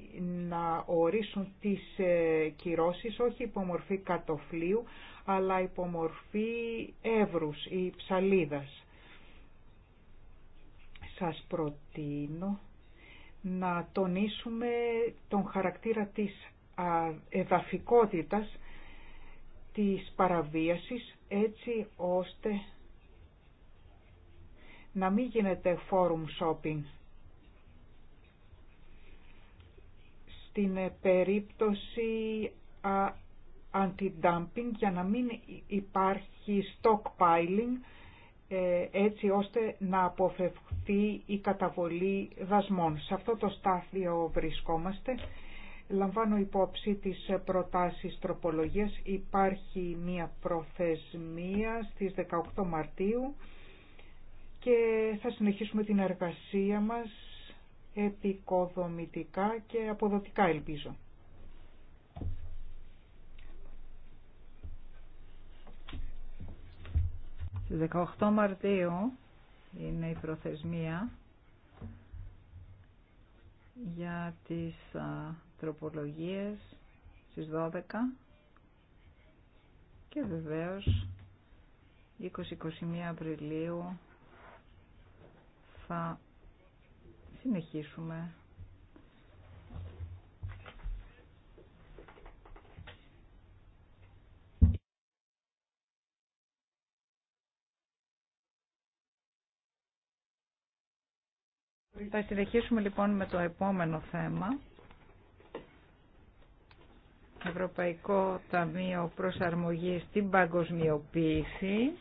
να ορίσουν τις ε, κυρώσεις όχι υπό μορφή κατοφλίου, αλλά υπό μορφή εύρους ή ψαλίδας. Σας προτείνω να τονίσουμε τον χαρακτήρα της εδαφικότητας της παραβίασης έτσι ώστε να μην γίνεται forum shopping. Στην ε, περιπτωση αντι anti-dumping για να μην υπάρχει stockpiling ε, έτσι ώστε να αποφευχθεί η καταβολή δασμών. Σε αυτό το στάδιο βρισκόμαστε. Λαμβάνω υπόψη τις προτάσεις τροπολογίας. Υπάρχει μία προθεσμία στις 18 Μαρτίου και θα συνεχίσουμε την εργασία μας επικοδομητικά και αποδοτικά ελπίζω. Στις 18 Μαρτίου είναι η προθεσμία για τις τροπολογίες στις 12 και βεβαίως 20-21 Απριλίου θα συνεχίσουμε Θα συνεχίσουμε λοιπόν με το επόμενο θέμα. Ευρωπαϊκό Ταμείο Προσαρμογής στην Παγκοσμιοποίηση.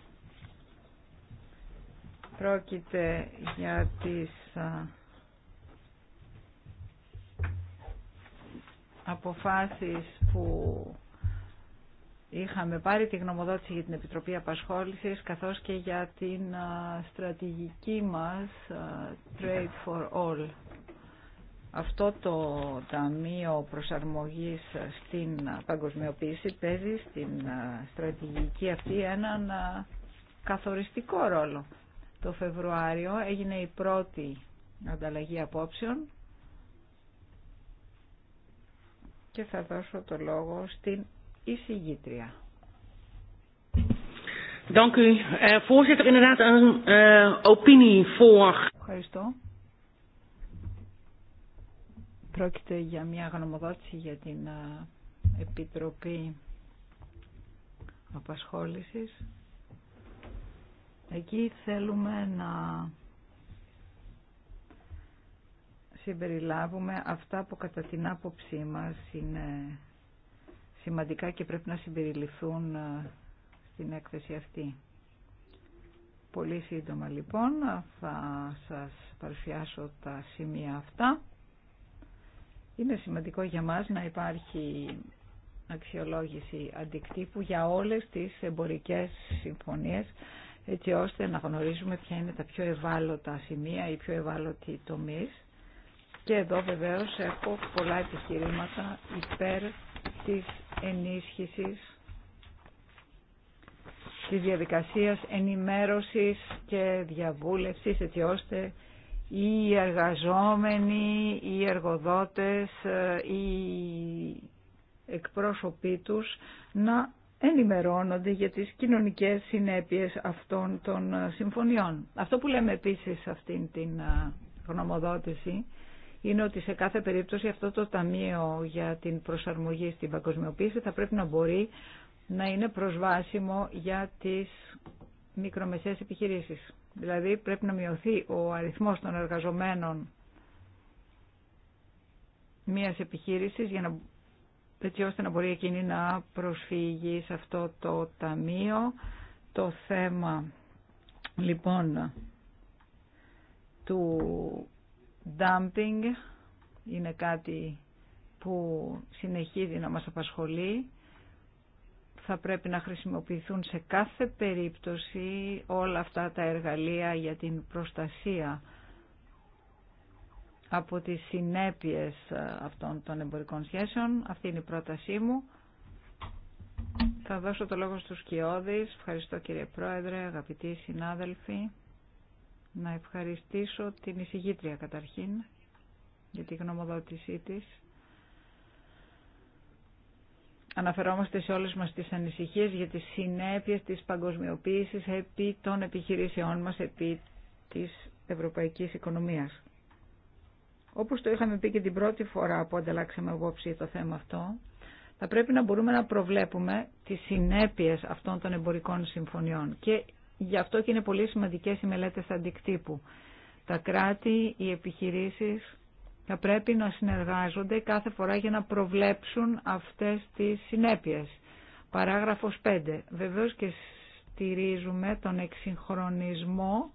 Πρόκειται για τις αποφάσεις που Είχαμε πάρει τη γνωμοδότηση για την Επιτροπή Απασχόλησης καθώς και για την στρατηγική μας Trade for All. Αυτό το Ταμείο Προσαρμογής στην Παγκοσμιοποίηση παίζει στην στρατηγική αυτή έναν καθοριστικό ρόλο. Το Φεβρουάριο έγινε η πρώτη ανταλλαγή απόψεων και θα δώσω το λόγο στην η eh, eh, Ευχαριστώ. Πρόκειται για μια γνωμοδότηση για την ε, Επιτροπή Απασχόλησης. Εκεί θέλουμε να συμπεριλάβουμε αυτά που κατά την άποψή μας είναι σημαντικά και πρέπει να συμπεριληφθούν ε, στην έκθεση αυτή. Πολύ σύντομα λοιπόν θα σας παρουσιάσω τα σημεία αυτά. Είναι σημαντικό για μας να υπάρχει αξιολόγηση αντικτύπου για όλες τις εμπορικές συμφωνίες έτσι ώστε να γνωρίζουμε ποια είναι τα πιο ευάλωτα σημεία ή πιο ευάλωτοι τομείς. Και εδώ βεβαίως έχω πολλά επιχειρήματα υπέρ της ενίσχυσης της διαδικασίας ενημέρωσης και διαβούλευσης έτσι ώστε οι εργαζόμενοι, οι εργοδότες, οι εκπρόσωποι τους να ενημερώνονται για τις κοινωνικές συνέπειες αυτών των συμφωνιών. Αυτό που λέμε επίσης αυτήν την ε, γνωμοδότηση είναι ότι σε κάθε περίπτωση αυτό το Ταμείο για την προσαρμογή στην παγκοσμιοποίηση θα πρέπει να μπορεί να είναι προσβάσιμο για τις μικρομεσαίες επιχειρήσεις. Δηλαδή πρέπει να μειωθεί ο αριθμός των εργαζομένων μιας επιχείρησης για να, έτσι ώστε να μπορεί εκείνη να προσφύγει σε αυτό το ταμείο. Το θέμα λοιπόν του dumping είναι κάτι που συνεχίζει να μας απασχολεί. Θα πρέπει να χρησιμοποιηθούν σε κάθε περίπτωση όλα αυτά τα εργαλεία για την προστασία από τις συνέπειες ε, αυτών των εμπορικών σχέσεων. Αυτή είναι η πρότασή μου. Θα δώσω το λόγο στους Κιώδης. Ευχαριστώ κύριε Πρόεδρε, αγαπητοί συνάδελφοι να ευχαριστήσω την εισηγήτρια καταρχήν για τη γνωμοδότησή της. Αναφερόμαστε σε όλες μας τις ανησυχίες για τις συνέπειες της παγκοσμιοποίησης επί των επιχειρήσεών μας, επί της ευρωπαϊκής οικονομίας. Όπως το είχαμε πει και την πρώτη φορά που ανταλλάξαμε απόψη το θέμα αυτό, θα πρέπει να μπορούμε να προβλέπουμε τις συνέπειες αυτών των εμπορικών συμφωνιών. Και Γι' αυτό και είναι πολύ σημαντικές οι μελέτες αντικτύπου. Τα κράτη, οι επιχειρήσεις θα πρέπει να συνεργάζονται κάθε φορά για να προβλέψουν αυτές τις συνέπειες. Παράγραφος 5. Βεβαίως και στηρίζουμε τον εξυγχρονισμό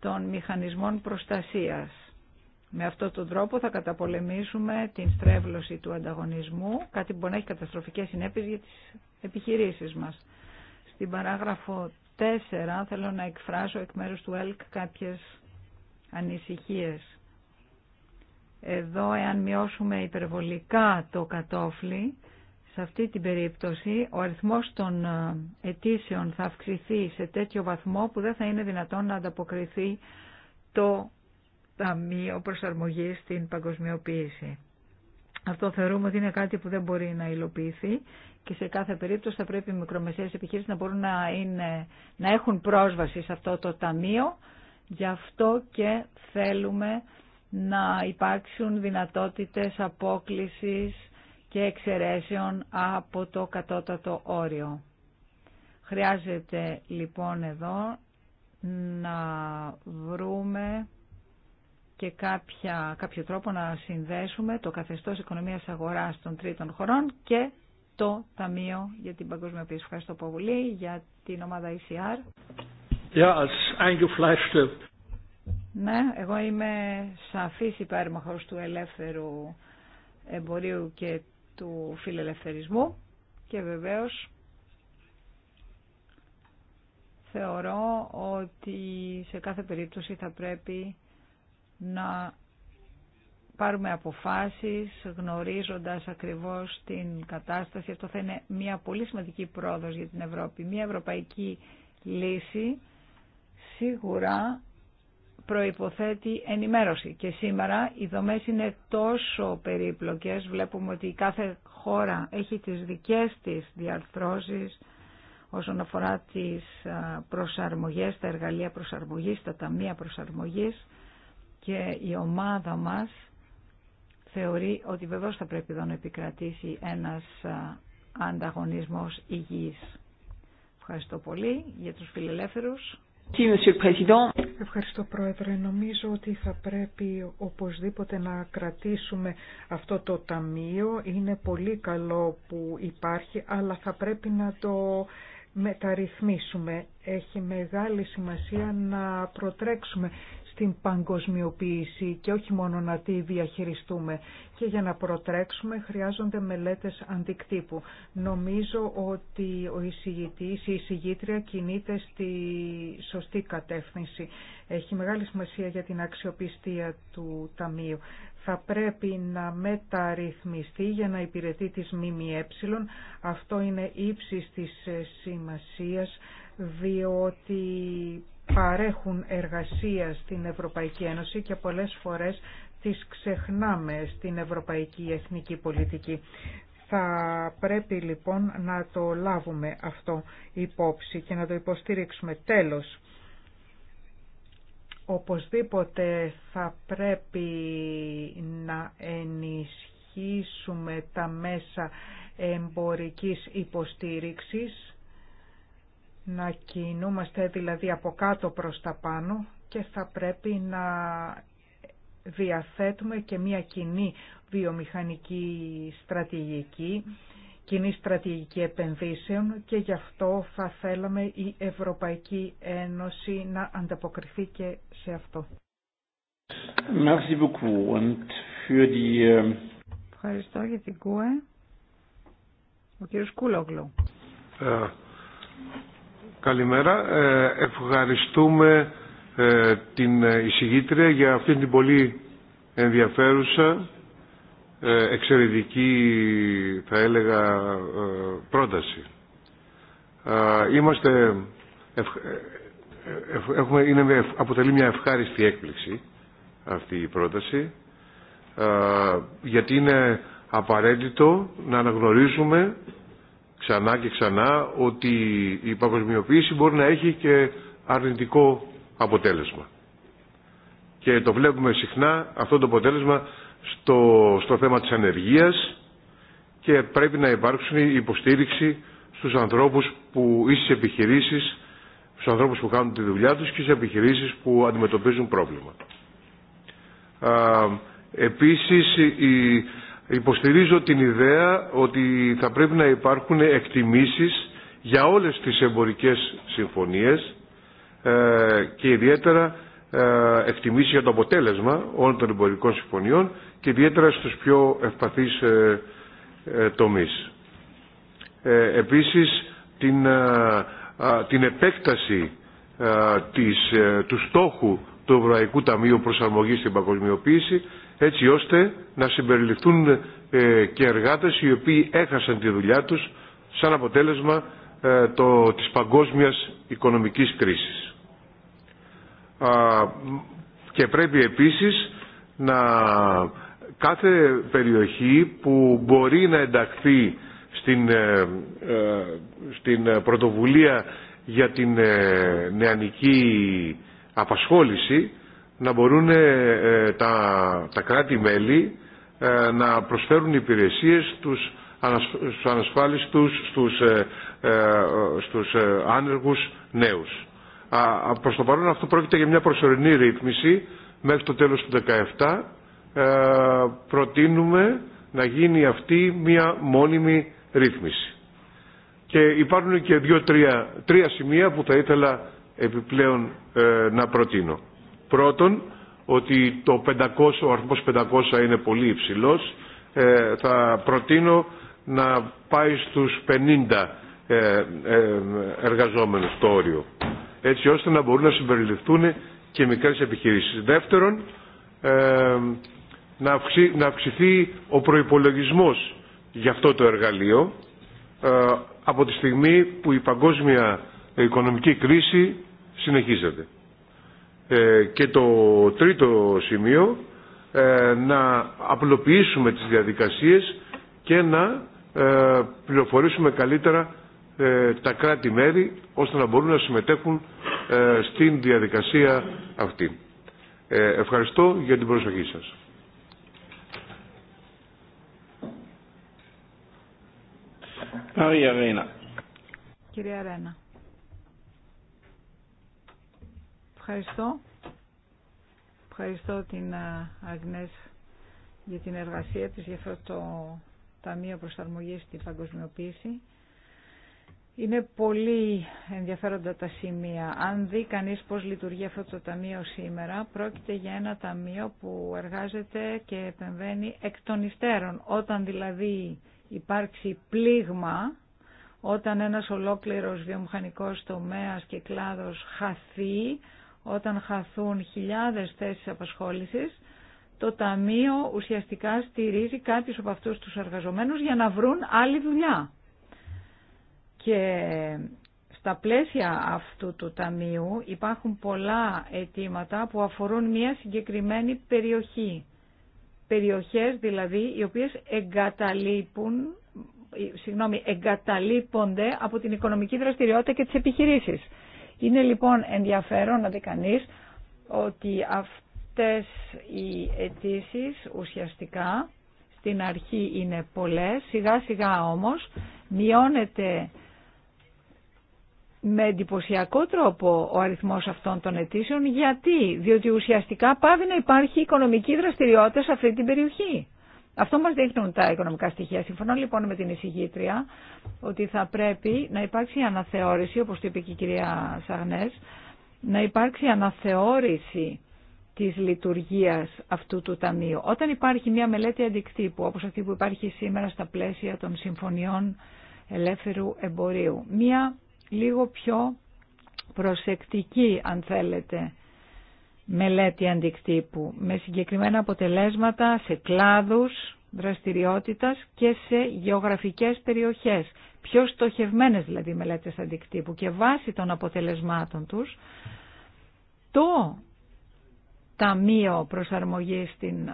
των μηχανισμών προστασίας. Με αυτόν τον τρόπο θα καταπολεμήσουμε την στρέβλωση του ανταγωνισμού, κάτι που μπορεί να έχει καταστροφικές συνέπειες για τις επιχειρήσεις μας. Στην παράγραφο τέσσερα θέλω να εκφράσω εκ μέρους του ΕΛΚ κάποιες ανησυχίες. Εδώ εάν μειώσουμε υπερβολικά το κατόφλι, σε αυτή την περίπτωση ο αριθμός των ε, αιτήσεων θα αυξηθεί σε τέτοιο βαθμό που δεν θα είναι δυνατόν να ανταποκριθεί το Ταμείο Προσαρμογής στην Παγκοσμιοποίηση. Αυτό θεωρούμε ότι είναι κάτι που δεν μπορεί να υλοποιηθεί και σε κάθε περίπτωση θα πρέπει οι μικρομεσαίες επιχείρησεις να μπορούν να, είναι, να έχουν πρόσβαση σε αυτό το ταμείο. Γι' αυτό και θέλουμε να υπάρξουν δυνατότητες απόκλησης και εξαιρέσεων από το κατώτατο όριο. Χρειάζεται λοιπόν εδώ να βρούμε και κάποια, κάποιο τρόπο να συνδέσουμε το καθεστώς οικονομίας αγοράς των τρίτων χωρών και το Ταμείο για την Παγκοσμιοποίηση. Ευχαριστώ πολύ για την ομάδα ECR. Yeah, ναι, εγώ είμαι σαφής υπέρμαχος του ελεύθερου εμπορίου και του φιλελευθερισμού και βεβαίως θεωρώ ότι σε κάθε περίπτωση θα πρέπει να πάρουμε αποφάσεις γνωρίζοντας ακριβώς την κατάσταση. Αυτό θα είναι μια πολύ σημαντική πρόοδος για την Ευρώπη. Μια ευρωπαϊκή λύση σίγουρα προϋποθέτει ενημέρωση. Και σήμερα οι δομές είναι τόσο περίπλοκες. Βλέπουμε ότι κάθε χώρα έχει τις δικές της διαρθρώσεις όσον αφορά τις προσαρμογές, τα εργαλεία προσαρμογής, τα ταμεία προσαρμογής και η ομάδα μας θεωρεί ότι βεβαίως θα πρέπει εδώ να επικρατήσει ένας ανταγωνισμός υγιής. Ευχαριστώ πολύ για τους φιλελεύθερους. Ευχαριστώ Πρόεδρε. Νομίζω ότι θα πρέπει οπωσδήποτε να κρατήσουμε αυτό το ταμείο. Είναι πολύ καλό που υπάρχει, αλλά θα πρέπει να το μεταρρυθμίσουμε. Έχει μεγάλη σημασία να προτρέξουμε στην παγκοσμιοποίηση και όχι μόνο να τη διαχειριστούμε. Και για να προτρέξουμε χρειάζονται μελέτες αντικτύπου. Νομίζω ότι ο εισηγητής, η εισηγήτρια κινείται στη σωστή κατεύθυνση. Έχει μεγάλη σημασία για την αξιοπιστία του Ταμείου. Θα πρέπει να μεταρρυθμιστεί για να υπηρετεί τις ΜΜΕ. Αυτό είναι ύψης της σημασίας διότι παρέχουν εργασία στην Ευρωπαϊκή Ένωση και πολλές φορές τις ξεχνάμε στην Ευρωπαϊκή Εθνική Πολιτική. Θα πρέπει λοιπόν να το λάβουμε αυτό υπόψη και να το υποστήριξουμε. Τέλος, οπωσδήποτε θα πρέπει να ενισχύσουμε τα μέσα εμπορικής υποστήριξης να κινούμαστε δηλαδή από κάτω προς τα πάνω και θα πρέπει να διαθέτουμε και μια κοινή βιομηχανική στρατηγική, κοινή στρατηγική επενδύσεων και γι' αυτό θα θέλαμε η Ευρωπαϊκή Ένωση να ανταποκριθεί και σε αυτό. Ähm, Ευχαριστώ για την ΚΟΕ. Ο κύριος Κούλογλου. Ε, Καλημέρα. Ε, ευχαριστούμε ε, την ε, εισηγήτρια για αυτήν την πολύ ενδιαφέρουσα, εξαιρετική θα έλεγα πρόταση. Είμαστε, έχουμε, είναι, αποτελεί μια ευχάριστη έκπληξη αυτή η πρόταση γιατί είναι απαραίτητο να αναγνωρίζουμε ξανά και ξανά ότι η παγκοσμιοποίηση μπορεί να έχει και αρνητικό αποτέλεσμα. Και το βλέπουμε συχνά αυτό το αποτέλεσμα στο, στο θέμα της ανεργίας και πρέπει να υπάρξουν υποστήριξη στους ανθρώπους που, ή επιχειρήσεις, στους ανθρώπους που κάνουν τη δουλειά τους και στις επιχειρήσεις που αντιμετωπίζουν πρόβλημα. Α, επίσης, η, Υποστηρίζω την ιδέα ότι θα πρέπει να υπάρχουν εκτιμήσεις για όλες τις εμπορικές συμφωνίες ε, και ιδιαίτερα ε, εκτιμήσεις για το αποτέλεσμα όλων των εμπορικών συμφωνιών και ιδιαίτερα στους πιο ευπαθείς ε, τομείς. Επίσης, την, επέκταση του στόχου του Ευρωπαϊκού Ταμείου Προσαρμογής στην Παγκοσμιοποίηση έτσι ώστε να συμπεριληφθούν ε, και εργάτες οι οποίοι έχασαν τη δουλειά τους σαν αποτέλεσμα ε, το, της παγκόσμιας οικονομικής κρίσης. και πρέπει επίσης να κάθε περιοχή που μπορεί να ενταχθεί στην, ε, στην πρωτοβουλία για την νεανική απασχόληση να μπορούν ε, ε, τα, τα κράτη-μέλη ε, να προσφέρουν υπηρεσίες στους ανασφάλιστους, στους, στους άνεργους νέους. Προς το παρόν αυτό πρόκειται για μια προσωρινή ρύθμιση μέχρι το τέλος του 2017 προτείνουμε να γίνει αυτή μια μόνιμη ρύθμιση. Και υπάρχουν και δύο, τρία, τρία σημεία που θα ήθελα επιπλέον ε, να προτείνω. Πρώτον, ότι το 500, ο αριθμός 500 είναι πολύ υψηλός. Ε, θα προτείνω να πάει στους 50 ε, ε, εργαζόμενους το όριο. Έτσι ώστε να μπορούν να συμπεριληφθούν και μικρές επιχειρήσεις. Δεύτερον, ε, να, να αυξηθεί ο προϋπολογισμός για αυτό το εργαλείο από τη στιγμή που η παγκόσμια οικονομική κρίση συνεχίζεται. Ε, και το τρίτο σημείο, ε, να απλοποιήσουμε τις διαδικασίες και να ε, πληροφορήσουμε καλύτερα ε, τα κράτη-μέρη ώστε να μπορούν να συμμετέχουν στην διαδικασία αυτή. Ευχαριστώ για την προσοχή σας. Κυρία Ρένα. Ευχαριστώ. Ευχαριστώ την ε, Αγνές για την εργασία της για αυτό το Ταμείο Προσαρμογής στην Παγκοσμιοποίηση. Είναι πολύ ενδιαφέροντα τα σημεία. Αν δει κανείς πώς λειτουργεί αυτό το ταμείο σήμερα, πρόκειται για ένα ταμείο που εργάζεται και επεμβαίνει εκ των υστέρων. Όταν δηλαδή υπάρξει πλήγμα, όταν ένας ολόκληρος βιομηχανικός τομέας και κλάδος χαθεί, όταν χαθούν χιλιάδες θέσεις απασχόλησης, το Ταμείο ουσιαστικά στηρίζει κάποιους από αυτούς τους εργαζομένους για να βρουν άλλη δουλειά. Και στα πλαίσια αυτού του Ταμείου υπάρχουν πολλά αιτήματα που αφορούν μια συγκεκριμένη περιοχή. Περιοχές δηλαδή οι οποίες εγκαταλείπουν, συγγνώμη, εγκαταλείπονται από την οικονομική δραστηριότητα και τις επιχειρήσεις. Είναι λοιπόν ενδιαφέρον να δει κανεί ότι αυτές οι αιτήσει ουσιαστικά στην αρχή είναι πολλές, σιγά σιγά όμως μειώνεται με εντυπωσιακό τρόπο ο αριθμός αυτών των αιτήσεων. Γιατί, διότι ουσιαστικά πάβει να υπάρχει οικονομική δραστηριότητα σε αυτή την περιοχή. Αυτό μας δείχνουν τα οικονομικά στοιχεία. Συμφωνώ λοιπόν με την εισηγήτρια ότι θα πρέπει να υπάρξει αναθεώρηση, όπως το είπε και η κυρία Σαγνές, να υπάρξει αναθεώρηση της λειτουργίας αυτού του ταμείου. Όταν υπάρχει μια μελέτη αντικτύπου, όπως αυτή που υπάρχει σήμερα στα πλαίσια των συμφωνιών ελεύθερου εμπορίου, μια λίγο πιο προσεκτική, αν θέλετε, μελέτη αντικτύπου με συγκεκριμένα αποτελέσματα σε κλάδους δραστηριότητας και σε γεωγραφικές περιοχές. Πιο στοχευμένες δηλαδή μελέτες αντικτύπου και βάσει των αποτελεσμάτων τους το Ταμείο Προσαρμογής στην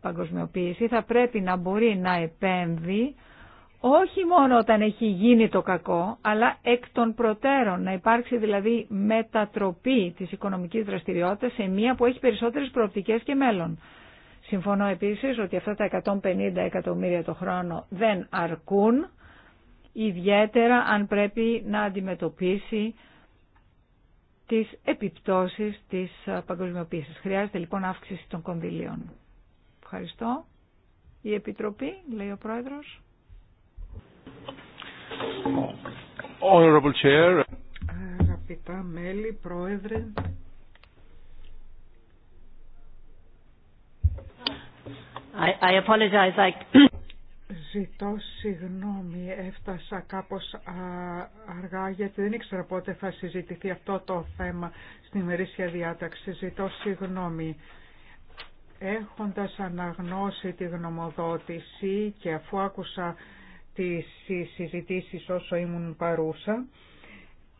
Παγκοσμιοποίηση θα πρέπει να μπορεί να επέμβει όχι μόνο όταν έχει γίνει το κακό, αλλά εκ των προτέρων, να υπάρξει δηλαδή μετατροπή της οικονομικής δραστηριότητας σε μία που έχει περισσότερες προοπτικές και μέλλον. Συμφωνώ επίσης ότι αυτά τα 150 εκατομμύρια το χρόνο δεν αρκούν, ιδιαίτερα αν πρέπει να αντιμετωπίσει τις επιπτώσεις της παγκοσμιοποίησης. Χρειάζεται λοιπόν αύξηση των κονδυλίων. Ευχαριστώ. Η Επιτροπή, λέει ο Πρόεδρος. Honorable Chair. Αγαπητά μέλη, πρόεδρε. I, I Ζητώ συγγνώμη, έφτασα κάπως αργά γιατί δεν ήξερα πότε θα συζητηθεί αυτό το θέμα στην ημερήσια διάταξη. Ζητώ συγγνώμη. Έχοντας αναγνώσει τη γνωμοδότηση και αφού άκουσα τις συζητήσεις όσο ήμουν παρούσα.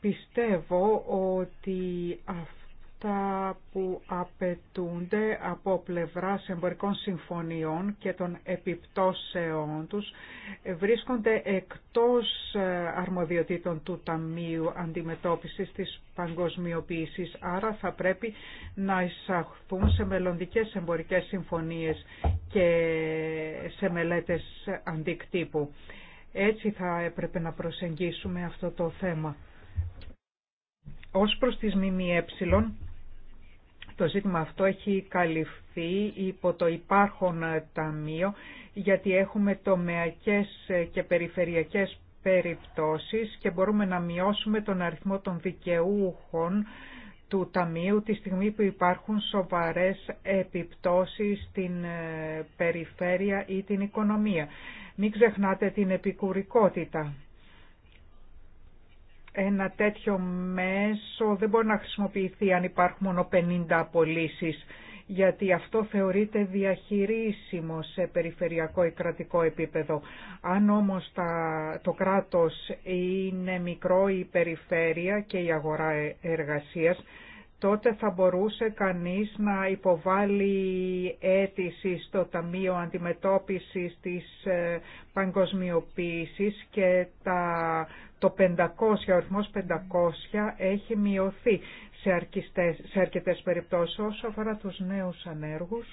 Πιστεύω ότι αυτά που απαιτούνται από πλευρά εμπορικών συμφωνιών και των επιπτώσεών τους βρίσκονται εκτός ε, αρμοδιοτήτων του Ταμείου Αντιμετώπισης της παγκοσμιοποίησης, άρα θα πρέπει να εισαχθούν σε μελλοντικές εμπορικές συμφωνίες και σε μελέτες αντικτύπου. Έτσι θα έπρεπε να προσεγγίσουμε αυτό το θέμα. Ως προς τις ΜΜΕ, το ζήτημα αυτό έχει καλυφθεί υπό το υπάρχον ταμείο, γιατί έχουμε τομεακές και περιφερειακές περιπτώσεις και μπορούμε να μειώσουμε τον αριθμό των δικαιούχων του Ταμείου τη στιγμή που υπάρχουν σοβαρές επιπτώσεις στην ε, περιφέρεια ή την οικονομία. Μην ξεχνάτε την επικουρικότητα. Ένα τέτοιο μέσο δεν μπορεί να χρησιμοποιηθεί αν υπάρχουν μόνο 50 απολύσεις γιατί αυτό θεωρείται διαχειρίσιμο σε περιφερειακό ή κρατικό επίπεδο. Αν όμως τα, το κράτος είναι μικρό η περιφέρεια και η αγορά ε, εργασίας, τότε θα μπορούσε κανείς να υποβάλει αίτηση στο Ταμείο Αντιμετώπισης της ε, Παγκοσμιοποίησης και τα, το 500, ο αριθμός 500 έχει μειωθεί σε, αρκιστές, σε αρκετές περιπτώσεις όσο αφορά τους νέους ανέργους.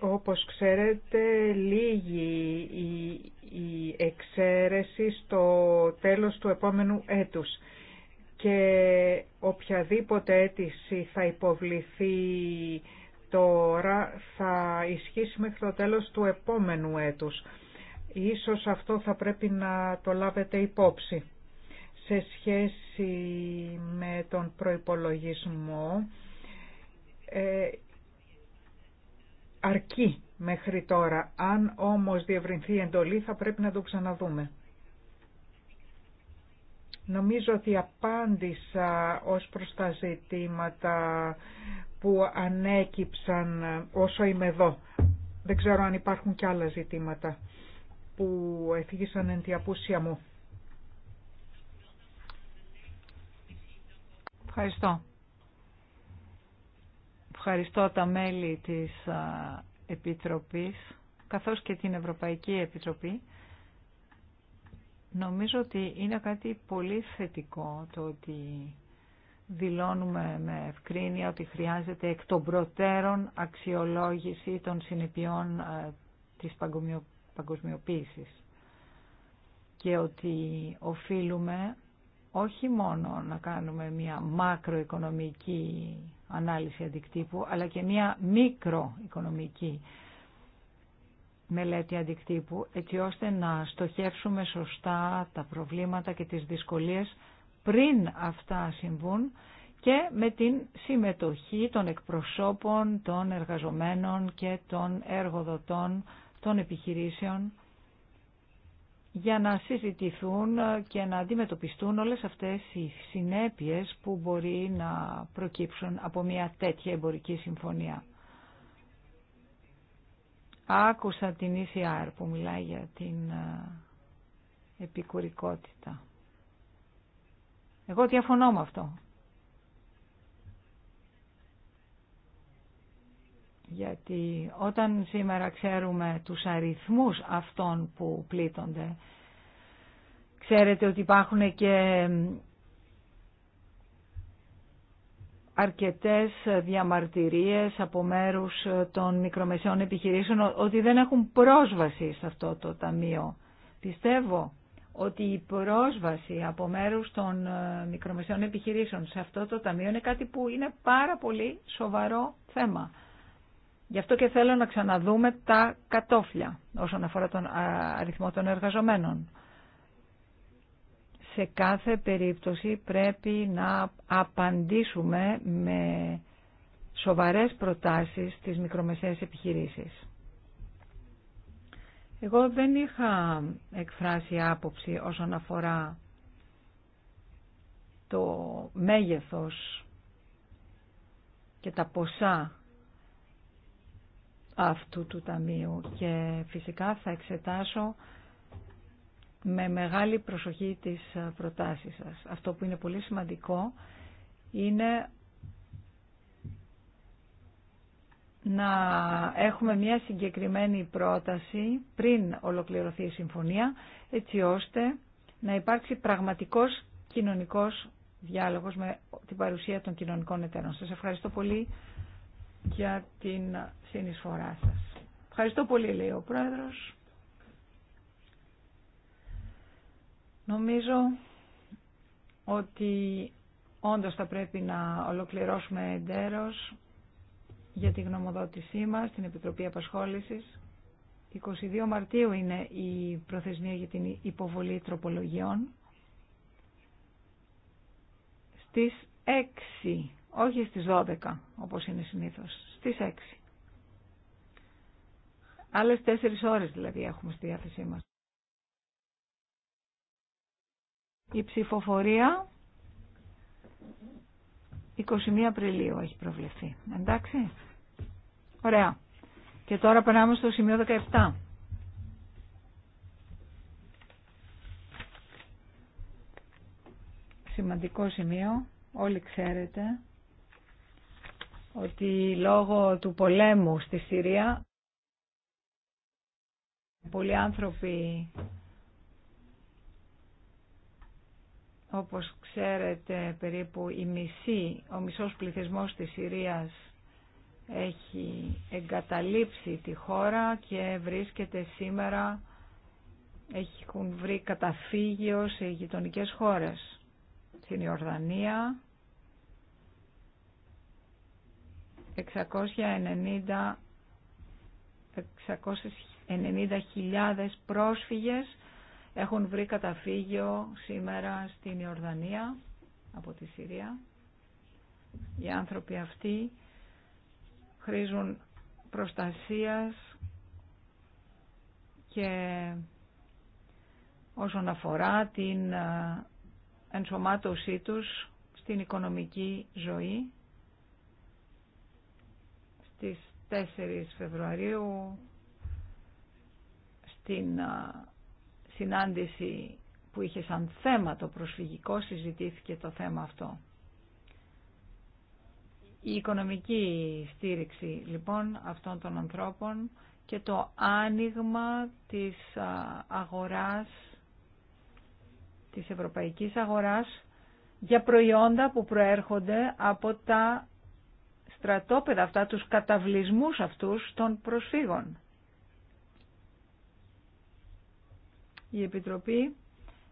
Όπως ξέρετε, λίγη η εξαίρεση στο τέλος του επόμενου έτους και οποιαδήποτε αίτηση θα υποβληθεί τώρα θα ισχύσει μέχρι το τέλος του επόμενου έτους. Ίσως αυτό θα πρέπει να το λάβετε υπόψη. Σε σχέση με τον προϋπολογισμό, ε, αρκεί μέχρι τώρα. Αν όμως διευρυνθεί η εντολή θα πρέπει να το ξαναδούμε. Νομίζω ότι απάντησα ως προς τα ζητήματα που ανέκυψαν όσο είμαι εδώ. Δεν ξέρω αν υπάρχουν και άλλα ζητήματα που εφήγησαν εν τη απούσια μου. Ευχαριστώ. Ευχαριστώ τα μέλη της Επιτροπής, καθώς και την Ευρωπαϊκή Επιτροπή. Νομίζω ότι είναι κάτι πολύ θετικό το ότι δηλώνουμε με ευκρίνεια ότι χρειάζεται εκ των προτέρων αξιολόγηση των συνεπειών της παγκομιοποίησης παγκοσμιοποίησης και ότι οφείλουμε όχι μόνο να κάνουμε μια μακροοικονομική ανάλυση αντικτύπου, αλλά και μια μικροοικονομική μελέτη αντικτύπου, έτσι ώστε να στοχεύσουμε σωστά τα προβλήματα και τις δυσκολίες πριν αυτά συμβούν και με την συμμετοχή των εκπροσώπων, των εργαζομένων και των εργοδοτών των επιχειρήσεων για να συζητηθούν και να αντιμετωπιστούν όλες αυτές οι συνέπειες που μπορεί να προκύψουν από μια τέτοια εμπορική συμφωνία. Άκουσα την ECR που μιλάει για την ε, επικουρικότητα. Εγώ διαφωνώ με αυτό. γιατί όταν σήμερα ξέρουμε τους αριθμούς αυτών που πλήττονται, ξέρετε ότι υπάρχουν και αρκετές διαμαρτυρίες από μέρους των μικρομεσαίων επιχειρήσεων ότι δεν έχουν πρόσβαση σε αυτό το ταμείο. Πιστεύω ότι η πρόσβαση από μέρους των ε, μικρομεσαίων επιχειρήσεων σε αυτό το ταμείο είναι κάτι που είναι πάρα πολύ σοβαρό θέμα. Γι' αυτό και θέλω να ξαναδούμε τα κατόφλια όσον αφορά τον αριθμό των εργαζομένων. Σε κάθε περίπτωση πρέπει να απαντήσουμε με σοβαρές προτάσεις στις μικρομεσαίες επιχειρήσεις. Εγώ δεν είχα εκφράσει άποψη όσον αφορά το μέγεθος και τα ποσά αυτού του Ταμείου και φυσικά θα εξετάσω με μεγάλη προσοχή τις προτάσεις σας. Αυτό που είναι πολύ σημαντικό είναι να έχουμε μια συγκεκριμένη πρόταση πριν ολοκληρωθεί η συμφωνία, έτσι ώστε να υπάρξει πραγματικός κοινωνικός διάλογος με την παρουσία των κοινωνικών εταίρων. Σας ευχαριστώ πολύ για την συνεισφορά σας. Ευχαριστώ πολύ, λέει ο Πρόεδρος. Νομίζω ότι όντως θα πρέπει να ολοκληρώσουμε εντέρως για τη γνωμοδότησή μας στην Επιτροπή Απασχόλησης. 22 Μαρτίου είναι η προθεσμία για την υποβολή τροπολογιών. Στις 6 όχι στις 12, όπως είναι συνήθως, στις 6. Άλλες 4 ώρες δηλαδή έχουμε στη διάθεσή μας. Η ψηφοφορία 21 Απριλίου έχει προβλεφθεί. Εντάξει. Ωραία. Και τώρα περνάμε στο σημείο 17. Σημαντικό σημείο, όλοι ξέρετε, ότι λόγω του πολέμου στη Συρία πολλοί άνθρωποι όπως ξέρετε περίπου η μισή, ο μισός πληθυσμός της Συρίας έχει εγκαταλείψει τη χώρα και βρίσκεται σήμερα έχουν βρει καταφύγιο σε γειτονικέ χώρες. Στην Ιορδανία, 690.000 πρόσφυγες έχουν βρει καταφύγιο σήμερα στην Ιορδανία από τη Συρία. Οι άνθρωποι αυτοί χρήζουν προστασίας και όσον αφορά την ε, ενσωμάτωσή τους στην οικονομική ζωή στις 4 Φεβρουαρίου στην συνάντηση που είχε σαν θέμα το προσφυγικό συζητήθηκε το θέμα αυτό. Η οικονομική στήριξη λοιπόν αυτών των ανθρώπων και το άνοιγμα της αγοράς, της ευρωπαϊκής αγοράς για προϊόντα που προέρχονται από τα στρατόπεδα αυτά, τους καταβλισμούς αυτούς των προσφύγων. Η Επιτροπή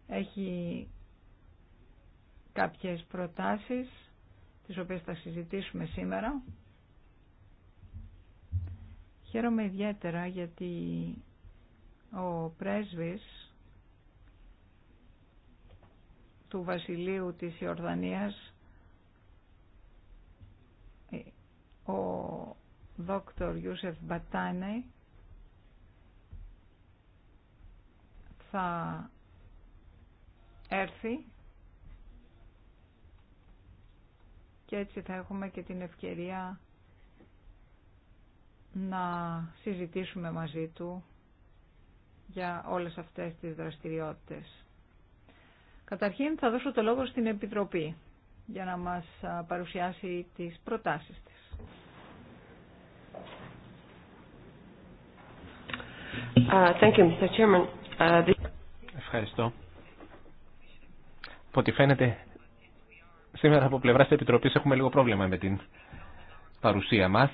έχει κάποιες προτάσεις, τις οποίες θα συζητήσουμε σήμερα. Χαίρομαι ιδιαίτερα γιατί ο πρέσβης του Βασιλείου της Ιορδανίας ο δόκτωρ Ιούσεφ Μπατάνε θα έρθει και έτσι θα έχουμε και την ευκαιρία να συζητήσουμε μαζί του για όλες αυτές τις δραστηριότητες. Καταρχήν θα δώσω το λόγο στην Επιτροπή για να μας παρουσιάσει τις προτάσεις της. Uh, thank you, Mr. Chairman. Uh, Ευχαριστώ. Από ό,τι φαίνεται, σήμερα από πλευρά τη Επιτροπή έχουμε λίγο πρόβλημα με την παρουσία μα.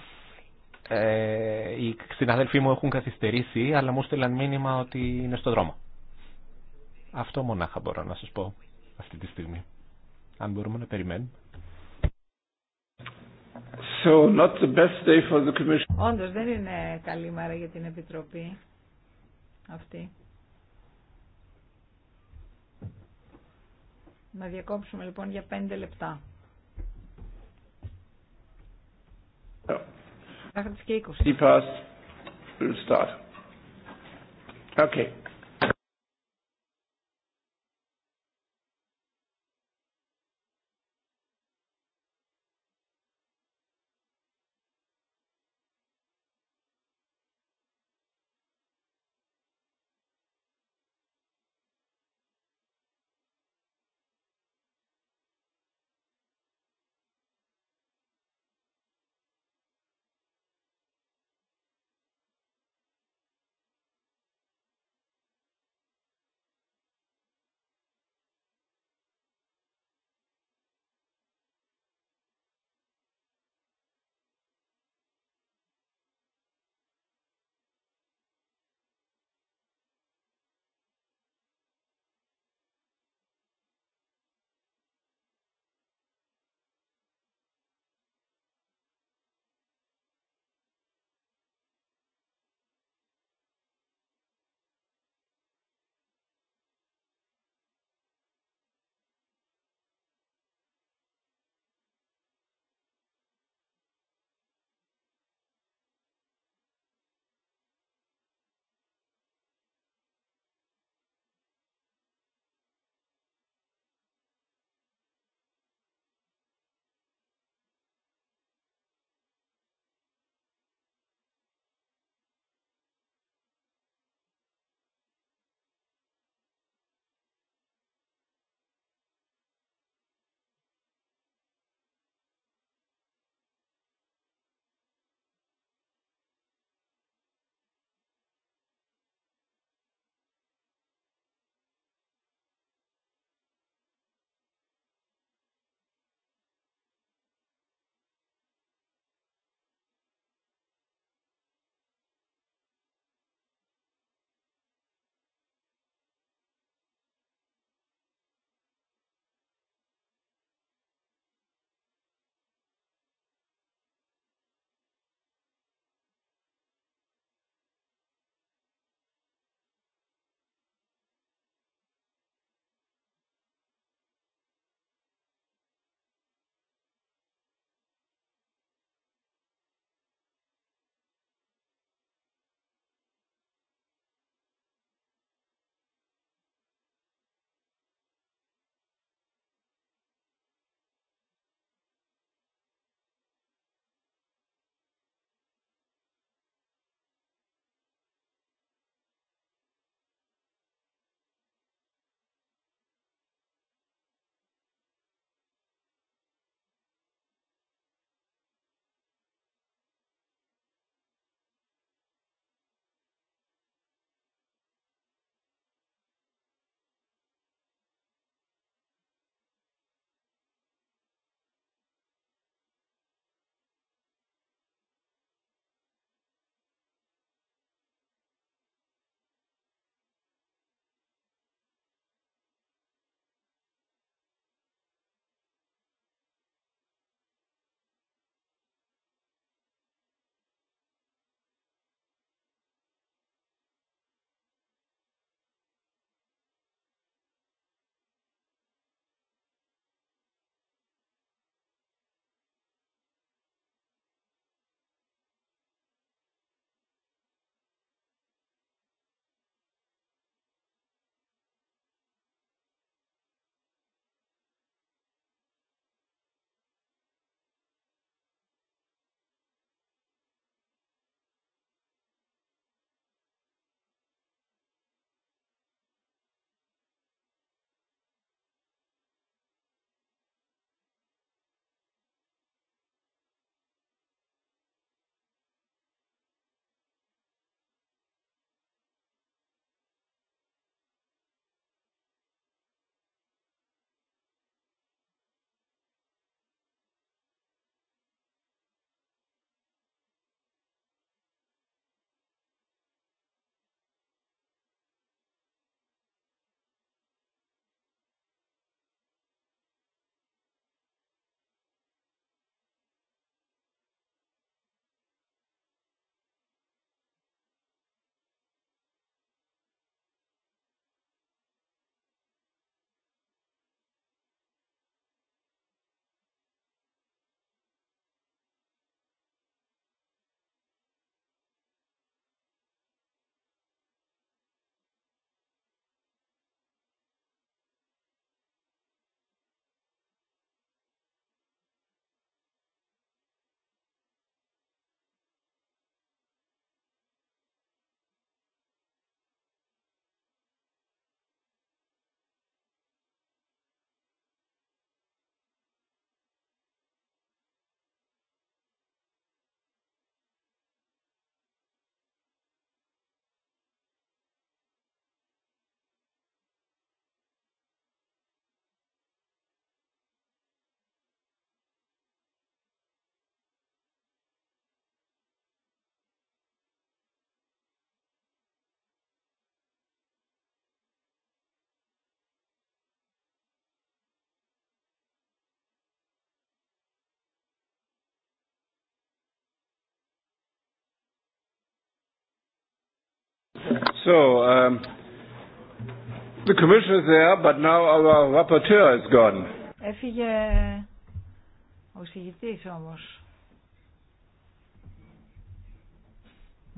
Ε, οι συναδέλφοί μου έχουν καθυστερήσει, αλλά μου στείλαν μήνυμα ότι είναι στο δρόμο. Αυτό μονάχα μπορώ να σας πω αυτή τη στιγμή. Αν μπορούμε να περιμένουμε. So, not the best day for the commission. Όντως δεν είναι καλή μέρα για την Επιτροπή αυτή. Να διακόψουμε λοιπόν για πέντε λεπτά. Μέχρι τις και είκοσι. Okay. So, um, the commissioner is there, but now our rapporteur is gone. Έφυγε ο συγητής όμως.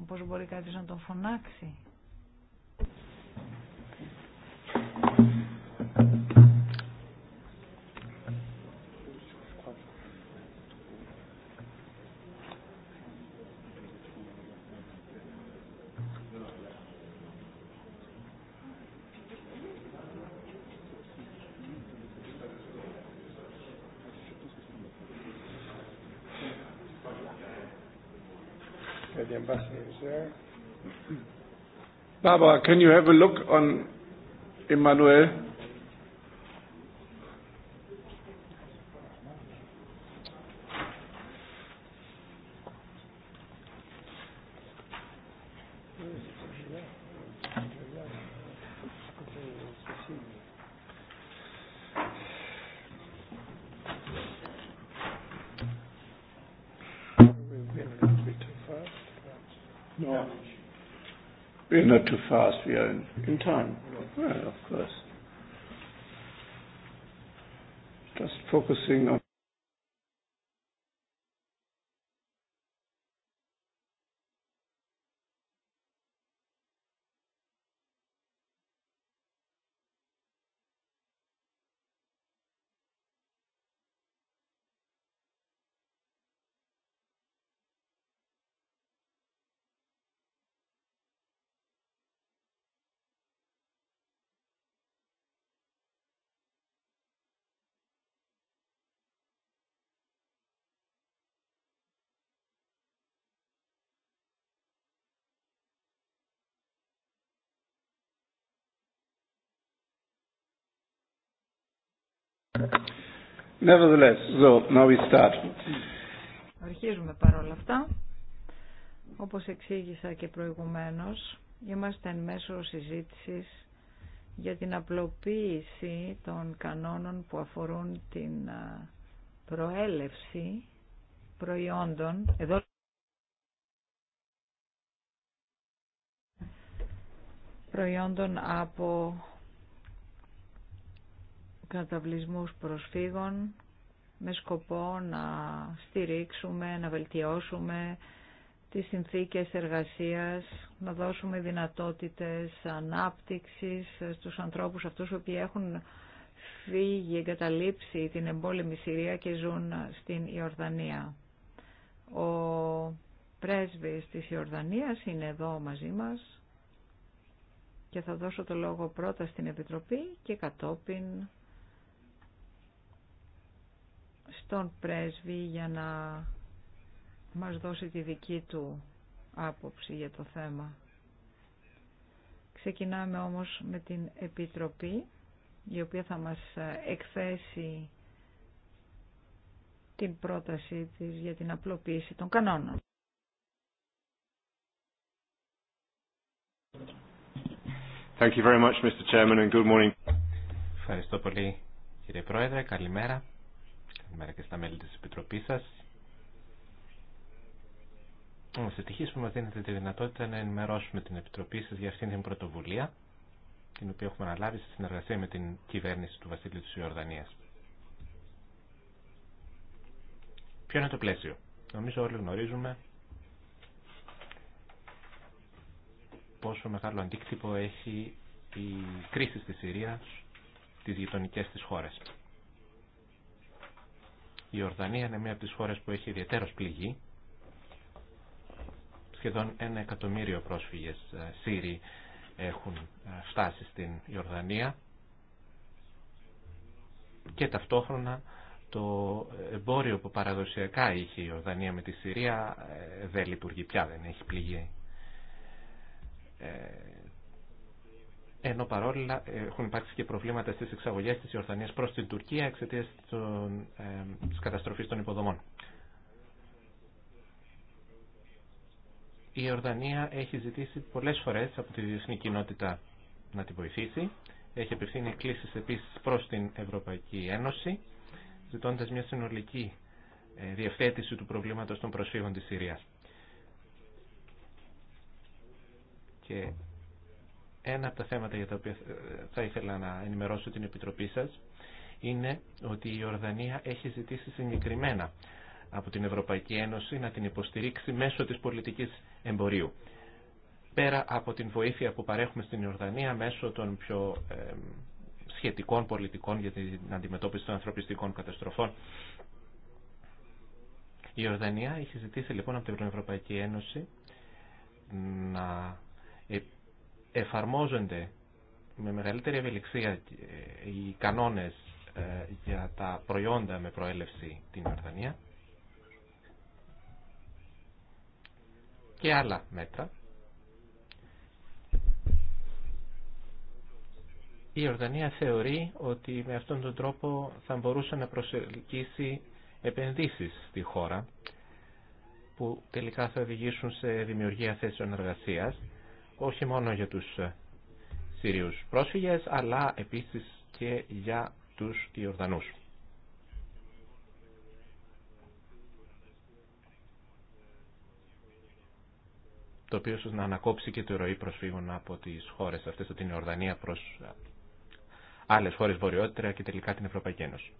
Πώς μπορεί κάποιος να τον φωνάξει. Barbara, can you have a look on Emmanuel? too fast, we are in, time. Well, of course. Just focusing on Nevertheless, so now we start. Αρχίζουμε παρόλα αυτά. Όπως εξήγησα και προηγουμένως, είμαστε εν μέσω συζήτησης για την απλοποίηση των κανόνων που αφορούν την προέλευση προϊόντων. Εδώ προϊόντων από καταβλισμούς προσφύγων με σκοπό να στηρίξουμε, να βελτιώσουμε τις συνθήκες εργασίας, να δώσουμε δυνατότητες ανάπτυξης στους ανθρώπους αυτούς που έχουν φύγει, εγκαταλείψει την εμπόλεμη Συρία και ζουν στην Ιορδανία. Ο πρέσβης της Ιορδανίας είναι εδώ μαζί μας και θα δώσω το λόγο πρώτα στην Επιτροπή και κατόπιν στον πρέσβη για να μας δώσει τη δική του άποψη για το θέμα. Ξεκινάμε όμως με την Επιτροπή, η οποία θα μας εκθέσει την πρότασή της για την απλοποίηση των κανόνων. Ευχαριστώ πολύ, κύριε Πρόεδρε. Καλημέρα μέρα και στα μέλη της Επιτροπής σας. Σε ευτυχείς που μας δίνετε τη δυνατότητα να ενημερώσουμε την Επιτροπή σας για αυτήν την πρωτοβουλία, την οποία έχουμε αναλάβει σε συνεργασία με την κυβέρνηση του Βασίλειου της Ιορδανίας. Ποιο είναι το πλαίσιο. Νομίζω όλοι γνωρίζουμε πόσο μεγάλο αντίκτυπο έχει η κρίση στη Συρία τις γειτονικές της χώρες. Η Ορδανία είναι μία από τις χώρες που έχει ιδιαίτερος πληγή. Σχεδόν ένα εκατομμύριο πρόσφυγες ε, Σύριοι έχουν ε, φτάσει στην Ιορδανία και ταυτόχρονα το εμπόριο που παραδοσιακά είχε η Ιορδανία με τη Συρία ε, δεν λειτουργεί πια, δεν έχει πληγή ενώ παρόλα ε, έχουν υπάρξει και προβλήματα στις εξαγωγές της Ιορδανίας προς την Τουρκία εξαιτίας των, ε, της καταστροφής των υποδομών. Η Ιορδανία έχει ζητήσει πολλές φορές από τη διεθνή κοινότητα να την βοηθήσει. Έχει απευθύνει κλήσεις επίσης προς την Ευρωπαϊκή Ένωση, ζητώντας μια συνολική ε, διευθέτηση του προβλήματος των προσφύγων της Συρίας. Και ένα από τα θέματα για τα οποία ε, θα ήθελα να ενημερώσω την Επιτροπή σας είναι ότι η Ορδανία έχει ζητήσει συγκεκριμένα από την Ευρωπαϊκή Ένωση να την υποστηρίξει μέσω της πολιτικής εμπορίου. Πέρα από την βοήθεια που παρέχουμε στην Ιορδανία μέσω των πιο σχετικών πολιτικών για την αντιμετώπιση των ανθρωπιστικών καταστροφών. Η Ιορδανία έχει ζητήσει λοιπόν από την Ευρωπαϊκή Ένωση να εφαρμόζονται με μεγαλύτερη ευελιξία ε, οι κανόνες ε, για τα προϊόντα με προέλευση την Ιορδανία και άλλα μέτρα. Η Ορδανία θεωρεί ότι με αυτόν τον τρόπο θα μπορούσε να προσελκύσει επενδύσεις στη χώρα που τελικά θα οδηγήσουν σε δημιουργία θέσεων εργασίας όχι μόνο για τους ε, Σύριους πρόσφυγες, αλλά επίσης και για τους Ιορδανούς. το οποίο ίσως να ανακόψει και το ροή προσφύγων από τις χώρες αυτές, από την Ιορδανία προς ε, άλλες χώρες βορειότερα και τελικά την Ευρωπαϊκή Ένωση.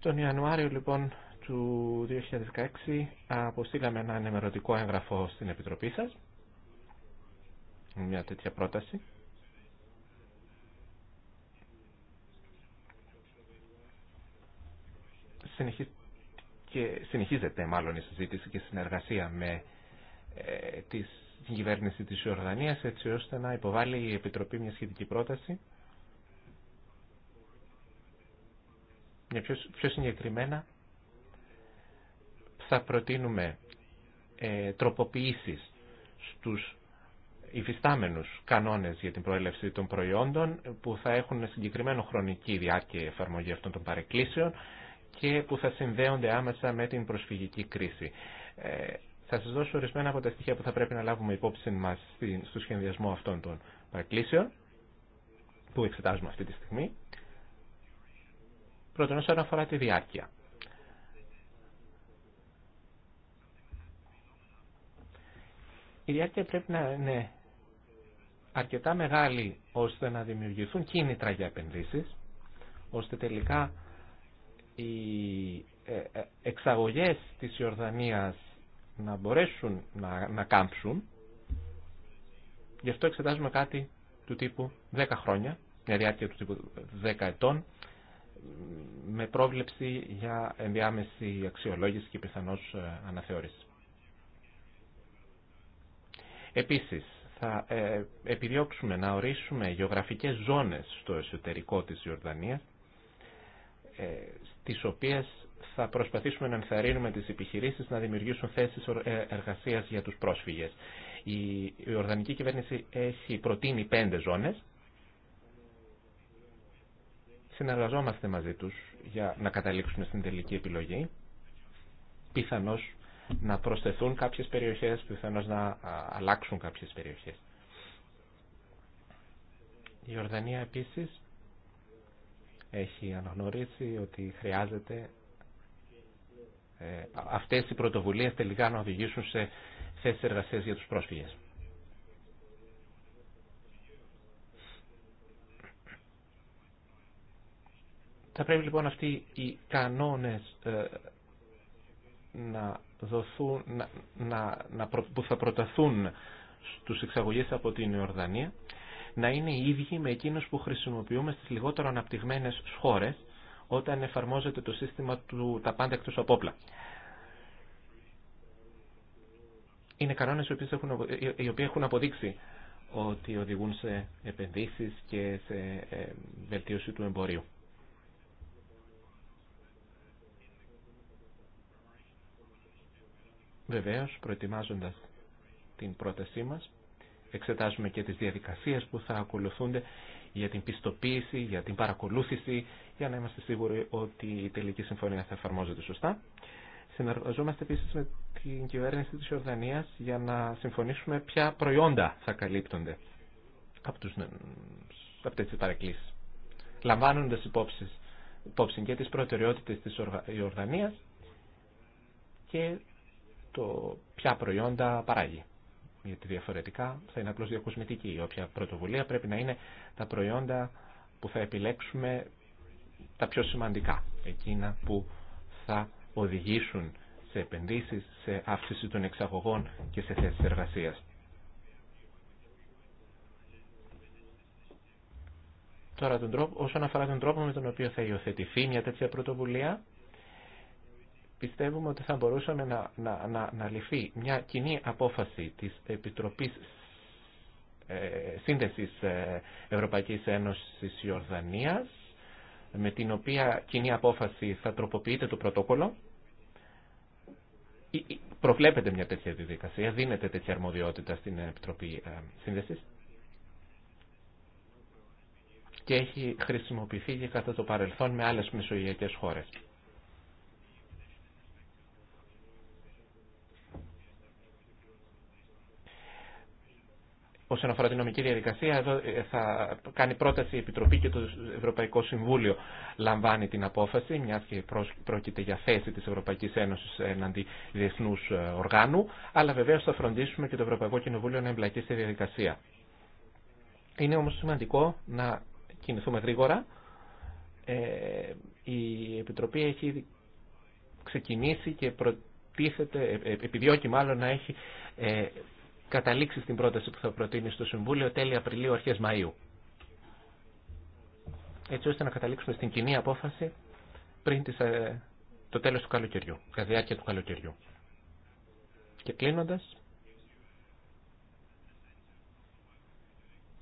Τον Ιανουάριο λοιπόν του 2016 αποστήλαμε ένα ενημερωτικό έγγραφο στην Επιτροπή σας. Μια τέτοια πρόταση. και συνεχίζεται μάλλον η συζήτηση και συνεργασία με ε, την κυβέρνηση της Ιορδανίας έτσι ώστε να υποβάλει η Επιτροπή μια σχετική πρόταση Μια πιο, πιο συγκεκριμένα θα προτείνουμε ε, τροποποιήσεις στους υφιστάμενους κανόνες για την προέλευση των προϊόντων που θα έχουν συγκεκριμένο χρονική διάρκεια εφαρμογή αυτών των παρεκκλήσεων και που θα συνδέονται άμεσα με την προσφυγική κρίση. Ε, θα σας δώσω ορισμένα από τα στοιχεία που θα πρέπει να λάβουμε υπόψη μας στο σχεδιασμό αυτών των παρεκκλήσεων που εξετάζουμε αυτή τη στιγμή. Πρώτον, όσον αφορά τη διάρκεια. η διάρκεια πρέπει να είναι αρκετά μεγάλη ώστε να δημιουργηθούν κίνητρα για επενδύσεις, ώστε τελικά οι ε, ε, εξαγωγές της Ιορδανίας να μπορέσουν να, να κάμψουν. Γι' αυτό εξετάζουμε κάτι του τύπου 10 χρόνια, μια διάρκεια του τύπου 10 ετών, με πρόβλεψη για ενδιάμεση αξιολόγηση και πιθανώς ε, αναθεώρηση. Επίσης, θα ε, επιδιώξουμε να ορίσουμε γεωγραφικές ζώνες στο εσωτερικό της Ιορδανίας, ε, στις οποίες θα προσπαθήσουμε να ενθαρρύνουμε τις επιχειρήσεις να δημιουργήσουν θέσεις ε, εργασίας για τους πρόσφυγες. Η Ιορδανική κυβέρνηση έχει προτείνει πέντε ζώνες. Συνεργαζόμαστε μαζί τους για να καταλήξουμε στην τελική επιλογή. Πιθανώς να προσθεθούν κάποιες περιοχές, πιθανώς να αλλάξουν κάποιες περιοχές. Η Ορδανία επίσης έχει αναγνωρίσει ότι χρειάζεται ε, αυτές οι πρωτοβουλίες τελικά να οδηγήσουν σε θέσεις εργασίας για τους πρόσφυγες. Θα πρέπει λοιπόν αυτοί οι κανόνες ε, να δοθούν, να, να, που θα προταθούν στους εξαγωγείς από την Ιορδανία να είναι οι ίδιοι με εκείνους που χρησιμοποιούμε στις λιγότερο αναπτυγμένες χώρες όταν εφαρμόζεται το σύστημα του τα πάντα εκτός από όπλα. Είναι κανόνες οι οποίοι έχουν αποδείξει ότι οδηγούν σε επενδύσεις και σε ε, ε, βελτίωση του εμπορίου. Βεβαίως, προετοιμάζοντας την πρότασή μας, εξετάζουμε και τις διαδικασίες που θα ακολουθούνται για την πιστοποίηση, για την παρακολούθηση, για να είμαστε σίγουροι ότι η τελική συμφωνία θα εφαρμόζεται σωστά. Συνεργαζόμαστε επίση με την κυβέρνηση της Ιορδανία για να συμφωνήσουμε ποια προϊόντα θα καλύπτονται από, τους, από τέτοιες Λαμβάνοντας υπόψη, και τι προτεραιότητε τη Ιορδανία και το ποια προϊόντα παράγει. Γιατί διαφορετικά θα είναι απλώς διακοσμητική όποια πρωτοβουλία πρέπει να είναι τα προϊόντα που θα επιλέξουμε τα πιο σημαντικά. Εκείνα που θα οδηγήσουν σε επενδύσεις, σε αύξηση των εξαγωγών και σε θέσεις εργασίας. Τώρα τον τρόπο, όσον αφορά τον τρόπο με τον οποίο θα υιοθετηθεί μια τέτοια πρωτοβουλία, πιστεύουμε ότι θα μπορούσαμε να, να, να, να ληφθεί μια κοινή απόφαση της Επιτροπής ε, Σύνδεσης ε, Ευρωπαϊκής Ένωσης Ιορδανίας με την οποία κοινή απόφαση θα τροποποιείται το πρωτόκολλο. Προβλέπεται μια τέτοια διαδικασία, δίνεται τέτοια αρμοδιότητα στην Επιτροπή ε, Σύνδεσης και έχει χρησιμοποιηθεί και κατά το παρελθόν με άλλες μεσογειακές χώρες. όσον αφορά την νομική διαδικασία, εδώ ε, θα κάνει πρόταση η Επιτροπή και το Ευρωπαϊκό Συμβούλιο λαμβάνει την απόφαση, μια και πρόκειται για θέση τη Ευρωπαϊκή Ένωση εναντί διεθνού ε, οργάνου, αλλά βεβαίω θα φροντίσουμε και το Ευρωπαϊκό Κοινοβούλιο να εμπλακεί στη διαδικασία. Είναι όμω σημαντικό να κινηθούμε γρήγορα. Ε, η Επιτροπή έχει ξεκινήσει και προτίθεται, επιδιώκει μάλλον να έχει καταλήξει στην πρόταση που θα προτείνει στο Συμβούλιο τέλη Απριλίου, Αρχέ Μαΐου. Έτσι ώστε να καταλήξουμε στην κοινή απόφαση πριν ε, το τέλος του καλοκαιριού, κατά διάρκεια του καλοκαιριού. Και κλείνοντας,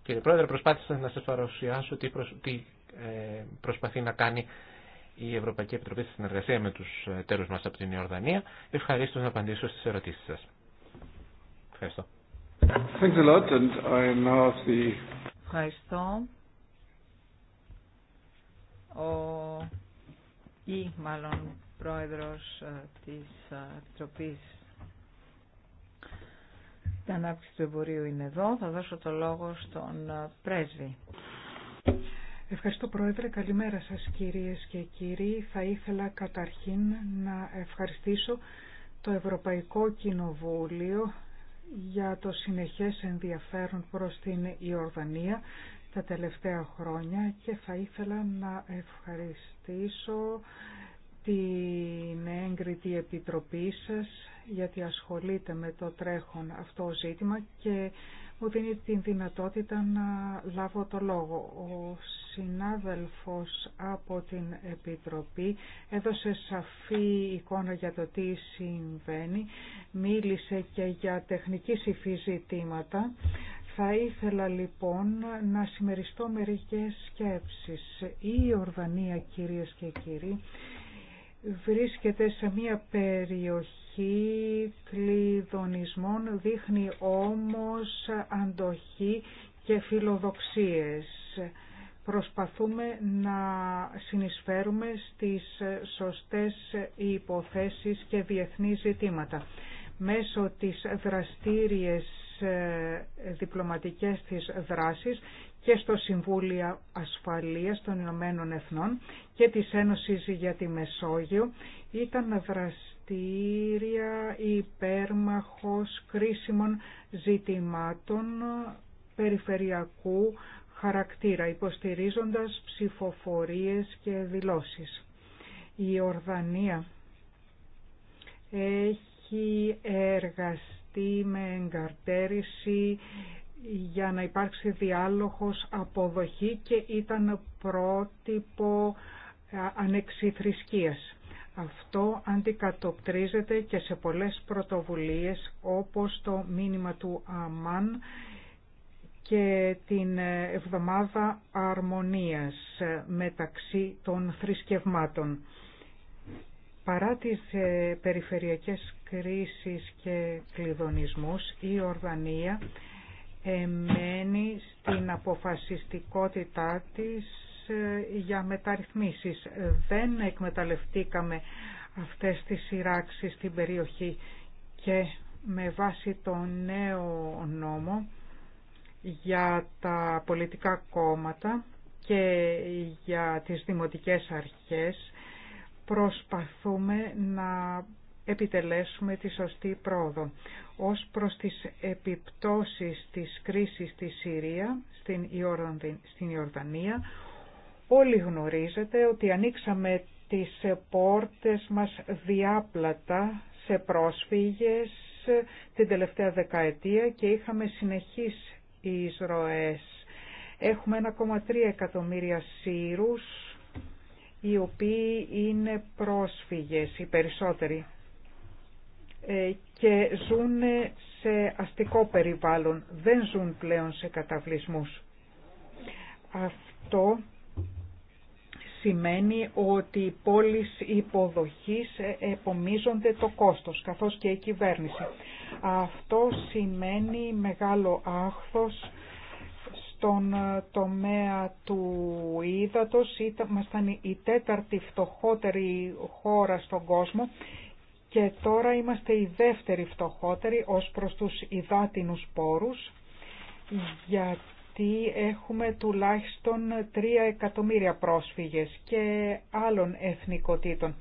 κύριε Πρόεδρε, προσπάθησα να σας παρουσιάσω τι, προσ... τι ε, προσπαθεί να κάνει η Ευρωπαϊκή Επιτροπή στη συνεργασία με τους εταίρους μας από την Ιορδανία. ευχαριστώ να απαντήσω στις ερωτήσεις σας. Ευχαριστώ. Thanks a lot Ευχαριστώ. Ο ή μάλλον πρόεδρος ε, της ε, Επιτροπής ανάπτυξη του εμπορίου είναι εδώ. Θα δώσω το λόγο στον ε, πρέσβη. Ευχαριστώ Πρόεδρε. Καλημέρα σας κυρίες και κύριοι. Θα ήθελα καταρχήν να ευχαριστήσω το Ευρωπαϊκό Κοινοβούλιο για το συνεχές ενδιαφέρον προς την Ιορδανία τα τελευταία χρόνια και θα ήθελα να ευχαριστήσω την έγκριτη επιτροπή σας γιατί ασχολείται με το τρέχον αυτό ζήτημα και μου δίνει την δυνατότητα να λάβω το λόγο. Ο συνάδελφος από την Επιτροπή έδωσε σαφή εικόνα για το τι συμβαίνει, μίλησε και για τεχνική υφή ζητήματα. Θα ήθελα λοιπόν να συμμεριστώ μερικές σκέψεις. Η Ορδανία κυρίες και κύριοι βρίσκεται σε μια περιοχή αρχή κλειδονισμών δείχνει όμως αντοχή και φιλοδοξίες. Προσπαθούμε να συνεισφέρουμε στις σωστές υποθέσεις και διεθνή ζητήματα. Μέσω της δραστήριες ε, διπλωματικές της δράσεις και στο Συμβούλιο Ασφαλείας των Ηνωμένων Εθνών και της Ένωσης για τη Μεσόγειο ήταν δραστήριες κτίρια υπέρμαχος κρίσιμων ζητημάτων περιφερειακού χαρακτήρα, υποστηρίζοντας ψηφοφορίες και δηλώσεις. Η Ορδανία έχει εργαστεί με εγκαρτέρηση για να υπάρξει διάλογος αποδοχή και ήταν πρότυπο ε, ανεξιθρησκείας. Αυτό αντικατοπτρίζεται και σε πολλές πρωτοβουλίες όπως το μήνυμα του ΑΜΑΝ και την Εβδομάδα Αρμονίας μεταξύ των θρησκευμάτων. Παρά τις ε, περιφερειακές κρίσεις και κλειδονισμούς, η Ορδανία εμένει στην αποφασιστικότητά της ε, για μεταρρυθμίσεις. Δεν εκμεταλλευτήκαμε αυτές τις σειράξεις στην περιοχή και με βάση το νέο νόμο για τα πολιτικά κόμματα και για τις δημοτικές αρχές προσπαθούμε να επιτελέσουμε τη σωστή πρόοδο. Ως προς τις επιπτώσεις της κρίσης στη Συρία, στην Ιορδανία, Όλοι γνωρίζετε ότι ανοίξαμε τις πόρτες μας διάπλατα σε πρόσφυγες την τελευταία δεκαετία και είχαμε συνεχείς εισρωές. Έχουμε 1,3 εκατομμύρια Σύρους οι οποίοι είναι πρόσφυγες, οι περισσότεροι ε, και ζουν σε αστικό περιβάλλον, δεν ζουν πλέον σε καταβλισμούς. Αυτό σημαίνει ότι οι πόλεις υποδοχής ε, επομίζονται το κόστος, καθώς και η κυβέρνηση. Αυτό σημαίνει μεγάλο άχθος στον ε, τομέα του ύδατος. Ήταν η τέταρτη φτωχότερη χώρα στον κόσμο και τώρα είμαστε η δεύτερη φτωχότερη ως προς τους υδάτινους πόρους, γιατί γιατί έχουμε τουλάχιστον 3 εκατομμύρια πρόσφυγες και άλλων εθνικοτήτων.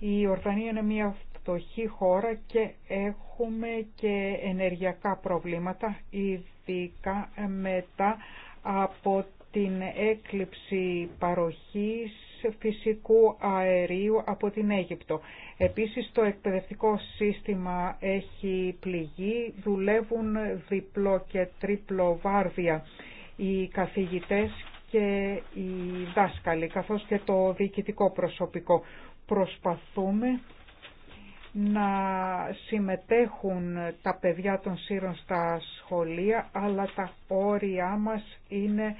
Η Ορδανία είναι μια φτωχή χώρα και έχουμε και ενεργειακά προβλήματα, ειδικά μετά από την έκλειψη παροχής φυσικού αερίου από την Αίγυπτο. Επίσης το εκπαιδευτικό σύστημα έχει πληγεί, δουλεύουν διπλό και τρίπλο βάρδια οι καθηγητές και οι δάσκαλοι, καθώς και το διοικητικό προσωπικό. Προσπαθούμε να συμμετέχουν τα παιδιά των σύρων στα σχολεία, αλλά τα όρια μας είναι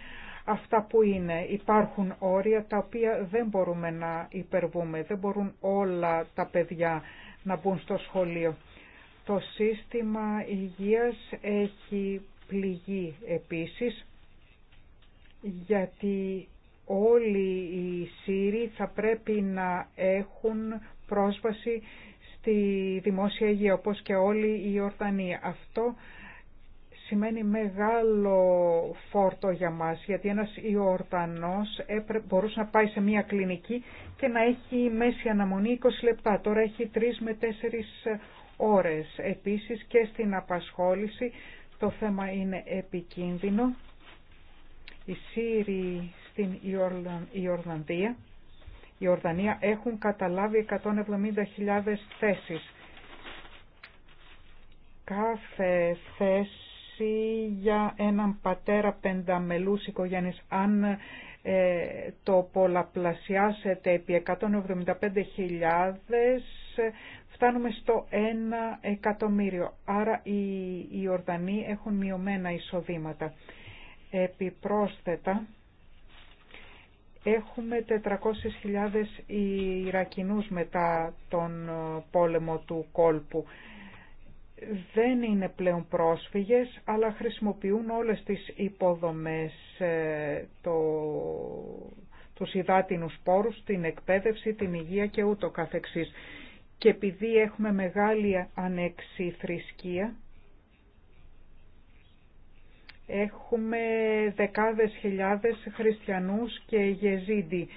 αυτά που είναι. Υπάρχουν όρια τα οποία δεν μπορούμε να υπερβούμε. Δεν μπορούν όλα τα παιδιά να μπουν στο σχολείο. Το σύστημα υγείας έχει πληγεί επίσης γιατί όλοι οι Σύροι θα πρέπει να έχουν πρόσβαση στη δημόσια υγεία όπως και όλοι οι Ορτανοί. Αυτό σημαίνει μεγάλο φόρτο για μας, γιατί ένας Ιορτανός μπορούσε να πάει σε μια κλινική και να έχει μέση αναμονή 20 λεπτά. Τώρα έχει 3 με 4 ώρες. Επίσης και στην απασχόληση το θέμα είναι επικίνδυνο. Η Σύριοι στην Ιορδανία, η Ορδανία έχουν καταλάβει 170.000 θέσεις. Κάθε θέση εσύ για έναν πατέρα πενταμελούς οικογένειας. Αν ε, το πολλαπλασιάσετε επί 175.000 φτάνουμε στο 1 εκατομμύριο. Άρα οι, οι Ορδανοί έχουν μειωμένα εισοδήματα. Επιπρόσθετα έχουμε 400.000 Ιρακινούς μετά τον ε, πόλεμο του κόλπου δεν είναι πλέον πρόσφυγες, αλλά χρησιμοποιούν όλες τις υποδομές, ε, το, τους υδάτινους πόρους, την εκπαίδευση, την υγεία και ούτω καθεξής. Και επειδή έχουμε μεγάλη ανέξη θρησκεία, έχουμε δεκάδες χιλιάδες χριστιανούς και γεζίδι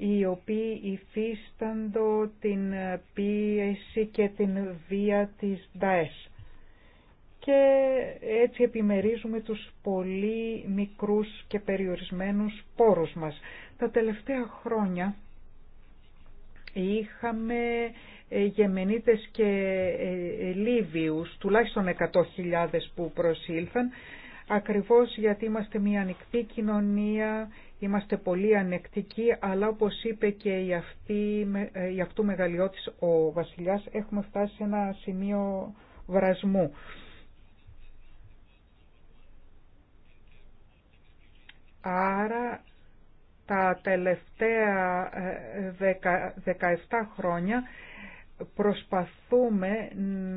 οι οποίοι υφίσταντο την πίεση και την βία της ΔΑΕΣ και έτσι επιμερίζουμε τους πολύ μικρούς και περιορισμένους πόρους μας. Τα τελευταία χρόνια είχαμε ε, γεμενίτες και ε, ε, Λίβιους, τουλάχιστον 100.000 που προσήλθαν, ακριβώς γιατί είμαστε μια ανοιχτή κοινωνία, είμαστε πολύ ανεκτικοί, αλλά όπως είπε και η, αυτή, αυτού μεγαλειώτης ο βασιλιάς, έχουμε φτάσει σε ένα σημείο βρασμού. Άρα τα τελευταία 17 ε, χρόνια προσπαθούμε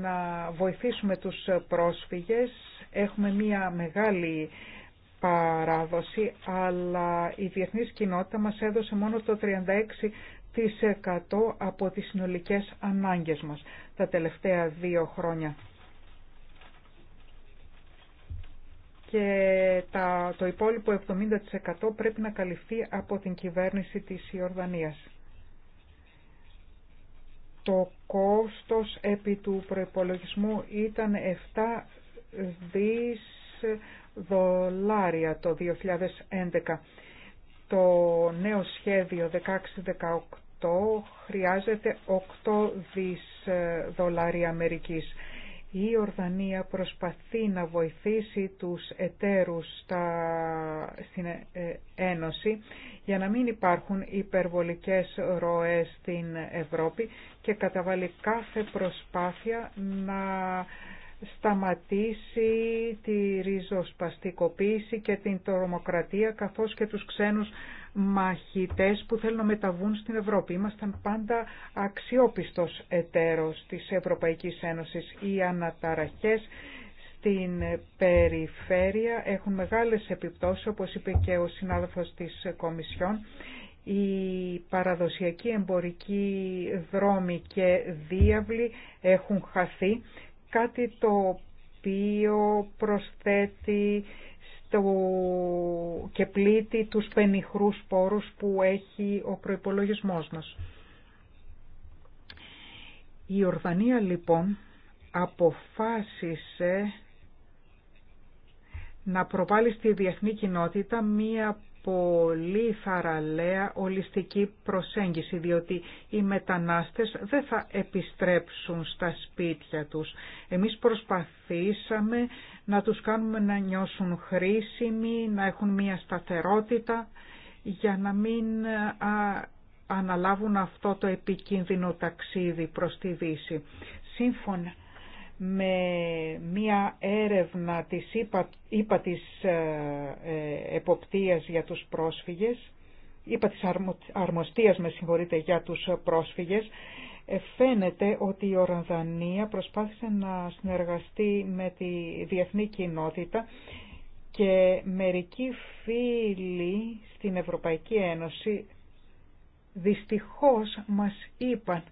να βοηθήσουμε τους πρόσφυγες. Έχουμε μία μεγάλη παράδοση, αλλά η διεθνής κοινότητα μας έδωσε μόνο το 36% από τις συνολικές ανάγκες μας τα τελευταία δύο χρόνια. και το υπόλοιπο 70% πρέπει να καλυφθεί από την κυβέρνηση της Ιορδανίας. Το κόστος επί του προϋπολογισμού ήταν 7 δις δολάρια το 2011. Το νέο σχέδιο 16-18 χρειάζεται 8 δις δολάρια Αμερικής. Η Ορδανία προσπαθεί να βοηθήσει τους εταίρους στα, στην ε, ε, Ένωση για να μην υπάρχουν υπερβολικές ροές στην Ευρώπη και καταβάλει κάθε προσπάθεια να σταματήσει τη ριζοσπαστικοποίηση και την τρομοκρατία καθώς και τους ξένους μαχητές που θέλουν να μεταβούν στην Ευρώπη. Ήμασταν πάντα αξιόπιστος εταίρος της Ευρωπαϊκής Ένωσης. Οι αναταραχές στην περιφέρεια έχουν μεγάλες επιπτώσεις, όπως είπε και ο συνάδελφος της Κομισιόν. η παραδοσιακή εμπορική δρόμοι και διάβλοι έχουν χαθεί, κάτι το οποίο προσθέτει και πλήττει τους πενιχρούς πόρους που έχει ο προϋπολογισμός μας. Η Ορδανία λοιπόν αποφάσισε να προβάλλει στη διεθνή κοινότητα μία πολύ θαραλέα ολιστική προσέγγιση, διότι οι μετανάστες δεν θα επιστρέψουν στα σπίτια τους. Εμείς προσπαθήσαμε να τους κάνουμε να νιώσουν χρήσιμοι, να έχουν μία σταθερότητα, για να μην αναλάβουν αυτό το επικίνδυνο ταξίδι προς τη Δύση. Σύμφωνα με μία έρευνα της ΥΠΑ, της ε, ε, εποπτείας για τους πρόσφυγες, είπα της αρμοστίας με συγχωρείτε για τους πρόσφυγες, ε, φαίνεται ότι η Ορανδανία προσπάθησε να συνεργαστεί με τη διεθνή κοινότητα και μερικοί φίλοι στην Ευρωπαϊκή Ένωση δυστυχώς μας είπαν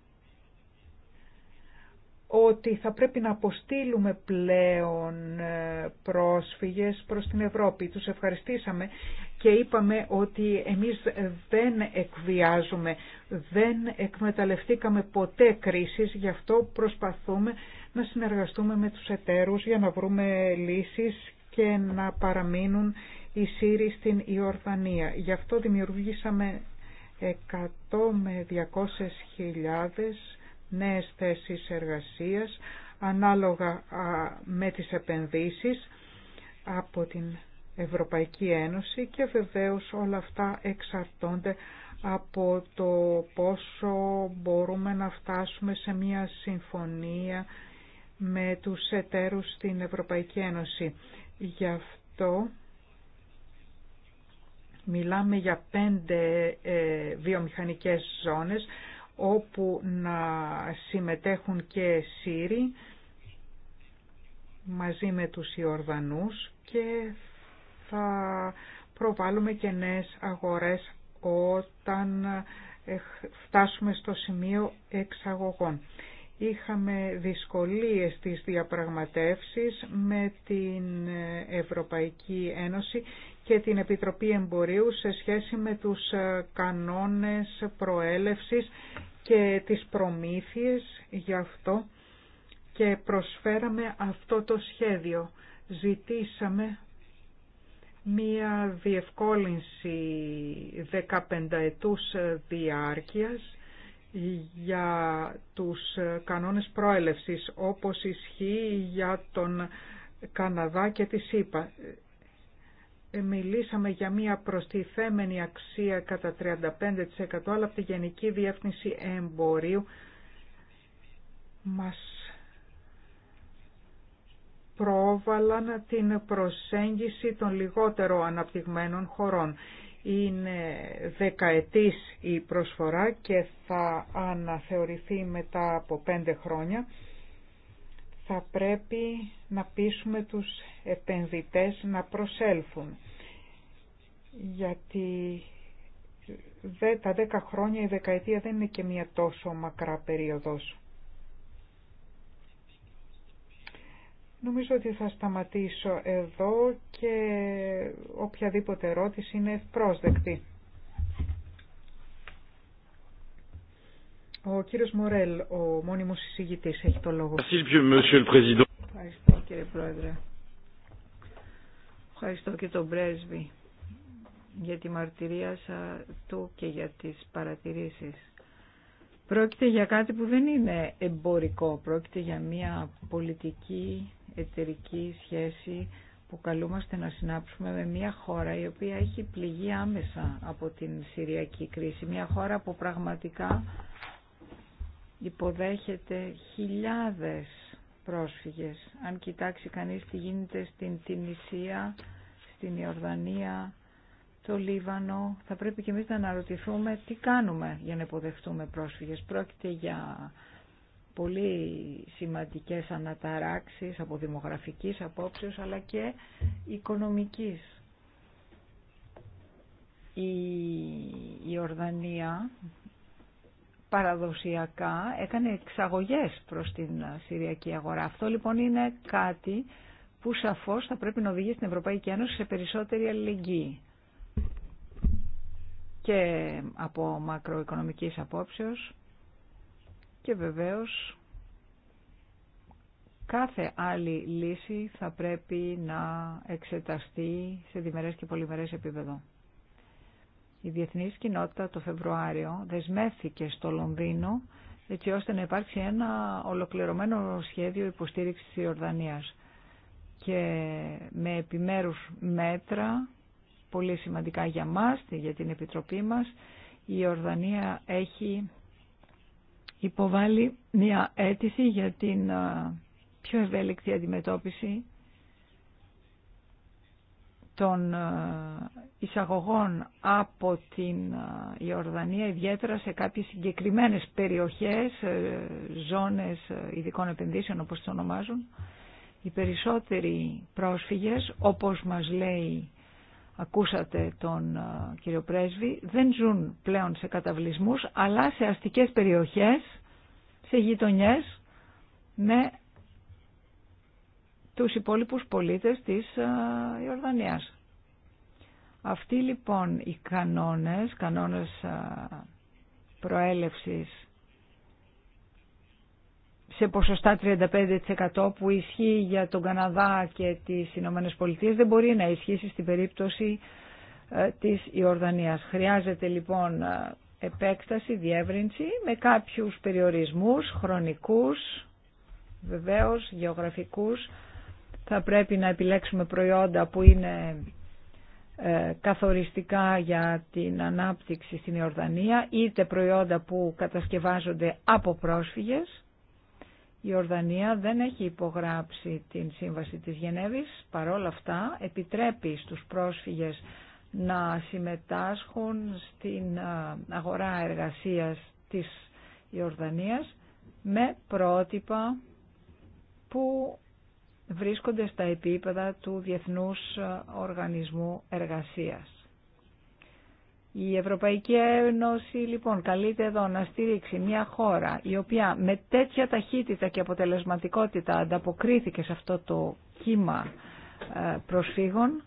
ότι θα πρέπει να αποστείλουμε πλέον ε, πρόσφυγες προς την Ευρώπη. Τους ευχαριστήσαμε και είπαμε ότι εμείς δεν εκβιάζουμε, δεν εκμεταλλευτήκαμε ποτέ κρίσεις, γι' αυτό προσπαθούμε να συνεργαστούμε με τους εταίρους για να βρούμε λύσεις και να παραμείνουν οι Σύριοι στην Ιορδανία. Γι' αυτό δημιουργήσαμε 100 με 200 χιλιάδες νέες θέσεις εργασίας ανάλογα με τις επενδύσεις από την Ευρωπαϊκή Ένωση και βεβαίως όλα αυτά εξαρτώνται από το πόσο μπορούμε να φτάσουμε σε μια συμφωνία με τους εταίρους στην Ευρωπαϊκή Ένωση. Γι' αυτό μιλάμε για πέντε ε, βιομηχανικές ζώνες όπου να συμμετέχουν και Σύριοι μαζί με τους Ιορδανούς και θα προβάλλουμε και νέες αγορές όταν ε, φτάσουμε στο σημείο εξαγωγών. Είχαμε δυσκολίες στις διαπραγματεύσεις με την Ευρωπαϊκή Ένωση και την Επιτροπή Εμπορίου σε σχέση με τους ε, κανόνες προέλευσης και τις προμήθειες γι' αυτό και προσφέραμε αυτό το σχέδιο. Ζητήσαμε μία διευκόλυνση 15 ετούς διάρκειας για τους κανόνες προέλευσης όπως ισχύει για τον Καναδά και τη ΣΥΠΑ μιλήσαμε για μία προστιθέμενη αξία κατά 35% αλλά από τη Γενική Διεύθυνση Εμπορίου μας πρόβαλαν την προσέγγιση των λιγότερο αναπτυγμένων χωρών. Είναι δεκαετής η προσφορά και θα αναθεωρηθεί μετά από πέντε χρόνια θα πρέπει να πείσουμε τους επενδυτές να προσέλθουν. Γιατί τα δέκα χρόνια, η δεκαετία δεν είναι και μια τόσο μακρά περίοδος. Νομίζω ότι θα σταματήσω εδώ και οποιαδήποτε ερώτηση είναι πρόσδεκτη. Ο κύριος Μορέλ, ο μόνιμος εισηγητής, έχει το λόγο. Ευχαριστώ κύριε Πρόεδρε. Ευχαριστώ και τον Πρέσβη για τη μαρτυρία του και για τις παρατηρήσεις. Πρόκειται για κάτι που δεν είναι εμπορικό, πρόκειται για μια πολιτική εταιρική σχέση που καλούμαστε να συνάψουμε με μια χώρα η οποία έχει πληγεί άμεσα από την Συριακή κρίση, μια χώρα που πραγματικά υποδέχεται χιλιάδες πρόσφυγες. Αν κοιτάξει κανείς τι γίνεται στην Τινησία, στην Ιορδανία, το Λίβανο, θα πρέπει και εμείς να αναρωτηθούμε τι κάνουμε για να υποδεχτούμε πρόσφυγες. Πρόκειται για πολύ σημαντικές αναταράξεις από δημογραφικής απόψεως αλλά και οικονομικής. Η Ιορδανία παραδοσιακά έκανε εξαγωγές προς την Συριακή αγορά. Αυτό λοιπόν είναι κάτι που σαφώς θα πρέπει να οδηγεί στην Ευρωπαϊκή Ένωση σε περισσότερη αλληλεγγύη. Και από μακροοικονομικής απόψεως και βεβαίως κάθε άλλη λύση θα πρέπει να εξεταστεί σε διμερές και πολυμερές επίπεδο. Η διεθνής κοινότητα το Φεβρουάριο δεσμεύθηκε στο Λονδίνο έτσι ώστε να υπάρξει ένα ολοκληρωμένο σχέδιο υποστήριξης της Ιορδανίας και με επιμέρους μέτρα πολύ σημαντικά για μας, για την Επιτροπή μας. Η Ιορδανία έχει υποβάλει μια αίτηση για την ε, πιο ευέλικτη αντιμετώπιση των ε, εισαγωγών από την ε, Ιορδανία, ιδιαίτερα σε κάποιες συγκεκριμένες περιοχές, ε, ζώνες ειδικών επενδύσεων όπως το ονομάζουν, οι περισσότεροι πρόσφυγες, όπως μας λέει, ακούσατε τον κύριο Πρέσβη, δεν ζουν πλέον σε καταβλισμούς, αλλά σε αστικές περιοχές, σε γειτονιές, με τους υπόλοιπους πολίτες της Ιορδανίας. Αυτοί λοιπόν οι κανόνες, κανόνες προέλευσης σε ποσοστά 35% που ισχύει για τον Καναδά και τις Ηνωμένες Πολιτείες δεν μπορεί να ισχύσει στην περίπτωση ε, της Ιορδανίας. Χρειάζεται λοιπόν επέκταση, διεύρυνση με κάποιους περιορισμούς χρονικούς, βεβαίως γεωγραφικούς, θα πρέπει να επιλέξουμε προϊόντα που είναι ε, καθοριστικά για την ανάπτυξη στην Ιορδανία, είτε προϊόντα που κατασκευάζονται από πρόσφυγες. Η Ιορδανία δεν έχει υπογράψει την Σύμβαση της Γενέβης, παρόλα αυτά επιτρέπει στους πρόσφυγες να συμμετάσχουν στην ε, αγορά εργασίας της Ιορδανίας με πρότυπα που βρίσκονται στα επίπεδα του Διεθνούς Οργανισμού Εργασίας. Η Ευρωπαϊκή Ένωση λοιπόν καλείται εδώ να στηρίξει μια χώρα η οποία με τέτοια ταχύτητα και αποτελεσματικότητα ανταποκρίθηκε σε αυτό το κύμα ε, προσφύγων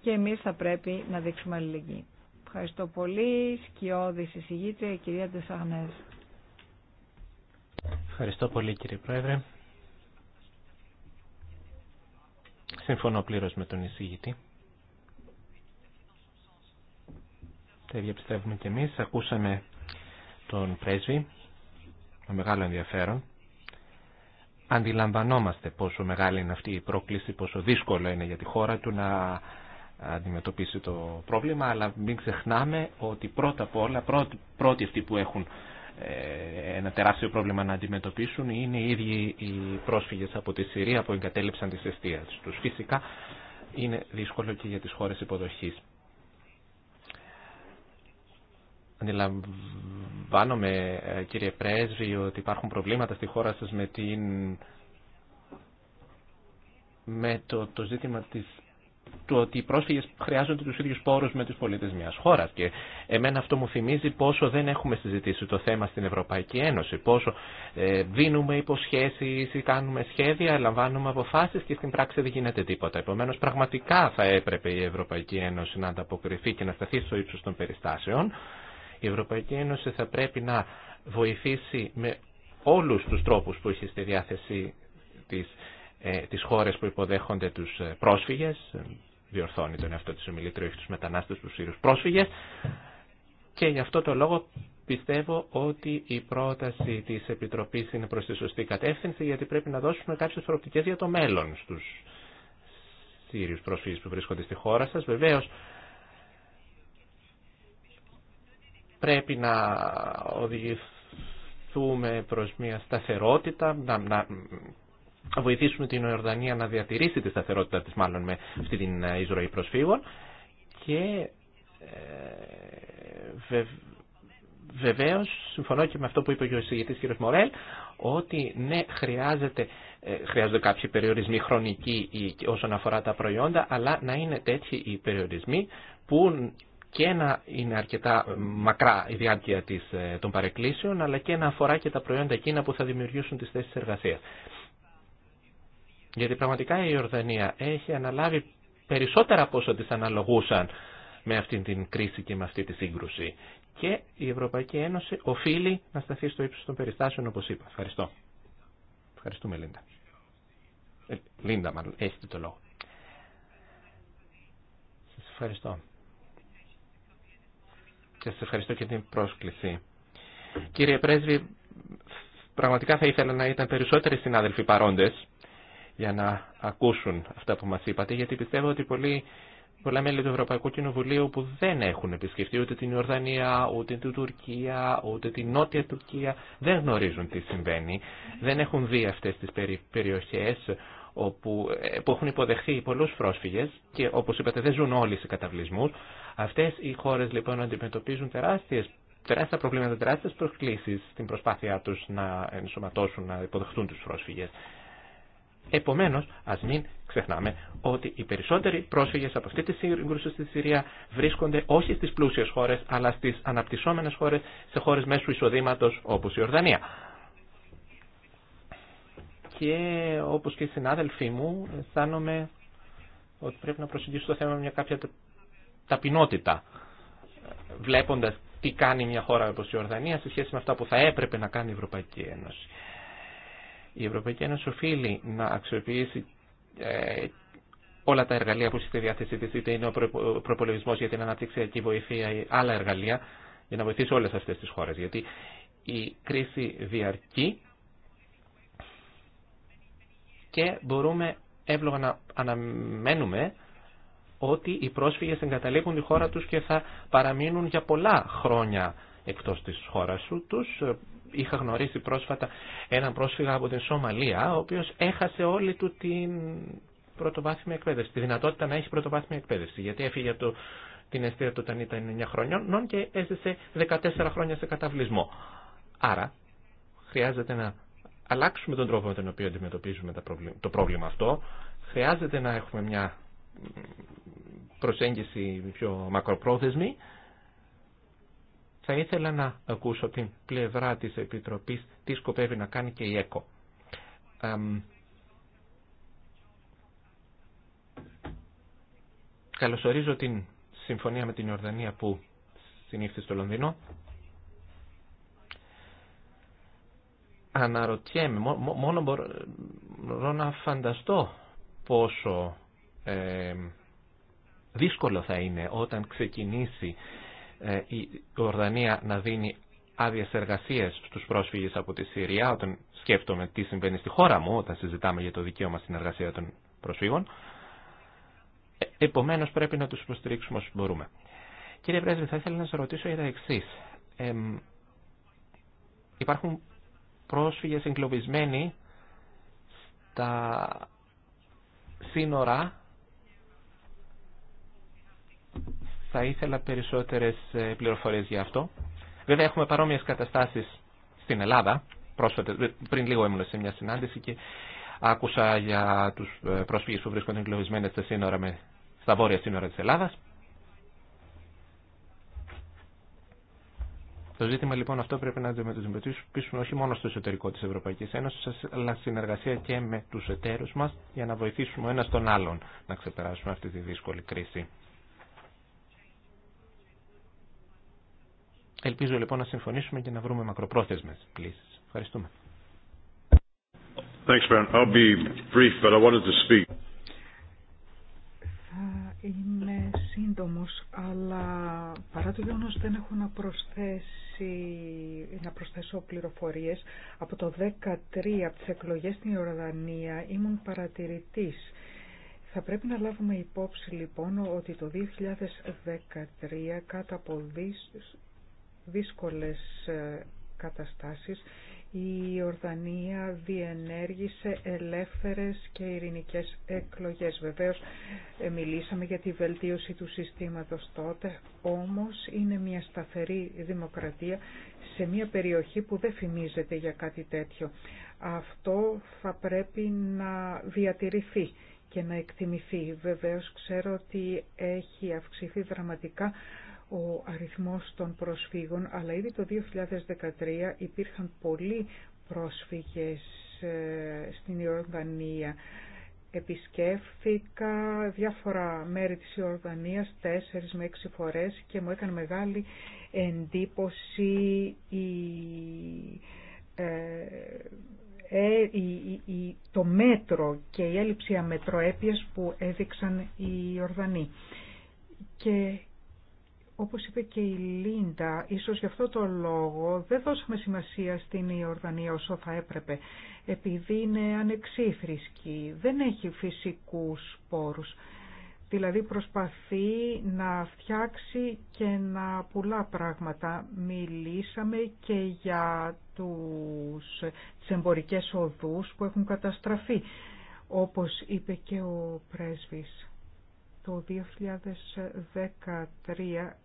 και εμείς θα πρέπει να δείξουμε αλληλεγγύη. Ευχαριστώ πολύ. Σκιώδη συζήτηση, η κυρία Ντεσαγνέζ. Ευχαριστώ πολύ κύριε Πρόεδρε. Συμφωνώ πλήρως με τον εισηγητή. Τα ίδια πιστεύουμε και εμείς. Ακούσαμε τον πρέσβη με μεγάλο ενδιαφέρον. Αντιλαμβανόμαστε πόσο μεγάλη είναι αυτή η πρόκληση, πόσο δύσκολο είναι για τη χώρα του να αντιμετωπίσει το πρόβλημα, αλλά μην ξεχνάμε ότι πρώτα απ' όλα, πρώτοι, πρώτοι αυτοί που έχουν ε, ένα τεράστιο πρόβλημα να αντιμετωπίσουν είναι οι ίδιοι οι πρόσφυγες από τη Συρία που εγκατέλειψαν τις αιστείες τους. Φυσικά είναι δύσκολο και για τις χώρες υποδοχής. Αντιλαμβάνομαι ε, κύριε Πρέσβη ότι υπάρχουν προβλήματα στη χώρα σας με, με το, το ζήτημα της του ότι οι πρόσφυγε χρειάζονται του ίδιου πόρου με τους πολίτες μιας χώρας. Και εμένα αυτό μου θυμίζει πόσο δεν έχουμε συζητήσει το θέμα στην Ευρωπαϊκή Ένωση, πόσο ε, δίνουμε υποσχέσει ή κάνουμε σχέδια, λαμβάνουμε αποφάσει και στην πράξη δεν γίνεται τίποτα. Επομένω, πραγματικά θα έπρεπε η Ευρωπαϊκή Ένωση να ανταποκριθεί και να σταθεί στο ύψο των περιστάσεων. Η Ευρωπαϊκή Ένωση θα πρέπει να βοηθήσει με όλους τους τρόπους που έχει στη διάθεση της, ε, τις που υποδέχονται τους ε, πρόσφυγες, διορθώνει τον εαυτό της όχι του μετανάστε του Σύρους πρόσφυγες και γι' αυτό το λόγο πιστεύω ότι η πρόταση της Επιτροπής είναι προς τη σωστή κατεύθυνση γιατί πρέπει να δώσουμε κάποιες προοπτικές για το μέλλον στους Σύρους πρόσφυγες που βρίσκονται στη χώρα σας. Βεβαίως πρέπει να οδηγηθούμε προς μια σταθερότητα, να, να βοηθήσουν την Ιορδανία να διατηρήσει τη σταθερότητα της μάλλον με αυτή την ε, εισρωή προσφύγων και ε, Βεβαίω, συμφωνώ και με αυτό που είπε ο εισηγητή κ. Μορέλ, ότι ναι, χρειάζεται, ε, χρειάζονται κάποιοι περιορισμοί χρονικοί όσον αφορά τα προϊόντα, αλλά να είναι τέτοιοι οι περιορισμοί που και να είναι αρκετά μακρά η διάρκεια των παρεκκλήσεων, αλλά και να αφορά και τα προϊόντα εκείνα που θα δημιουργήσουν τις θέσεις εργασίας. Γιατί πραγματικά η Ιορδανία έχει αναλάβει περισσότερα από όσο τις αναλογούσαν με αυτήν την κρίση και με αυτή τη σύγκρουση. Και η Ευρωπαϊκή Ένωση οφείλει να σταθεί στο ύψος των περιστάσεων, όπως είπα. Ευχαριστώ. Ευχαριστούμε, Λίντα. Ε, Λίντα, μάλλον, έχετε το λόγο. Σας ευχαριστώ. Και σας ευχαριστώ και την πρόσκληση. Κύριε Πρέσβη, πραγματικά θα ήθελα να ήταν περισσότεροι συνάδελφοι παρόντες για να ακούσουν αυτά που μας είπατε, γιατί πιστεύω ότι πολλοί, πολλά μέλη του Ευρωπαϊκού Κοινοβουλίου που δεν έχουν επισκεφτεί ούτε την Ιορδανία, ούτε την Τουρκία, ούτε την Νότια Τουρκία, δεν γνωρίζουν τι συμβαίνει. Δεν έχουν δει αυτές τις περιοχές όπου, ε, που έχουν υποδεχθεί πολλούς πρόσφυγες και όπως είπατε δεν ζουν όλοι σε καταβλισμούς. Αυτές οι χώρες λοιπόν αντιμετωπίζουν τεράστιες τεράστια προβλήματα, τεράστιες προκλήσεις στην προσπάθειά τους να ενσωματώσουν, να υποδεχτούν τους πρόσφυγες. Επομένω, α μην ξεχνάμε ότι οι περισσότεροι πρόσφυγε από αυτή τη σύγκρουση στη Συρία βρίσκονται όχι στι πλούσιε χώρε, αλλά στι αναπτυσσόμενες χώρε σε χώρε μέσου εισοδήματο όπω η Ορδανία. Και όπω και οι συνάδελφοί μου, αισθάνομαι ότι πρέπει να προσεγγίσω το θέμα με μια κάποια ταπεινότητα, βλέποντα τι κάνει μια χώρα όπω η Ορδανία σε σχέση με αυτά που θα έπρεπε να κάνει η Ευρωπαϊκή Ένωση. Η Ευρωπαϊκή Ένωση οφείλει να αξιοποιήσει ε, όλα τα εργαλεία που έχει στη διάθεσή τη, είτε είναι ο προπολογισμό για την αναπτυξιακή βοήθεια ή άλλα εργαλεία, για να βοηθήσει όλε αυτέ τι χώρε. Γιατί η κρίση διαρκεί και μπορούμε εύλογα να αναμένουμε ότι οι πρόσφυγες εγκαταλείπουν τη χώρα τους και θα παραμείνουν για πολλά χρόνια εκτός της χώρας τους, είχα γνωρίσει πρόσφατα έναν πρόσφυγα από την Σομαλία, ο οποίο έχασε όλη του την πρωτοβάθμια εκπαίδευση, τη δυνατότητα να έχει πρωτοβάθμια εκπαίδευση, γιατί έφυγε από την αιστεία του όταν ήταν 9 χρονών και έζησε 14 χρόνια σε καταβλισμό. Άρα, χρειάζεται να αλλάξουμε τον τρόπο με τον οποίο αντιμετωπίζουμε το πρόβλημα αυτό. Χρειάζεται να έχουμε μια προσέγγιση πιο μακροπρόθεσμη θα ήθελα να ακούσω την πλευρά της Επιτροπής, τι σκοπεύει να κάνει και η ΕΚΟ. Καλωσορίζω την συμφωνία με την Ιορδανία που συνήθισε στο Λονδίνο. Αναρωτιέμαι, μόνο μπορώ να φανταστώ πόσο ε, δύσκολο θα είναι όταν ξεκινήσει ε, η Ορδανία να δίνει άδειε εργασίε στου πρόσφυγε από τη Συρία, όταν σκέφτομαι τι συμβαίνει στη χώρα μου, όταν συζητάμε για το δικαίωμα στην εργασία των προσφύγων. Ε, Επομένω, πρέπει να του υποστηρίξουμε όσο μπορούμε. Κύριε Πρέσβη, θα ήθελα να σα ρωτήσω για τα εξή. υπάρχουν πρόσφυγες εγκλωβισμένοι στα σύνορα θα ήθελα περισσότερες ε, πληροφορίες για αυτό. Βέβαια έχουμε παρόμοιες καταστάσεις στην Ελλάδα. Ε, πριν λίγο ήμουν σε μια συνάντηση και άκουσα για τους ε, πρόσφυγες που βρίσκονται εγκλωβισμένες στα, σύνορα με, στα βόρεια σύνορα της Ελλάδας. Το ζήτημα λοιπόν αυτό πρέπει να αντιμετωπίσουμε όχι μόνο στο εσωτερικό της Ευρωπαϊκής Ένωσης, αλλά συνεργασία και με τους εταίρους μας για να βοηθήσουμε ο ένας τον άλλον να ξεπεράσουμε αυτή τη δύσκολη κρίση. Ελπίζω λοιπόν να συμφωνήσουμε και να βρούμε μακροπρόθεσμες λύσεις. Ευχαριστούμε. Thanks, I'll be brief, but I to speak. Θα είμαι σύντομο, αλλά παρά το γεγονός δεν έχω να, προσθέσει, να προσθέσω πληροφορίες. Από το 2013, από τις εκλογές στην Ιορδανία, ήμουν παρατηρητής. Θα πρέπει να λάβουμε υπόψη λοιπόν ότι το 2013 κάτω από κατά δύσκολες ε, καταστάσεις, η Ορδανία διενέργησε ελεύθερες και ειρηνικές εκλογές. Βεβαίως ε, μιλήσαμε για τη βελτίωση του συστήματος τότε, όμως είναι μια σταθερή δημοκρατία σε μια περιοχή που δεν φημίζεται για κάτι τέτοιο. Αυτό θα πρέπει να διατηρηθεί και να εκτιμηθεί. Βεβαίως ξέρω ότι έχει αυξηθεί δραματικά ο αριθμός των προσφύγων, αλλά ήδη το 2013 υπήρχαν πολλοί πρόσφυγες ε, στην Ιορδανία. Επισκέφθηκα διάφορα μέρη της Ιορδανίας τέσσερις με έξι φορές και μου έκανε μεγάλη εντύπωση η, ε, ε η, το μέτρο και η έλλειψη αμετροέπειας που έδειξαν οι Ιορδανοί. Και όπως είπε και η Λίντα, ίσως γι' αυτό το λόγο δεν δώσαμε σημασία στην Ιορδανία όσο θα έπρεπε, επειδή είναι ανεξίθρισκη, δεν έχει φυσικούς πόρους. Δηλαδή προσπαθεί να φτιάξει και να πουλά πράγματα. Μιλήσαμε και για τους, τις εμπορικές οδούς που έχουν καταστραφεί, όπως είπε και ο πρέσβης το 2013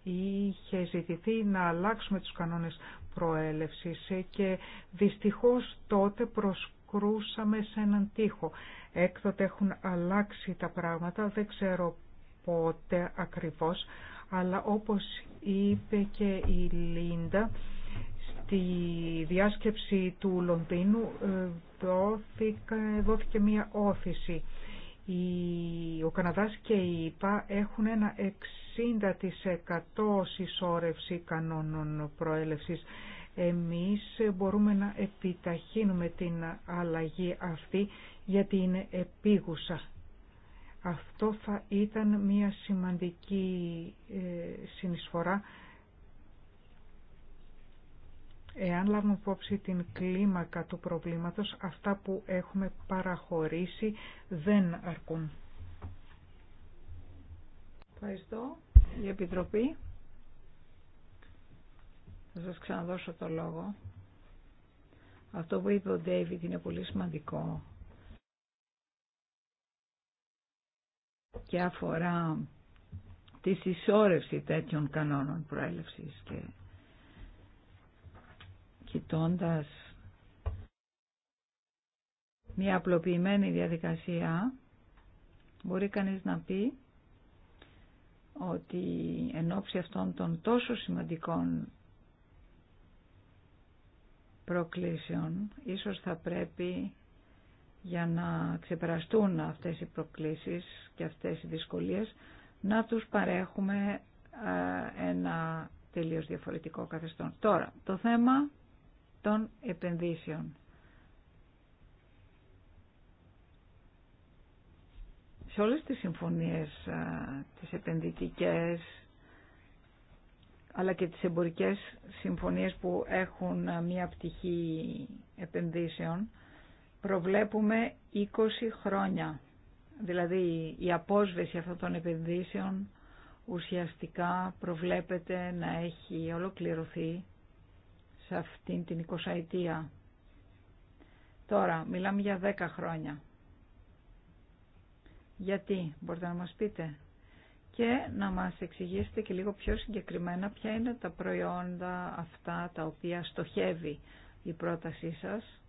είχε ζητηθεί να αλλάξουμε τους κανόνες προέλευσης και δυστυχώς τότε προσκρούσαμε σε έναν τοίχο. Έκτοτε έχουν αλλάξει τα πράγματα, δεν ξέρω πότε ακριβώς, αλλά όπως είπε και η Λίντα, στη διάσκεψη του Λονδίνου ε, δόθηκε, δόθηκε μία όθηση ο Καναδάς και η ΙΠΑ έχουν ένα 60% συσσόρευση κανόνων προέλευσης. Εμείς μπορούμε να επιταχύνουμε την αλλαγή αυτή γιατί είναι επίγουσα. Αυτό θα ήταν μια σημαντική ε, συνεισφορά Εάν λάβουμε υπόψη την κλίμακα του προβλήματος, αυτά που έχουμε παραχωρήσει δεν αρκούν. Ευχαριστώ. Η Επιτροπή. Θα σας ξαναδώσω το λόγο. Αυτό που είπε ο Ντέιβιτ είναι πολύ σημαντικό και αφορά τη συσσόρευση τέτοιων κανόνων προέλευσης και κοιτώντας μια απλοποιημένη διαδικασία μπορεί κανείς να πει ότι εν ώψη αυτών των τόσο σημαντικών προκλήσεων ίσως θα πρέπει για να ξεπεραστούν αυτές οι προκλήσεις και αυτές οι δυσκολίες να τους παρέχουμε ε, ένα τελείως διαφορετικό καθεστώς. Τώρα, το θέμα των επενδύσεων. Σε όλες τις συμφωνίες, τις επενδυτικές, αλλά και τις εμπορικές συμφωνίες που έχουν μία πτυχή επενδύσεων, προβλέπουμε 20 χρόνια. Δηλαδή η απόσβεση αυτών των επενδύσεων ουσιαστικά προβλέπεται να έχει ολοκληρωθεί σε αυτήν την 20 Τώρα, μιλάμε για 10 χρόνια. Γιατί, μπορείτε να μας πείτε. Και να μας εξηγήσετε και λίγο πιο συγκεκριμένα ποια είναι τα προϊόντα αυτά τα οποία στοχεύει η πρότασή σας.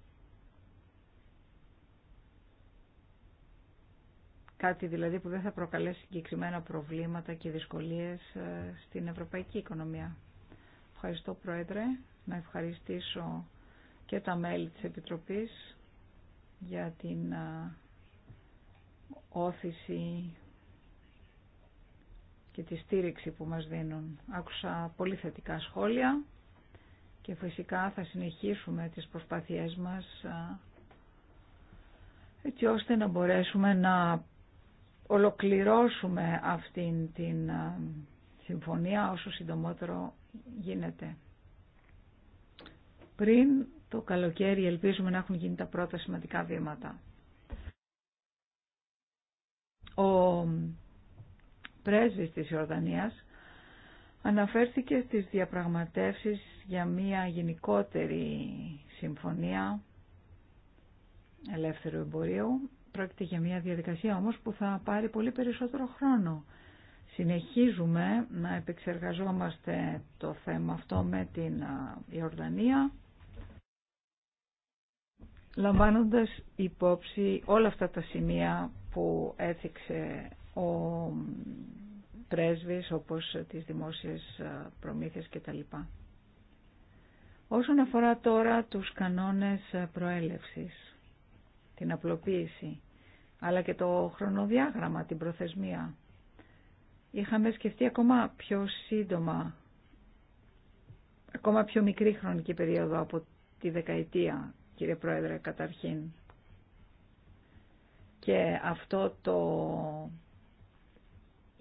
Κάτι δηλαδή που δεν θα προκαλέσει συγκεκριμένα προβλήματα και δυσκολίες ε, στην ευρωπαϊκή οικονομία. Ευχαριστώ Πρόεδρε να ευχαριστήσω και τα μέλη της Επιτροπής για την όθηση και τη στήριξη που μας δίνουν. Άκουσα πολύ θετικά σχόλια και φυσικά θα συνεχίσουμε τις προσπάθειές μας έτσι ώστε να μπορέσουμε να ολοκληρώσουμε αυτήν την συμφωνία όσο συντομότερο γίνεται. Πριν το καλοκαίρι ελπίζουμε να έχουν γίνει τα πρώτα σημαντικά βήματα. Ο πρέσβης της Ιορδανίας αναφέρθηκε στις διαπραγματεύσεις για μια γενικότερη συμφωνία ελεύθερου εμπορίου. Πρόκειται για μια διαδικασία όμως που θα πάρει πολύ περισσότερο χρόνο. Συνεχίζουμε να επεξεργαζόμαστε το θέμα αυτό με την Ιορδανία Λαμβάνοντας υπόψη όλα αυτά τα σημεία που έθιξε ο πρέσβης όπως τις δημόσιες προμήθειες κτλ. Όσον αφορά τώρα τους κανόνες προέλευσης, την απλοποίηση, αλλά και το χρονοδιάγραμμα, την προθεσμία, είχαμε σκεφτεί ακόμα πιο σύντομα, ακόμα πιο μικρή χρονική περίοδο από τη δεκαετία κύριε Πρόεδρε, καταρχήν. Και αυτό το...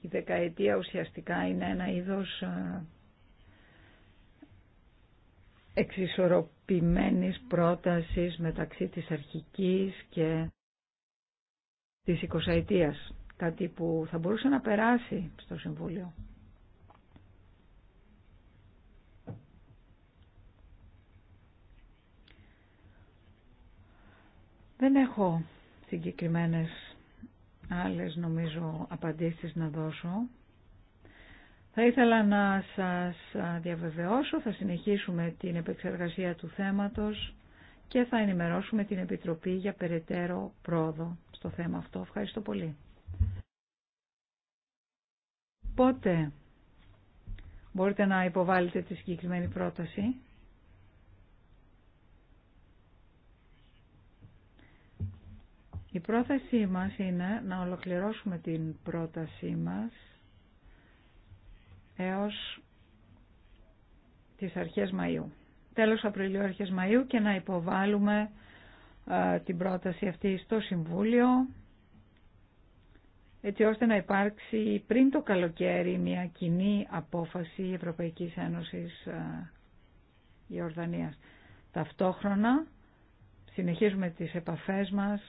Η δεκαετία ουσιαστικά είναι ένα είδος ε, εξισορροπημένης πρότασης μεταξύ της αρχικής και της εικοσαετίας. Κάτι που θα μπορούσε να περάσει στο Συμβούλιο. Δεν έχω συγκεκριμένες άλλες νομίζω απαντήσεις να δώσω. Θα ήθελα να σας διαβεβαιώσω, θα συνεχίσουμε την επεξεργασία του θέματος και θα ενημερώσουμε την Επιτροπή για περαιτέρω πρόοδο στο θέμα αυτό. Ευχαριστώ πολύ. Πότε μπορείτε να υποβάλλετε τη συγκεκριμένη πρόταση. Η πρόθεσή μας είναι να ολοκληρώσουμε την πρότασή μας έως τις αρχές Μαΐου. Τέλος Απριλίου, αρχές Μαΐου και να υποβάλουμε ε, την πρόταση αυτή στο Συμβούλιο έτσι ώστε να υπάρξει πριν το καλοκαίρι μια κοινή απόφαση Ευρωπαϊκής Ένωσης ε, Ιορδανίας. Ταυτόχρονα συνεχίζουμε τις επαφές μας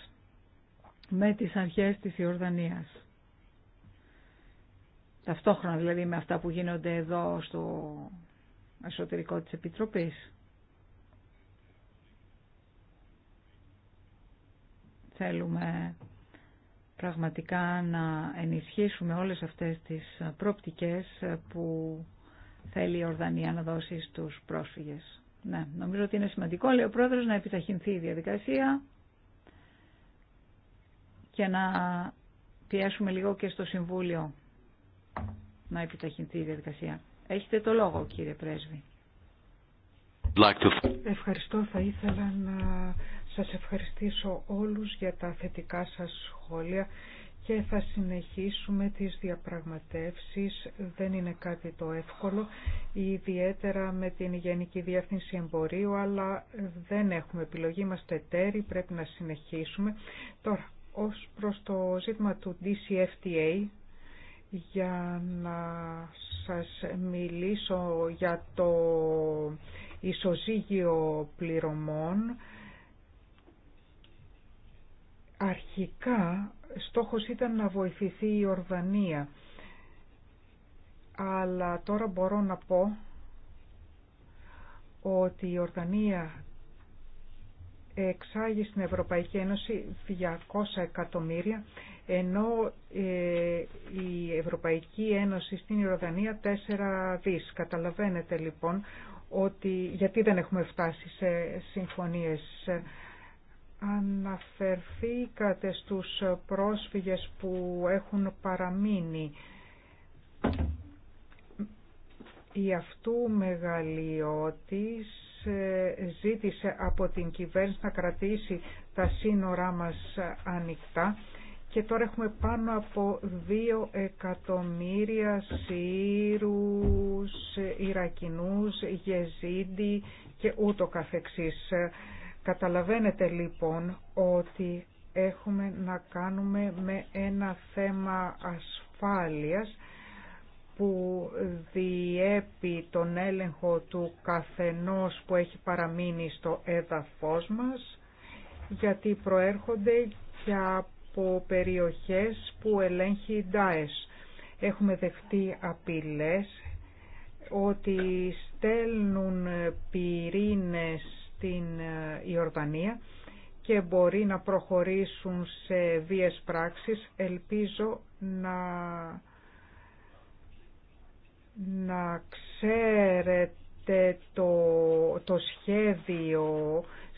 με τις αρχές της Ιορδανίας. Ταυτόχρονα δηλαδή με αυτά που γίνονται εδώ στο εσωτερικό της Επιτροπής. Θέλουμε πραγματικά να ενισχύσουμε όλες αυτές τις πρόπτικες που θέλει η Ορδανία να δώσει στους πρόσφυγες. Ναι, νομίζω ότι είναι σημαντικό, λέει ο πρόεδρος, να επιταχυνθεί η διαδικασία και να πιέσουμε λίγο και στο Συμβούλιο να επιταχυνθεί η διαδικασία. Έχετε το λόγο κύριε Πρέσβη. Ευχαριστώ. Θα ήθελα να σας ευχαριστήσω όλους για τα θετικά σας σχόλια και θα συνεχίσουμε τις διαπραγματεύσεις. Δεν είναι κάτι το εύκολο, ιδιαίτερα με την Γενική Διεύθυνση Εμπορίου, αλλά δεν έχουμε επιλογή, είμαστε τέρι, πρέπει να συνεχίσουμε. Τώρα, ως προς το ζήτημα του DCFTA για να σας μιλήσω για το ισοζύγιο πληρωμών. Αρχικά στόχος ήταν να βοηθηθεί η Ορδανία, αλλά τώρα μπορώ να πω ότι η Ορδανία εξάγει στην Ευρωπαϊκή Ένωση 200 εκατομμύρια, ενώ ε, η Ευρωπαϊκή Ένωση στην Ιορδανία 4 δις. Καταλαβαίνετε λοιπόν ότι γιατί δεν έχουμε φτάσει σε συμφωνίες. Αναφερθήκατε στους πρόσφυγες που έχουν παραμείνει. Η αυτού μεγαλειώτης ε, ζήτησε από την κυβέρνηση να κρατήσει τα σύνορά μας ανοιχτά και τώρα έχουμε πάνω από 2 εκατομμύρια Σύρους, Ιρακινούς, Γεζίντι και ούτω καθεξής. Καταλαβαίνετε λοιπόν ότι έχουμε να κάνουμε με ένα θέμα ασφάλειας που διέπει τον έλεγχο του καθενός που έχει παραμείνει στο έδαφος μας, γιατί προέρχονται και από περιοχές που ελέγχει η ΝΤΑΕΣ. Έχουμε δεχτεί απειλές ότι στέλνουν πυρήνες στην Ιορδανία και μπορεί να προχωρήσουν σε βίες πράξεις. Ελπίζω να να ξέρετε το, το σχέδιο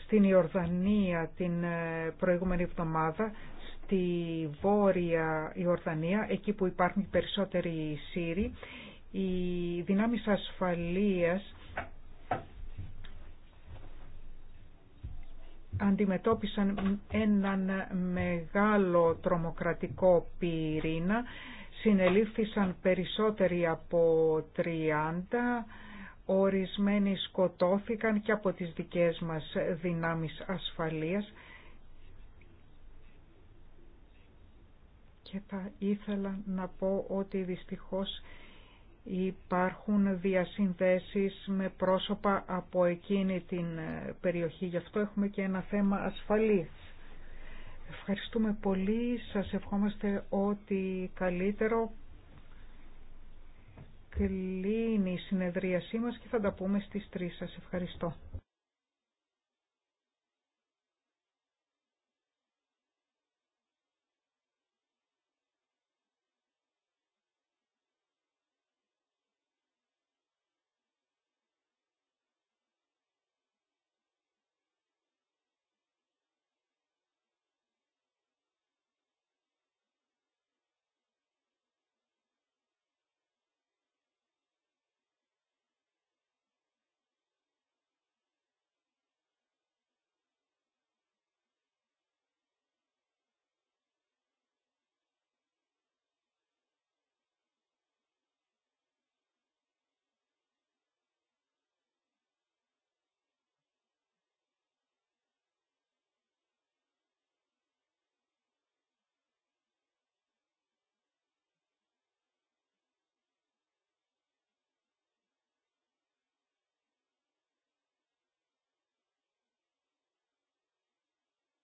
στην Ιορδανία την ε, προηγούμενη εβδομάδα, στη Βόρεια Ιορδανία, εκεί που υπάρχουν περισσότεροι Σύροι, οι δυνάμεις ασφαλείας αντιμετώπισαν έναν μεγάλο τρομοκρατικό πυρήνα συνελήφθησαν περισσότεροι από 30, ορισμένοι σκοτώθηκαν και από τις δικές μας δυνάμεις ασφαλείας και θα ήθελα να πω ότι δυστυχώς υπάρχουν διασυνδέσεις με πρόσωπα από εκείνη την περιοχή. Γι' αυτό έχουμε και ένα θέμα ασφαλείας. Ευχαριστούμε πολύ. Σας ευχόμαστε ότι καλύτερο κλείνει η συνεδρίασή μας και θα τα πούμε στις 3. Σας ευχαριστώ.